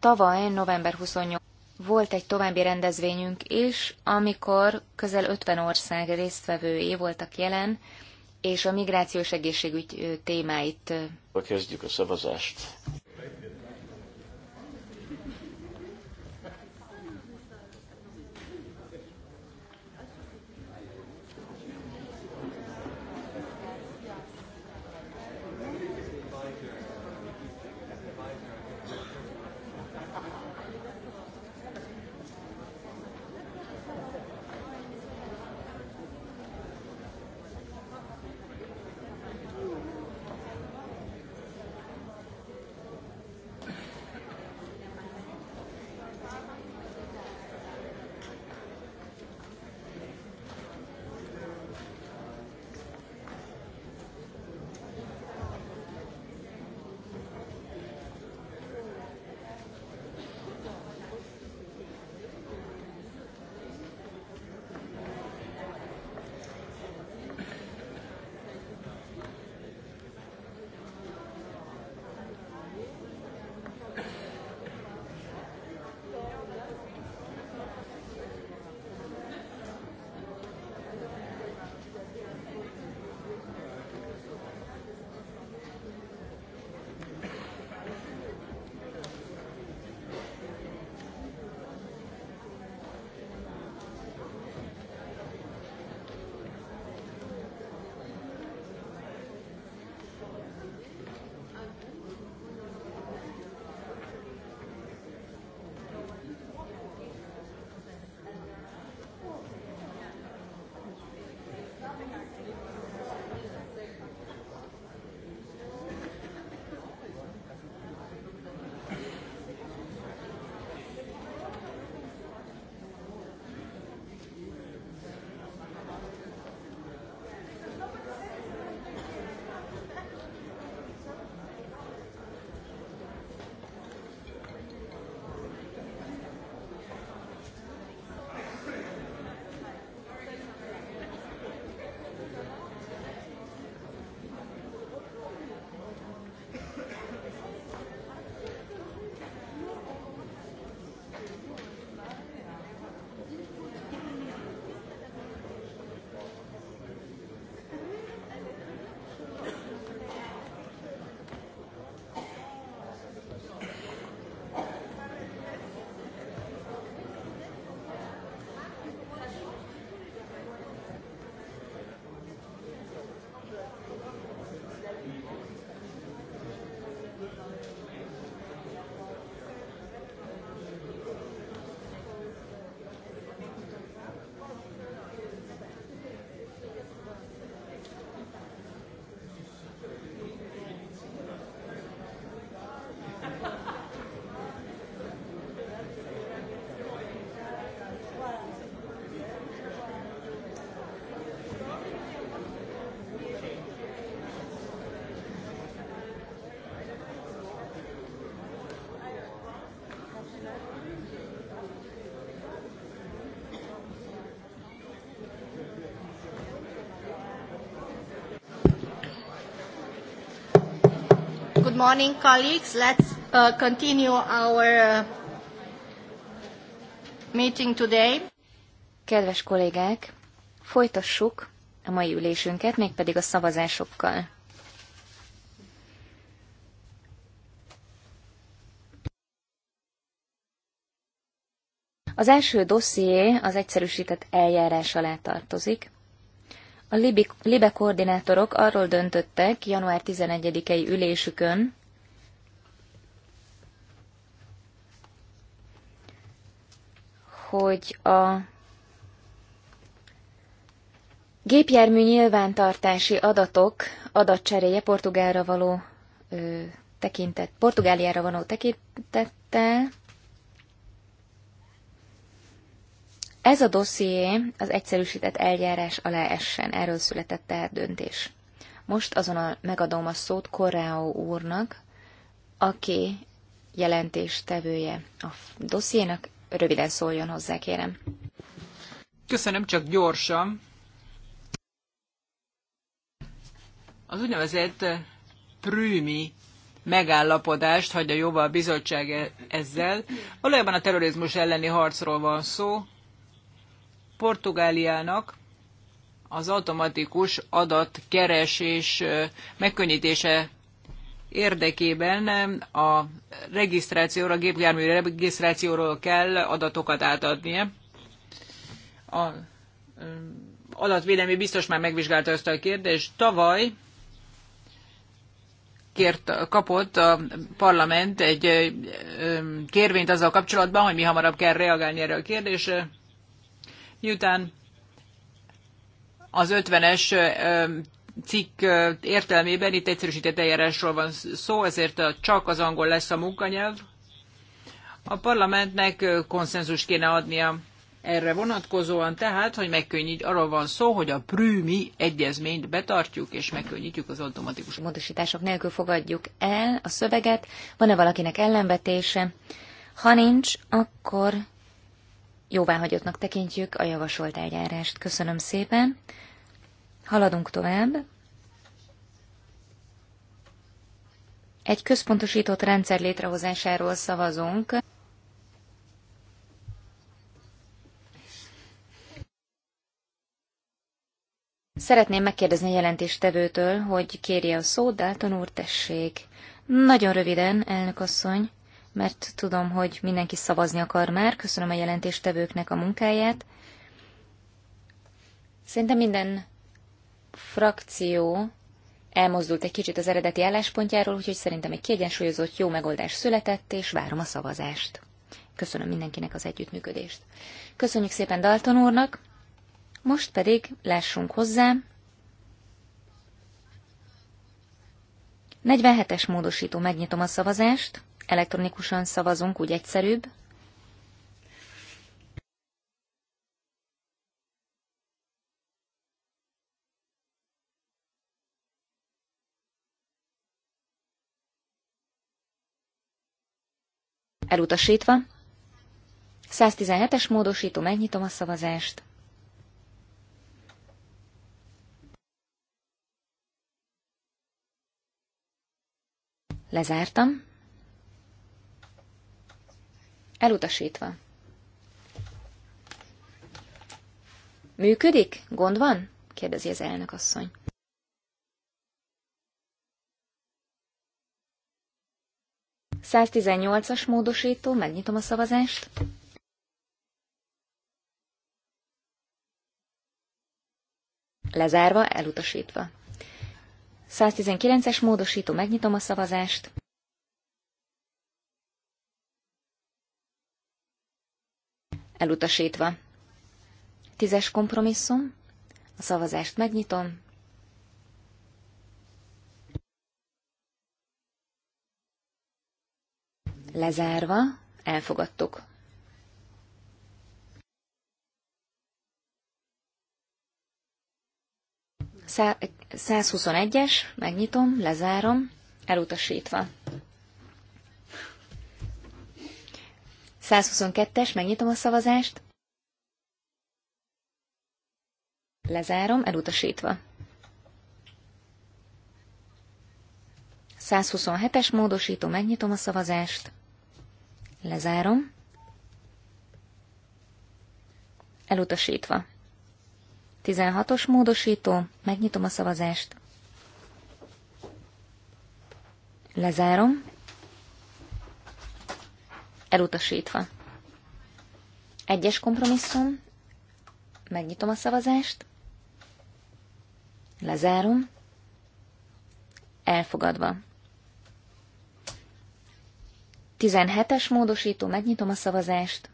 Tavaly, november 28 volt egy további rendezvényünk is, amikor közel 50 ország résztvevői voltak jelen, és a migrációs egészségügy témáit. Kezdjük a szavazást. morning, colleagues. Let's uh, continue our uh, meeting today. Kedves kollégák, folytassuk a mai ülésünket, mégpedig a szavazásokkal. Az első dosszié az egyszerűsített eljárás alá tartozik, a LIBE koordinátorok arról döntöttek január 11-i ülésükön, hogy a gépjármű nyilvántartási adatok adatcseréje Portugálra való ö, tekintet, Portugáliára való tekintettel ez a dosszié az egyszerűsített eljárás alá essen, erről született tehát döntés. Most azonnal megadom a szót Korráó úrnak, aki jelentéstevője a dossziénak. Röviden szóljon hozzá, kérem. Köszönöm, csak gyorsan. Az úgynevezett eh, prümi megállapodást hagyja jóval a bizottság e- ezzel. Valójában a terrorizmus elleni harcról van szó, Portugáliának az automatikus adatkeresés megkönnyítése érdekében a regisztrációra, a gépjármű regisztrációról kell adatokat átadnia. A adatvédelmi biztos már megvizsgálta ezt a kérdést. Tavaly kért, kapott a parlament egy kérvényt azzal kapcsolatban, hogy mi hamarabb kell reagálni erre a kérdésre miután az 50-es cikk értelmében itt egyszerűsített eljárásról van szó, ezért csak az angol lesz a munkanyelv. A parlamentnek konszenzus kéne adnia erre vonatkozóan tehát, hogy megkönnyít, arról van szó, hogy a prűmi egyezményt betartjuk, és megkönnyítjük az automatikus módosítások nélkül fogadjuk el a szöveget. Van-e valakinek ellenvetése? Ha nincs, akkor Jóváhagyottnak tekintjük a javasolt eljárást. Köszönöm szépen. Haladunk tovább. Egy központosított rendszer létrehozásáról szavazunk. Szeretném megkérdezni a jelentéstevőtől, hogy kérje a szót, Dalton úr, tessék. Nagyon röviden, elnök asszony mert tudom, hogy mindenki szavazni akar már. Köszönöm a jelentéstevőknek a munkáját. Szerintem minden frakció elmozdult egy kicsit az eredeti álláspontjáról, úgyhogy szerintem egy kiegyensúlyozott jó megoldás született, és várom a szavazást. Köszönöm mindenkinek az együttműködést. Köszönjük szépen Dalton úrnak, most pedig lássunk hozzá. 47-es módosító, megnyitom a szavazást elektronikusan szavazunk, úgy egyszerűbb. Elutasítva. 117-es módosító, megnyitom a szavazást. Lezártam. Elutasítva. Működik? Gond van? kérdezi az elnök asszony. as módosító, megnyitom a szavazást. Lezárva, elutasítva. 119-es módosító, megnyitom a szavazást. elutasítva. Tízes kompromisszum, a szavazást megnyitom. Lezárva, elfogadtuk. Szá 121-es, megnyitom, lezárom, elutasítva. 122-es, megnyitom a szavazást. Lezárom, elutasítva. 127-es módosító, megnyitom a szavazást. Lezárom. Elutasítva. 16-os módosító, megnyitom a szavazást. Lezárom, Elutasítva. Egyes kompromisszum. Megnyitom a szavazást. Lezárom. Elfogadva. 17-es módosító, megnyitom a szavazást.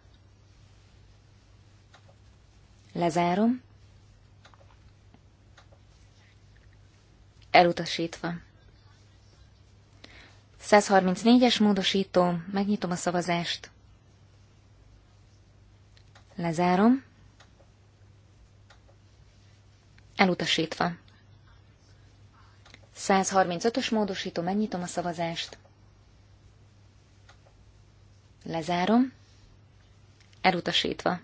Lezárom. Elutasítva. 134-es módosító, megnyitom a szavazást. Lezárom. Elutasítva. 135-ös módosító, megnyitom a szavazást. Lezárom. Elutasítva.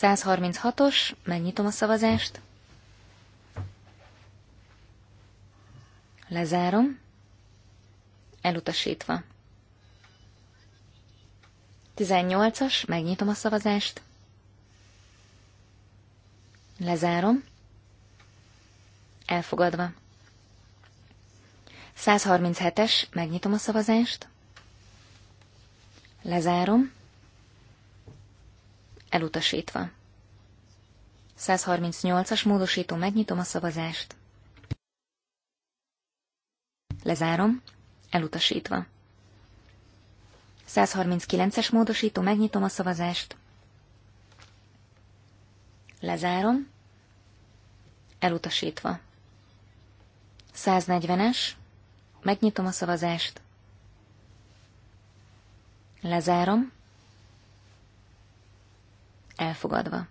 136-os, megnyitom a szavazást. Lezárom elutasítva. 18-as, megnyitom a szavazást. Lezárom. Elfogadva. 137-es, megnyitom a szavazást. Lezárom. Elutasítva. 138-as módosító, megnyitom a szavazást. Lezárom elutasítva. 139-es módosító, megnyitom a szavazást. Lezárom. Elutasítva. 140-es. Megnyitom a szavazást. Lezárom. Elfogadva.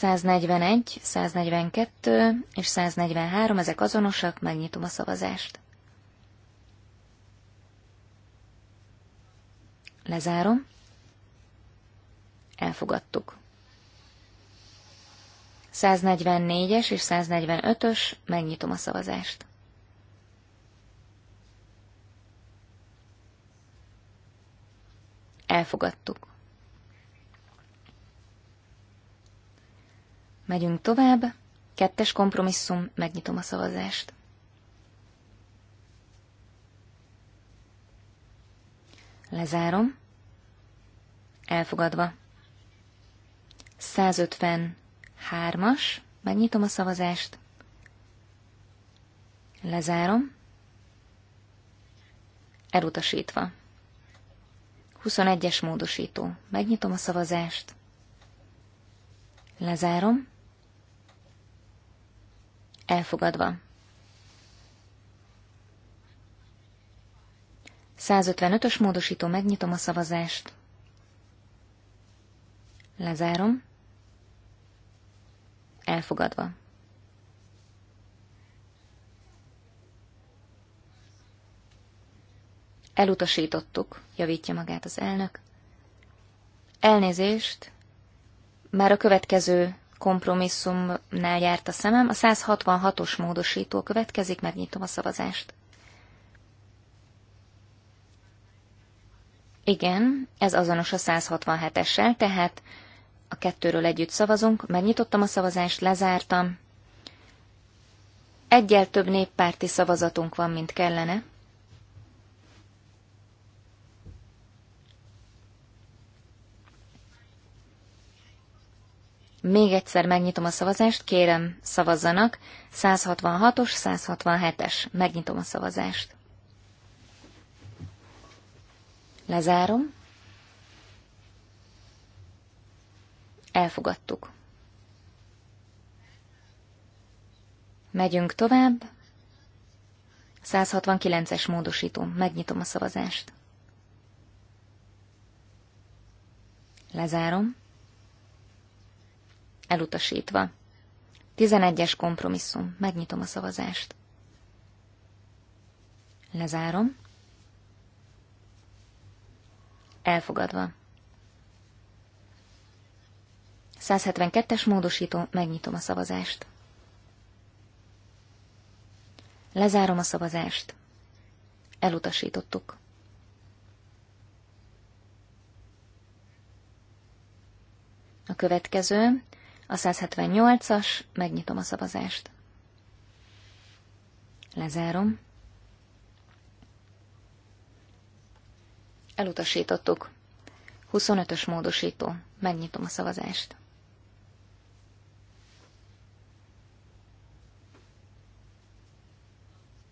141, 142 és 143, ezek azonosak, megnyitom a szavazást. Lezárom. Elfogadtuk. 144-es és 145-ös, megnyitom a szavazást. Elfogadtuk. Megyünk tovább. Kettes kompromisszum, megnyitom a szavazást. Lezárom. Elfogadva. 153-as, megnyitom a szavazást. Lezárom. Elutasítva. 21-es módosító. Megnyitom a szavazást. Lezárom. Elfogadva. 155-ös módosító, megnyitom a szavazást. Lezárom. Elfogadva. Elutasítottuk, javítja magát az elnök. Elnézést. Már a következő kompromisszumnál járt a szemem. A 166-os módosító következik, megnyitom a szavazást. Igen, ez azonos a 167-essel, tehát a kettőről együtt szavazunk, megnyitottam a szavazást, lezártam. Egyel több néppárti szavazatunk van, mint kellene. Még egyszer megnyitom a szavazást, kérem, szavazzanak. 166-os, 167-es. Megnyitom a szavazást. Lezárom. Elfogadtuk. Megyünk tovább. 169-es módosító. Megnyitom a szavazást. Lezárom. Elutasítva. 11-es kompromisszum. Megnyitom a szavazást. Lezárom. Elfogadva. 172-es módosító, megnyitom a szavazást. Lezárom a szavazást. Elutasítottuk. A következő a 178-as, megnyitom a szavazást. Lezárom. Elutasítottuk. 25-ös módosító. Megnyitom a szavazást.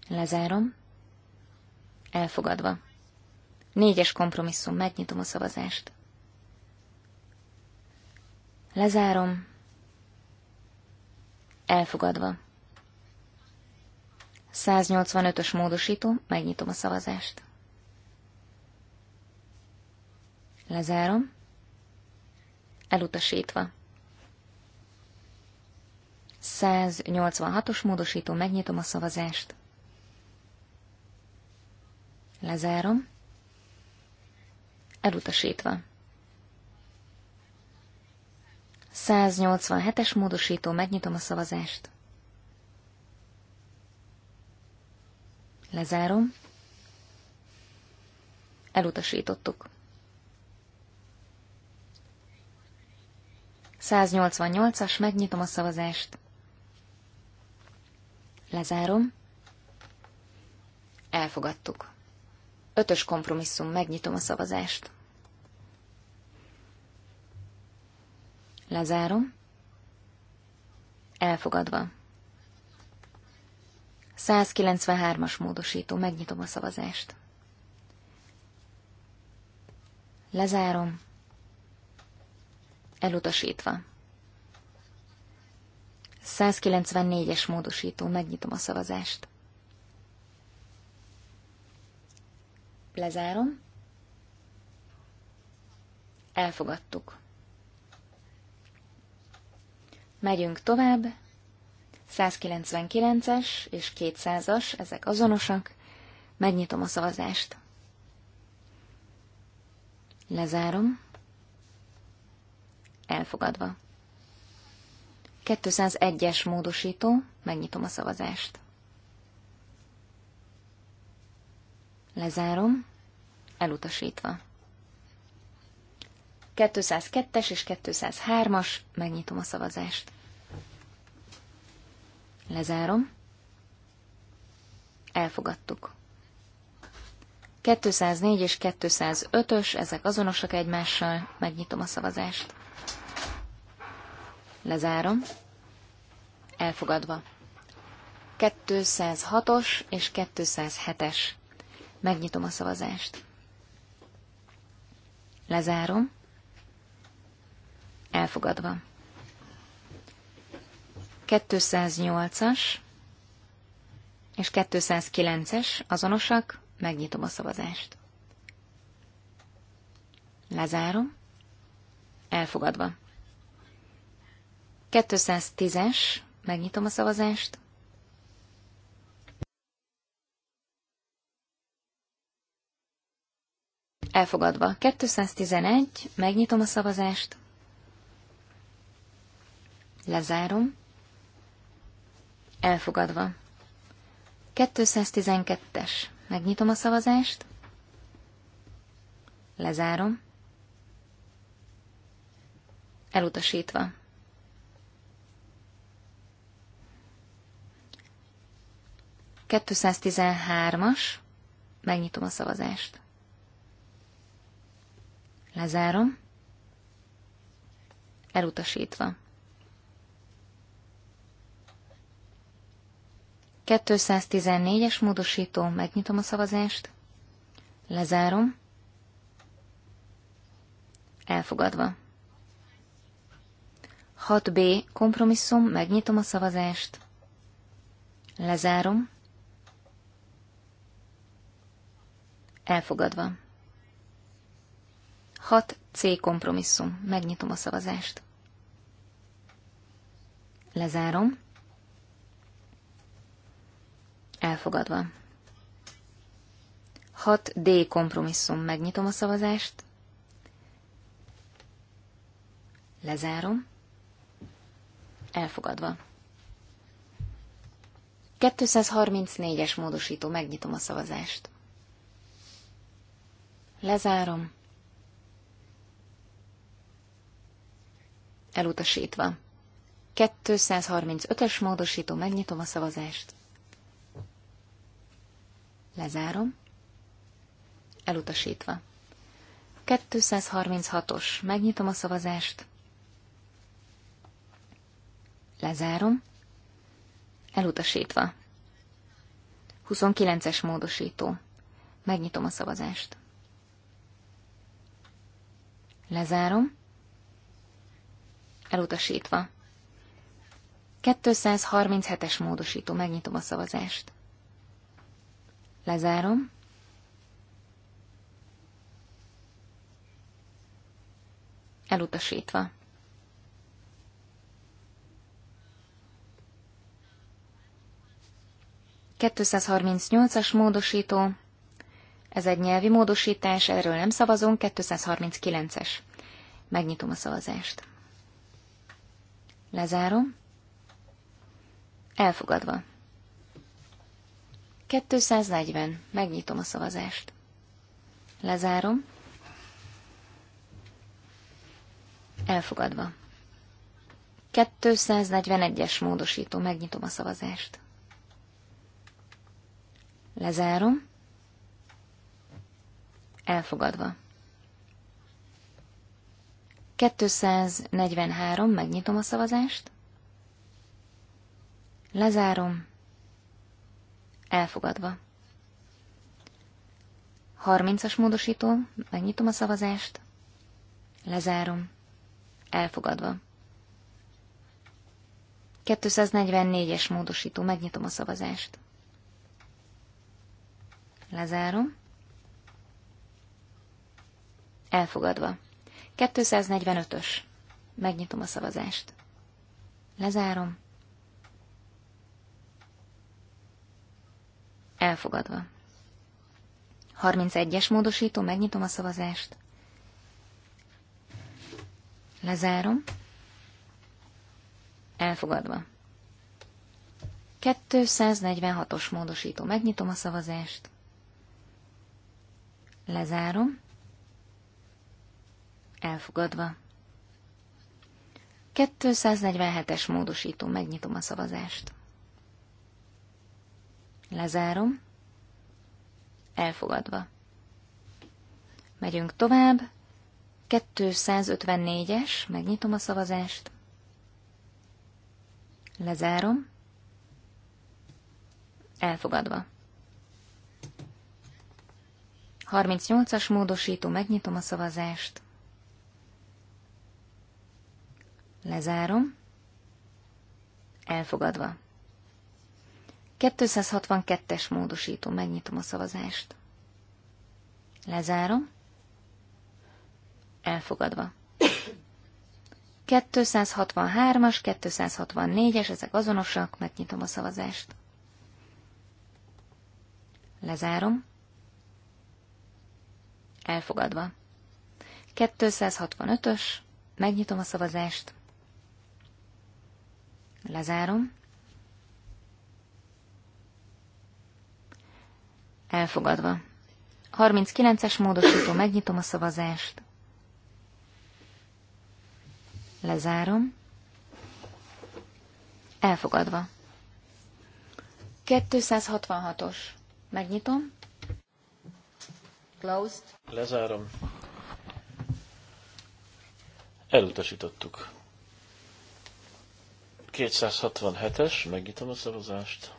Lezárom. Elfogadva. Négyes kompromisszum. Megnyitom a szavazást. Lezárom. Elfogadva. 185-ös módosító, megnyitom a szavazást. Lezárom. Elutasítva. 186-os módosító, megnyitom a szavazást. Lezárom. Elutasítva. 187-es módosító, megnyitom a szavazást. Lezárom. Elutasítottuk. 188-as, megnyitom a szavazást. Lezárom. Elfogadtuk. Ötös kompromisszum, megnyitom a szavazást. Lezárom. Elfogadva. 193-as módosító. Megnyitom a szavazást. Lezárom. Elutasítva. 194-es módosító. Megnyitom a szavazást. Lezárom. Elfogadtuk. Megyünk tovább. 199-es és 200-as, ezek azonosak. Megnyitom a szavazást. Lezárom. Elfogadva. 201-es módosító, megnyitom a szavazást. Lezárom, elutasítva. 202-es és 203-as, megnyitom a szavazást. Lezárom. Elfogadtuk. 204 és 205-ös, ezek azonosak egymással, megnyitom a szavazást. Lezárom. Elfogadva. 206-os és 207-es. Megnyitom a szavazást. Lezárom. Elfogadva. 208-as és 209-es azonosak, megnyitom a szavazást. Lezárom. Elfogadva. 210-es, megnyitom a szavazást. Elfogadva. 211, megnyitom a szavazást. Lezárom. Elfogadva. 212-es. Megnyitom a szavazást. Lezárom. Elutasítva. Kettőszáztizenhármas. Megnyitom a szavazást. Lezárom. Elutasítva. 214-es módosító, megnyitom a szavazást, lezárom, elfogadva. 6b, kompromisszum, megnyitom a szavazást, lezárom, elfogadva. 6c, kompromisszum, megnyitom a szavazást, lezárom, Elfogadva. 6D kompromisszum. Megnyitom a szavazást. Lezárom. Elfogadva. 234-es módosító. Megnyitom a szavazást. Lezárom. Elutasítva. 235-ös módosító. Megnyitom a szavazást. Lezárom. Elutasítva. 236-os. Megnyitom a szavazást. Lezárom. Elutasítva. 29-es módosító. Megnyitom a szavazást. Lezárom. Elutasítva. 237-es módosító. Megnyitom a szavazást. Lezárom. Elutasítva. as módosító. Ez egy nyelvi módosítás, erről nem szavazunk. 239-es. Megnyitom a szavazást. Lezárom. Elfogadva. 240. Megnyitom a szavazást. Lezárom. Elfogadva. 241-es módosító. Megnyitom a szavazást. Lezárom. Elfogadva. 243. Megnyitom a szavazást. Lezárom. Elfogadva. 30-as módosító, megnyitom a szavazást, lezárom, elfogadva. 244-es módosító, megnyitom a szavazást. Lezárom. Elfogadva. 245-ös. Megnyitom a szavazást. Lezárom. Elfogadva. 31-es módosító, megnyitom a szavazást. Lezárom. Elfogadva. 246-os módosító, megnyitom a szavazást. Lezárom. Elfogadva. 247-es módosító, megnyitom a szavazást. Lezárom. Elfogadva. Megyünk tovább. 254-es, megnyitom a szavazást. Lezárom. Elfogadva. 38-as módosító, megnyitom a szavazást. Lezárom. Elfogadva. 262-es módosító, megnyitom a szavazást. Lezárom. Elfogadva. 263-as, 264-es, ezek azonosak, megnyitom a szavazást. Lezárom. Elfogadva. 265-ös, megnyitom a szavazást. Lezárom. Elfogadva. 39-es módosító, megnyitom a szavazást. Lezárom. Elfogadva. 266-os. Megnyitom. Closed. Lezárom. Elutasítottuk. 267-es, megnyitom a szavazást.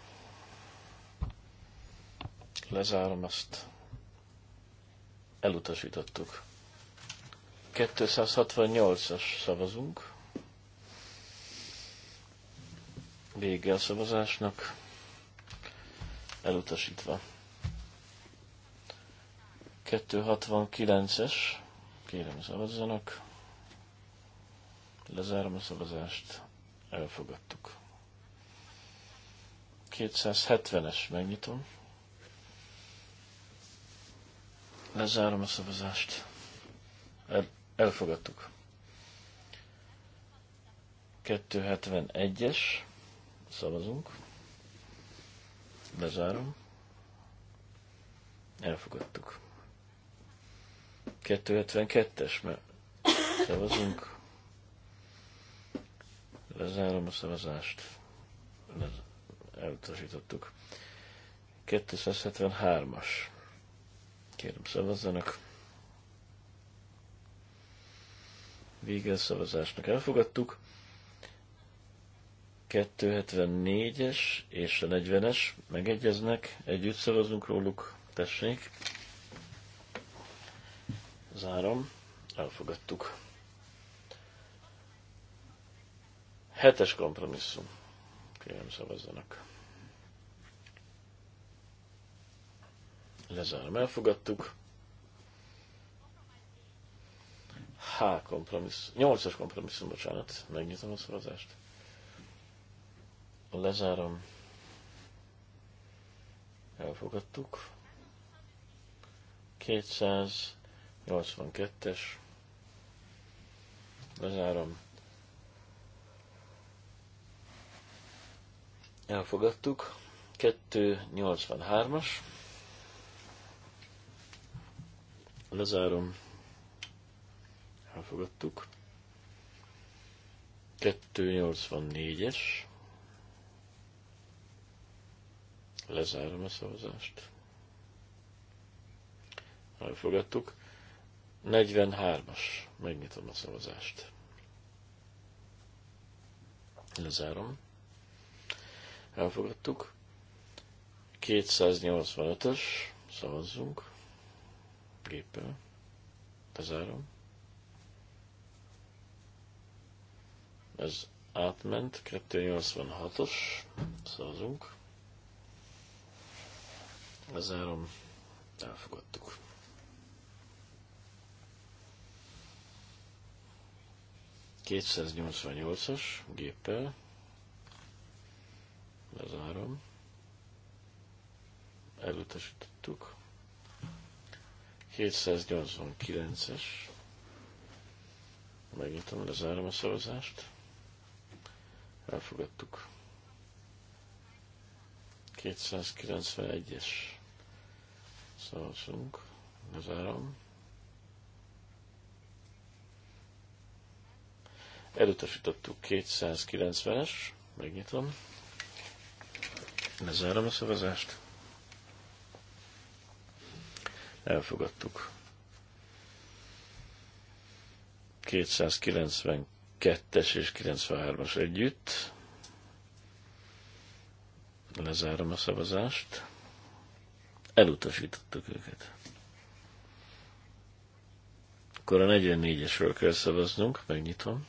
Lezárom ezt Elutasítottuk. 268-as szavazunk. Vége a szavazásnak. Elutasítva. 269-es. Kérem szavazzanak. Lezárom a szavazást. Elfogadtuk. 270-es megnyitom. Lezárom a szavazást. El, elfogadtuk. 271-es. Szavazunk. Lezárom. Elfogadtuk. 272-es, mert szavazunk. Lezárom a szavazást. Elutasítottuk. 273-as. Kérem szavazzanak. Vége a szavazásnak elfogadtuk. 274-es és a 40-es megegyeznek, együtt szavazunk róluk, tessék. Zárom, elfogadtuk. Hetes kompromisszum. Kérem szavazzanak. Lezárom, elfogadtuk. H kompromisszum, 8-as kompromisszum, bocsánat, megnyitom a szavazást. Lezárom. Elfogadtuk. 282-es. Lezárom. Elfogadtuk. 283-as. Lezárom. Elfogadtuk. 284-es. Lezárom a szavazást. Elfogadtuk. 43-as. Megnyitom a szavazást. Lezárom. Elfogadtuk. 285-ös. Szavazzunk géppel. Bezárom. Ez átment, 286-os, szavazunk. Bezárom, elfogadtuk. Kétszáz Kétszáznyolcvannyolcas géppel. Bezárom. Elutasítottuk. 289-es. Megnyitom, lezárom a szavazást. Elfogadtuk. 291-es szavazunk. Lezárom. Elutasítottuk 290-es. Megnyitom. Lezárom a szavazást elfogadtuk. 292-es és 93-as együtt. Lezárom a szavazást. Elutasítottuk őket. Akkor a 44-esről kell szavaznunk, megnyitom.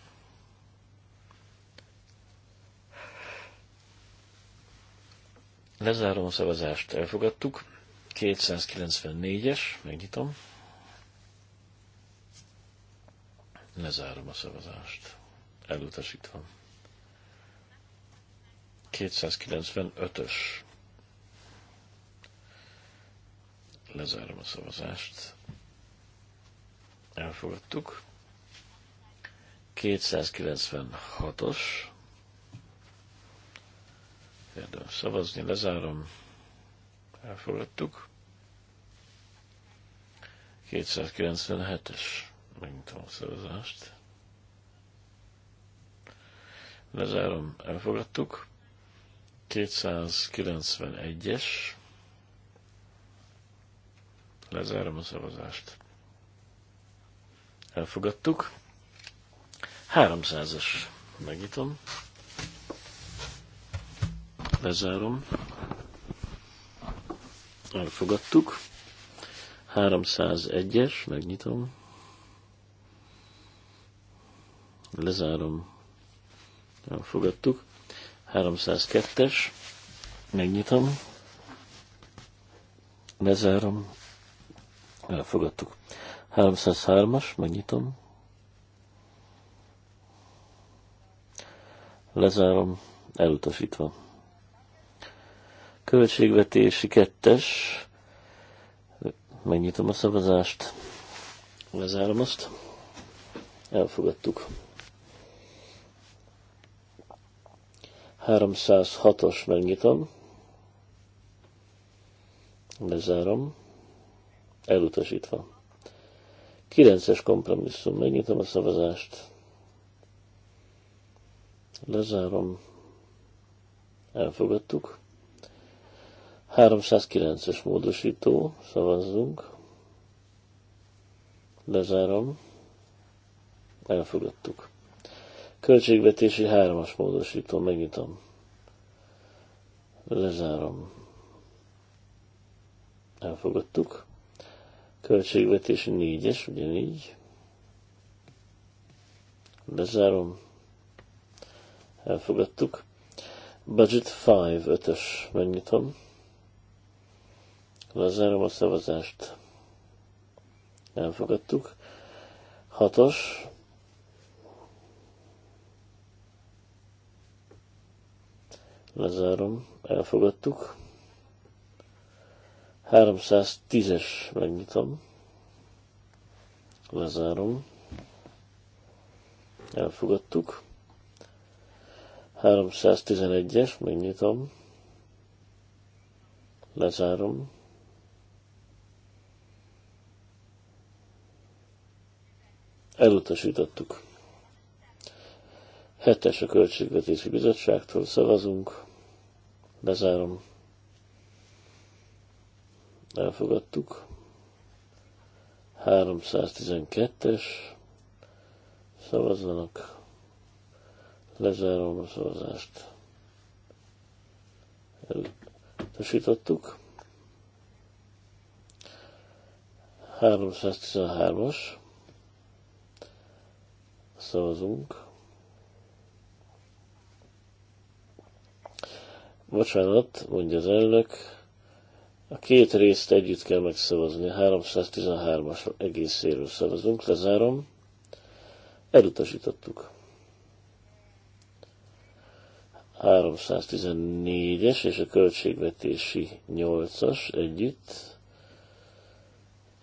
Lezárom a szavazást, elfogadtuk. 294-es, megnyitom. Lezárom a szavazást. Elutasítva. 295-ös. Lezárom a szavazást. Elfogadtuk. 296-os. Érdemes szavazni, lezárom. Elfogadtuk. 297-es. Megnyitom a szavazást. Lezárom, elfogadtuk. 291-es. Lezárom a szavazást. Elfogadtuk. 300-es. Megnyitom. Lezárom. Elfogadtuk. 301-es, megnyitom. Lezárom. Elfogadtuk. 302-es, megnyitom. Lezárom. Elfogadtuk. 303-as, megnyitom. Lezárom, elutasítva. Költségvetési kettes, Megnyitom a szavazást. Lezárom azt. Elfogadtuk. 306-os megnyitom. Lezárom. Elutasítva. 9-es kompromisszum. Megnyitom a szavazást. Lezárom. Elfogadtuk. 309-es módosító, szavazzunk. Lezárom. Elfogadtuk. Költségvetési 3-as módosító, megnyitom. Lezárom. Elfogadtuk. Költségvetési 4-es, ugyanígy. Lezárom. Elfogadtuk. Budget 5, 5-ös, megnyitom Lezárom a szavazást. Elfogadtuk. Hatos. Lezárom. Elfogadtuk. 310-es megnyitom. Lezárom. Elfogadtuk. 311-es, megnyitom, lezárom, Elutasítottuk. Hetes a Költségvetési Bizottságtól szavazunk. Bezárom. Elfogadtuk. 312-es. Szavazzanak. Lezárom a szavazást. Elutasítottuk. 313-as szavazunk. Bocsánat, mondja az elnök. A két részt együtt kell megszavazni. 313-as egészéről szavazunk. Lezárom. Elutasítottuk. 314-es és a költségvetési 8-as együtt.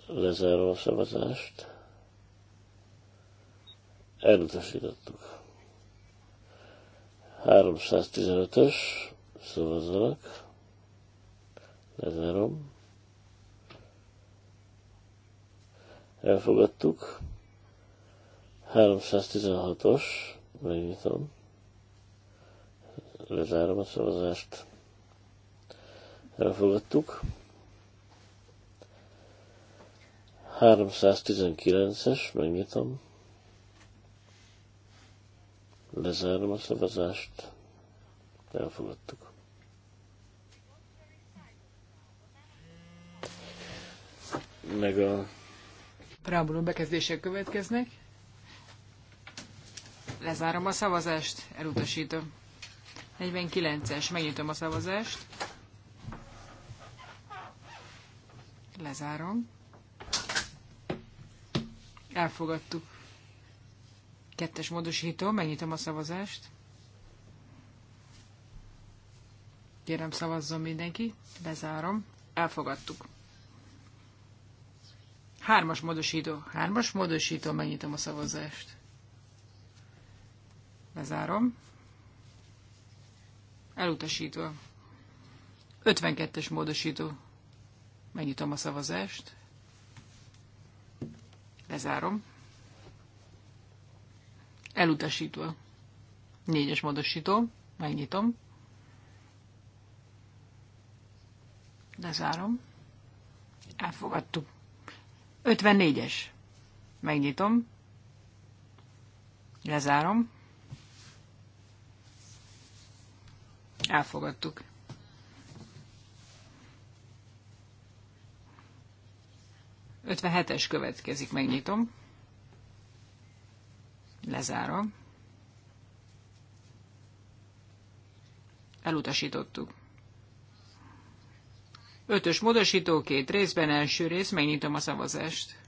Lezárom a szavazást. Elutasítottuk. 315-ös, szavazzanak. Lezárom. Elfogadtuk. 316-os, megnyitom. Lezárom a szavazást. Elfogadtuk. 319-es, megnyitom. Lezárom a szavazást. Elfogadtuk. Meg a... Preambulum bekezdések következnek. Lezárom a szavazást, elutasítom. 49-es, megnyitom a szavazást. Lezárom. Elfogadtuk. Kettes módosító, megnyitom a szavazást. Kérem szavazzon mindenki, bezárom. Elfogadtuk. Hármas módosító. Hármas módosító, megnyitom a szavazást. Bezárom. Elutasítva. 52-es módosító. Megnyitom a szavazást. Bezárom. Elutasítva. Négyes módosító. Megnyitom. Lezárom. Elfogadtuk. 54-es. Megnyitom. Lezárom. Elfogadtuk. Ötvenhetes következik, megnyitom. Lezárom. Elutasítottuk. Ötös módosító, két részben, első rész, megnyitom a szavazást.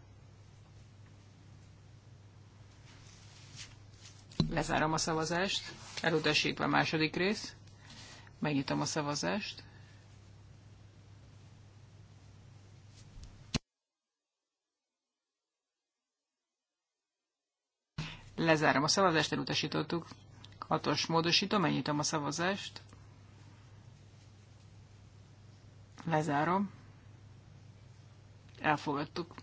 Lezárom a szavazást, elutasítva a második rész, megnyitom a szavazást. Lezárom a szavazást, elutasítottuk. Hatos módosítom, megnyitom a szavazást. Lezárom. Elfogadtuk.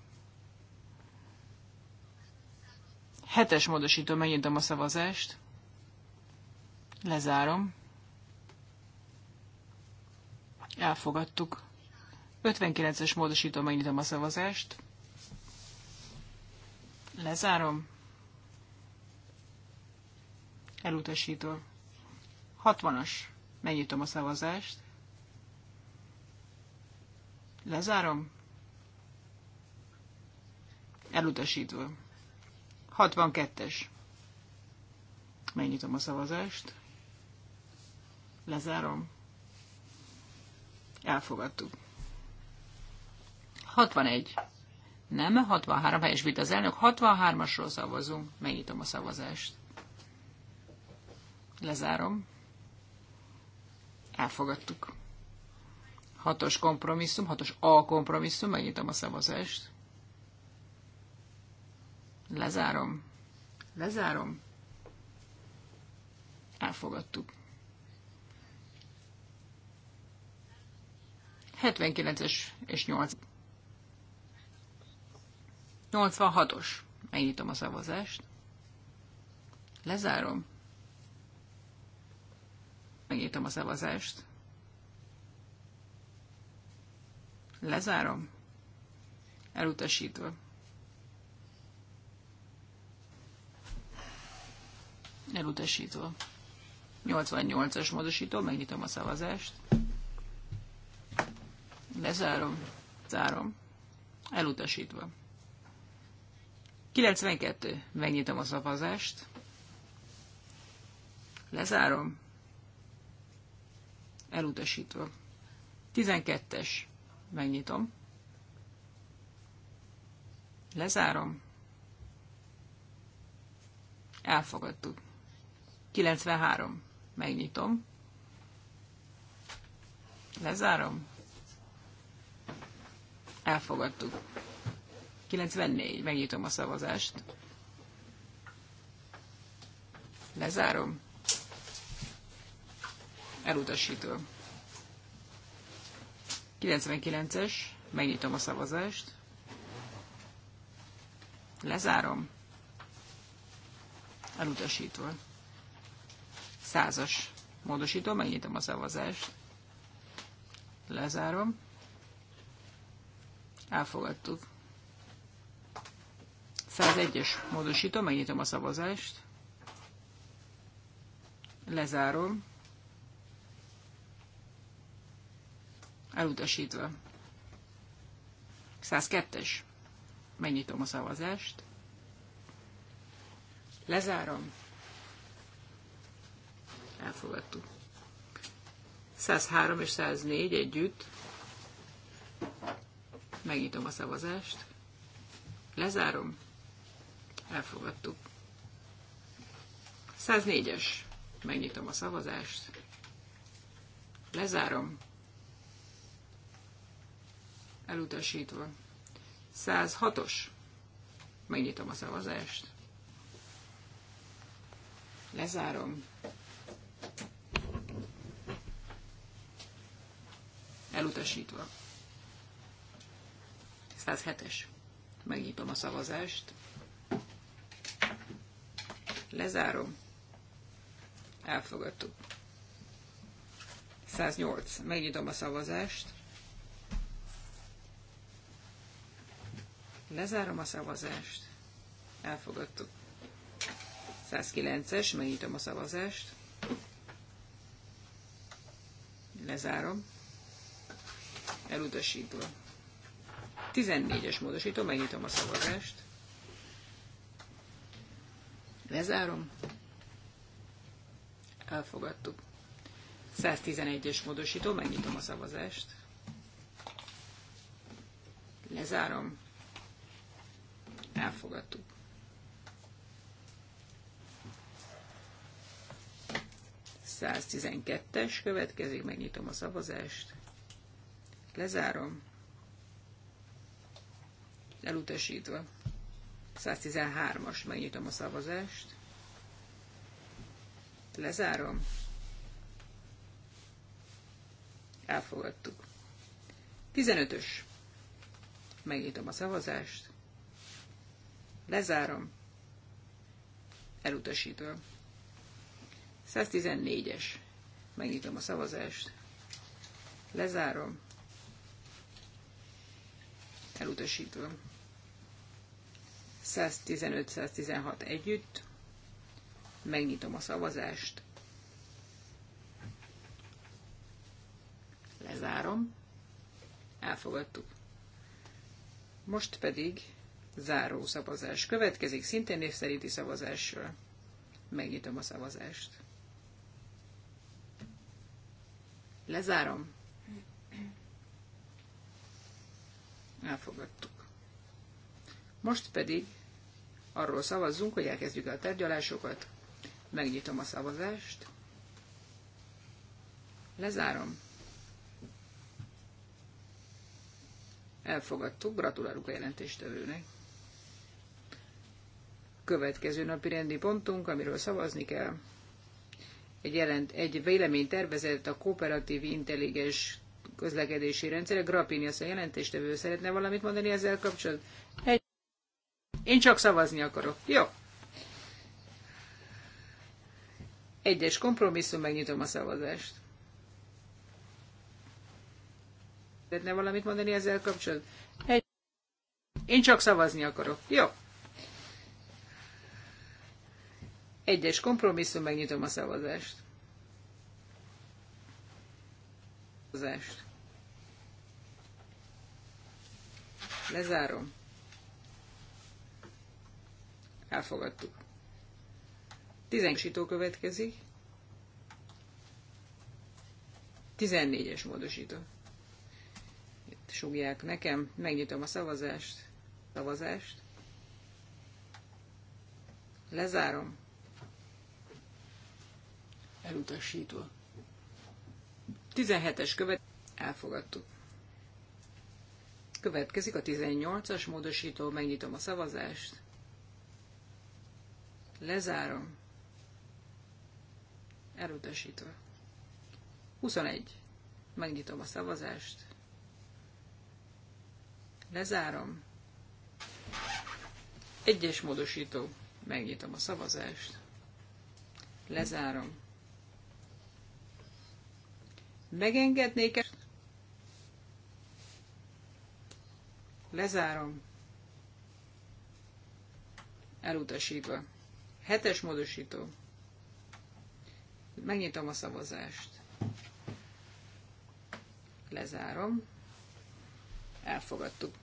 Hetes módosítom, megnyitom a szavazást. Lezárom. Elfogadtuk. 59-es módosítom, megnyitom a szavazást. Lezárom elutasító. 60-as, megnyitom a szavazást, lezárom, elutasítva. 62-es, megnyitom a szavazást, lezárom, elfogadtuk. 61. Nem, 63 helyes vita az elnök. 63-asról szavazunk. Megnyitom a szavazást. Lezárom. Elfogadtuk. Hatos kompromisszum, hatos A kompromisszum, megnyitom a szavazást. Lezárom. Lezárom. Elfogadtuk. 79-es és 8. 86-os. Megnyitom a szavazást. Lezárom. Megnyitom a szavazást. Lezárom. Elutasítva. Elutasítva. 88-as módosító, megnyitom a szavazást. Lezárom. Zárom. Elutasítva. 92. Megnyitom a szavazást. Lezárom elutasítva. 12-es, megnyitom. Lezárom. Elfogadtuk. 93, megnyitom. Lezárom. Elfogadtuk. 94, megnyitom a szavazást. Lezárom elutasító. 99-es, megnyitom a szavazást, lezárom, elutasítva. 100-as, módosító, megnyitom a szavazást, lezárom, elfogadtuk. 101-es, módosító, megnyitom a szavazást, lezárom, Elutasítva. 102-es. Megnyitom a szavazást. Lezárom. Elfogadtuk. 103 és 104 együtt. Megnyitom a szavazást. Lezárom. Elfogadtuk. 104-es. Megnyitom a szavazást. Lezárom elutasítva. 106-os. Megnyitom a szavazást. Lezárom. Elutasítva. 107-es. Megnyitom a szavazást. Lezárom. Elfogadtuk. 108. Megnyitom a szavazást. Lezárom a szavazást. Elfogadtuk. 109-es, megnyitom a szavazást. Lezárom. Elutasítva. 14-es módosító, megnyitom a szavazást. Lezárom. Elfogadtuk. 111-es módosító, megnyitom a szavazást. Lezárom elfogadtuk. es következik, megnyitom a szavazást, lezárom, elutasítva. 113-as, megnyitom a szavazást, lezárom, elfogadtuk. 15-ös, megnyitom a szavazást, Lezárom. Elutasítva. 114-es. Megnyitom a szavazást. Lezárom. Elutasítva. 115-116 együtt. Megnyitom a szavazást. Lezárom. Elfogadtuk. Most pedig Záró szavazás következik, szintén név szerinti szavazásról. Megnyitom a szavazást. Lezárom. Elfogadtuk. Most pedig arról szavazzunk, hogy elkezdjük a tárgyalásokat. Megnyitom a szavazást. Lezárom. Elfogadtuk, gratulálunk a jelentéstevőnek következő napi rendi pontunk, amiről szavazni kell. Egy, jelent, egy vélemény tervezett a kooperatív intelligens közlekedési rendszer. Grappini azt a jelentéstevő szeretne valamit mondani ezzel kapcsolatban? Egy... Én csak szavazni akarok. Jó. Egyes kompromisszum, megnyitom a szavazást. Szeretne valamit mondani ezzel kapcsolatban? Egy... Én csak szavazni akarok. Jó. Egyes kompromisszum, megnyitom a szavazást. Szavazást. Lezárom. Elfogadtuk. Tizenkisító következik. 14-es módosító. Itt sugják nekem, megnyitom a szavazást, szavazást, lezárom, elutasítva. 17-es követ elfogadtuk. Következik a 18-as módosító, megnyitom a szavazást, lezárom, elutasítva. 21. Megnyitom a szavazást, lezárom, egyes módosító, megnyitom a szavazást, lezárom, megengednék -e? Lezárom. Elutasítva. Hetes módosító. Megnyitom a szavazást. Lezárom. Elfogadtuk.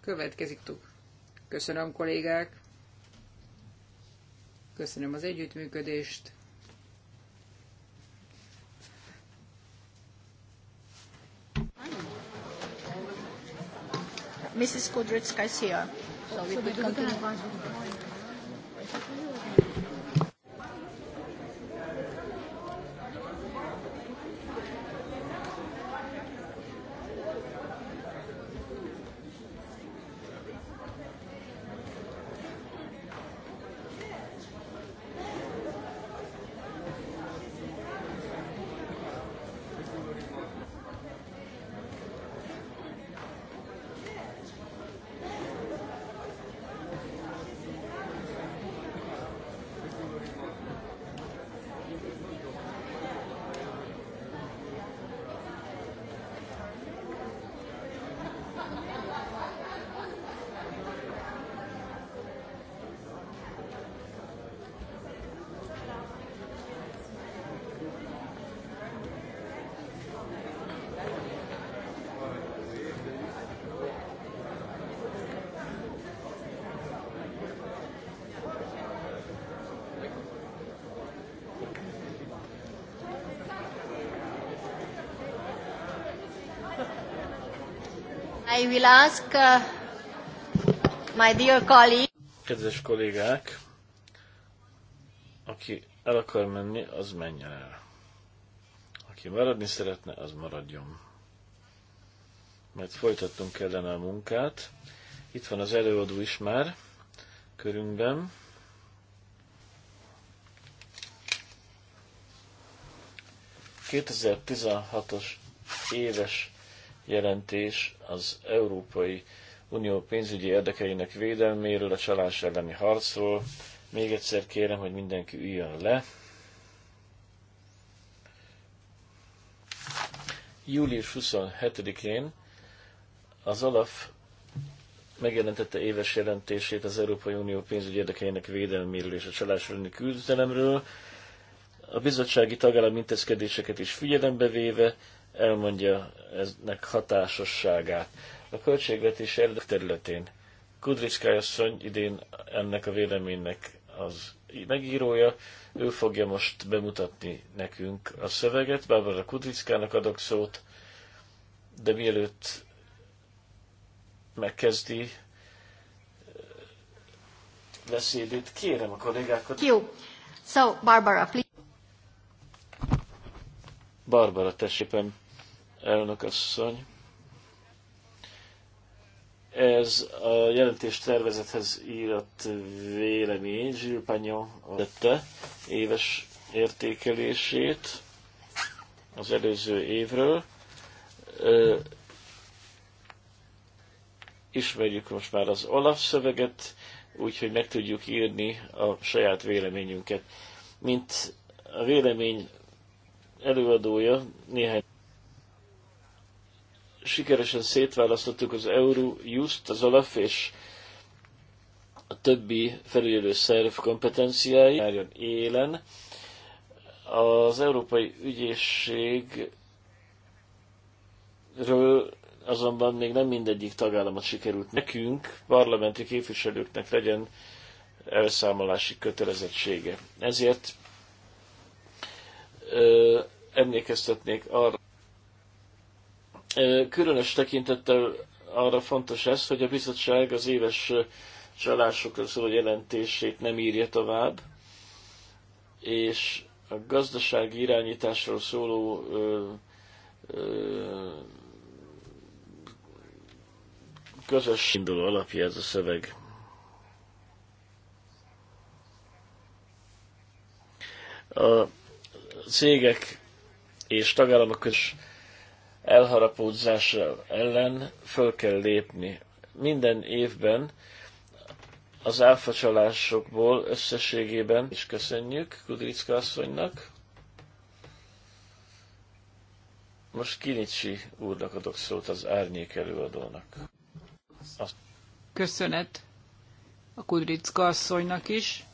Következik tuk. Köszönöm, kollégák. Köszönöm az együttműködést. Mrs. Kudrytskaya. So we will continue. I will ask uh, my dear colleague. Kedves kollégák, aki el akar menni, az menjen el. Aki maradni szeretne, az maradjon. Mert folytatnunk kellene a munkát. Itt van az előadó is már körünkben. ...2016-os éves jelentés az Európai Unió pénzügyi érdekeinek védelméről, a csalás elleni harcról. Még egyszer kérem, hogy mindenki üljön le. Július 27-én az Olaf megjelentette éves jelentését az Európai Unió pénzügyi érdekeinek védelméről és a csalás elleni küzdelemről. A bizottsági tagállam intézkedéseket is figyelembe véve elmondja eznek hatásosságát. A költségvetés előtt területén Kudrickály asszony idén ennek a véleménynek az megírója, ő fogja most bemutatni nekünk a szöveget. Bárbara Kudrickának adok szót, de mielőtt megkezdi beszédét, kérem a kollégákat. Jó. So, Barbara, please. Barbara, tessék, elnökasszony. Ez a jelentés tervezethez írott vélemény, Gilles tette éves értékelését az előző évről. Ismerjük most már az Olaf szöveget, úgyhogy meg tudjuk írni a saját véleményünket. Mint a vélemény előadója néhány sikeresen szétválasztottuk az Just, az Olaf és a többi felügyelő szerv kompetenciái járjon élen. Az Európai Ügyészségről azonban még nem mindegyik tagállamot sikerült nekünk, parlamenti képviselőknek legyen elszámolási kötelezettsége. Ezért ö, emlékeztetnék arra, Különös tekintettel arra fontos ez, hogy a bizottság az éves csalásokról szóló jelentését nem írja tovább, és a gazdasági irányításról szóló ö, ö, közös induló alapja ez a szöveg. A cégek és tagállamok közös elharapódzása ellen föl kell lépni. Minden évben az áfacsalásokból összességében is köszönjük Kudricka asszonynak. Most Kinicsi úrnak adok szót az árnyék előadónak. Azt... Köszönet a Kudricka asszonynak is.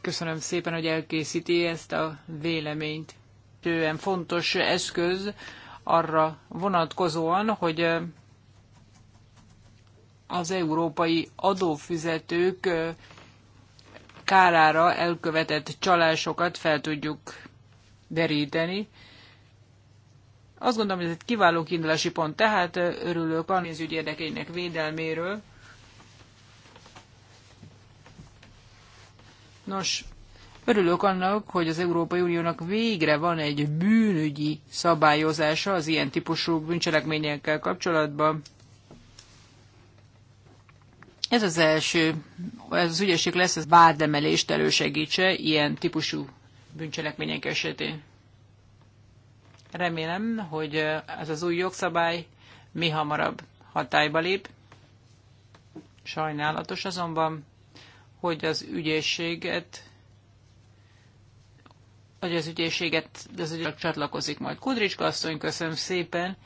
Köszönöm szépen, hogy elkészíti ezt a véleményt alapvetően fontos eszköz arra vonatkozóan, hogy az európai adófizetők kárára elkövetett csalásokat fel tudjuk deríteni. Azt gondolom, hogy ez egy kiváló kiindulási pont, tehát örülök a pénzügy érdekeinek védelméről. Nos, Örülök annak, hogy az Európai Uniónak végre van egy bűnügyi szabályozása az ilyen típusú bűncselekményekkel kapcsolatban. Ez az első, ez az ügyesség lesz, ez vádemelést elősegítse ilyen típusú bűncselekmények esetén. Remélem, hogy ez az új jogszabály mi hamarabb hatályba lép. Sajnálatos azonban, hogy az ügyészséget hogy az ügyészséget az ügyészség csatlakozik majd. Kudricska asszony, köszönöm szépen,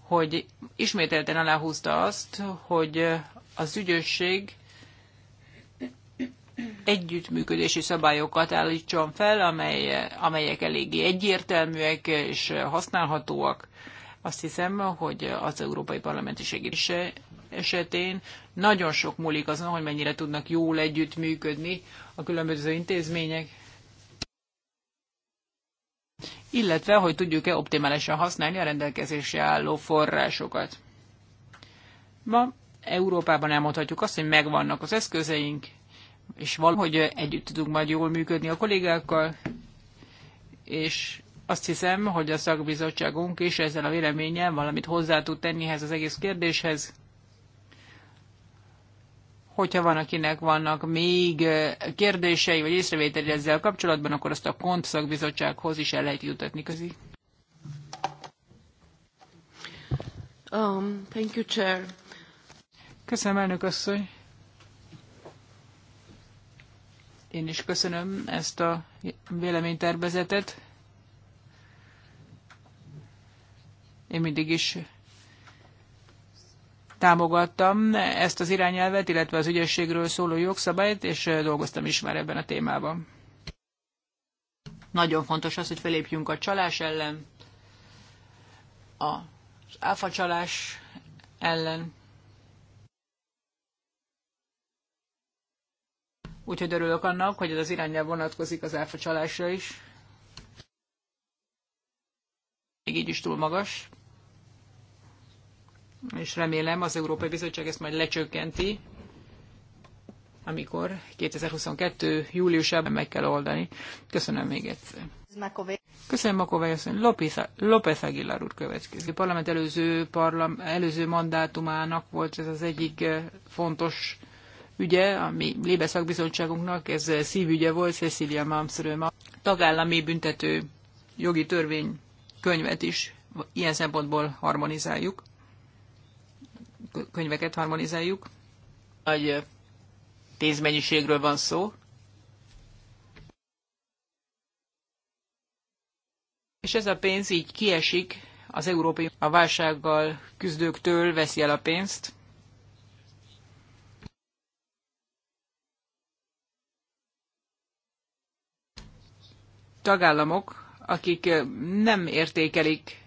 hogy ismételten aláhúzta azt, hogy az ügyesség együttműködési szabályokat állítson fel, amely, amelyek eléggé egyértelműek és használhatóak. Azt hiszem, hogy az Európai Parlamenti Segítés esetén nagyon sok múlik azon, hogy mennyire tudnak jól együttműködni a különböző intézmények illetve hogy tudjuk-e optimálisan használni a rendelkezésre álló forrásokat. Ma Európában elmondhatjuk azt, hogy megvannak az eszközeink, és valahogy együtt tudunk majd jól működni a kollégákkal, és azt hiszem, hogy a szakbizottságunk is ezzel a véleményen valamit hozzá tud tenni ehhez az egész kérdéshez. Hogyha van, akinek vannak még kérdései vagy észrevételi ezzel kapcsolatban, akkor azt a KONT szakbizottsághoz is el lehet jutatni közé. Um, thank you, Chair. Köszönöm, elnök asszony. Én is köszönöm ezt a véleménytervezetet. Én mindig is támogattam ezt az irányelvet, illetve az ügyességről szóló jogszabályt, és dolgoztam is már ebben a témában. Nagyon fontos az, hogy felépjünk a csalás ellen, az áfacsalás ellen. Úgyhogy örülök annak, hogy ez az irányelv vonatkozik az áfacsalásra is. Még így is túl magas és remélem az Európai Bizottság ezt majd lecsökkenti, amikor 2022. júliusában meg kell oldani. Köszönöm még egyszer. Köszönöm, Makovej. asszony. López, López Aguilar úr következik. A parlament előző, parlam, előző mandátumának volt ez az egyik eh, fontos ügye, ami Lébe szakbizottságunknak, ez eh, szívügye volt, Cecilia Malmström a tagállami büntető jogi törvény könyvet is ilyen szempontból harmonizáljuk könyveket harmonizáljuk. Nagy pénzmennyiségről van szó. És ez a pénz így kiesik az európai a válsággal küzdőktől veszi el a pénzt. Tagállamok, akik nem értékelik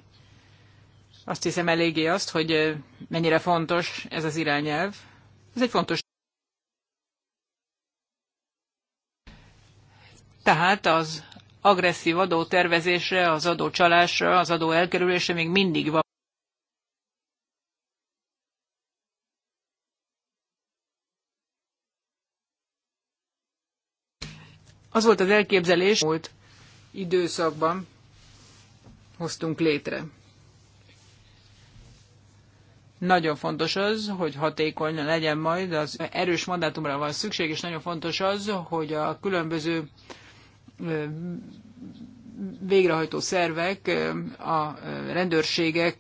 azt hiszem eléggé azt, hogy mennyire fontos ez az irányelv. Ez egy fontos. Tehát az agresszív adótervezésre, az adócsalásra, az adó elkerülésre még mindig van. Az volt az elképzelés, múlt időszakban hoztunk létre. Nagyon fontos az, hogy hatékony legyen majd, az erős mandátumra van szükség, és nagyon fontos az, hogy a különböző végrehajtó szervek, a rendőrségek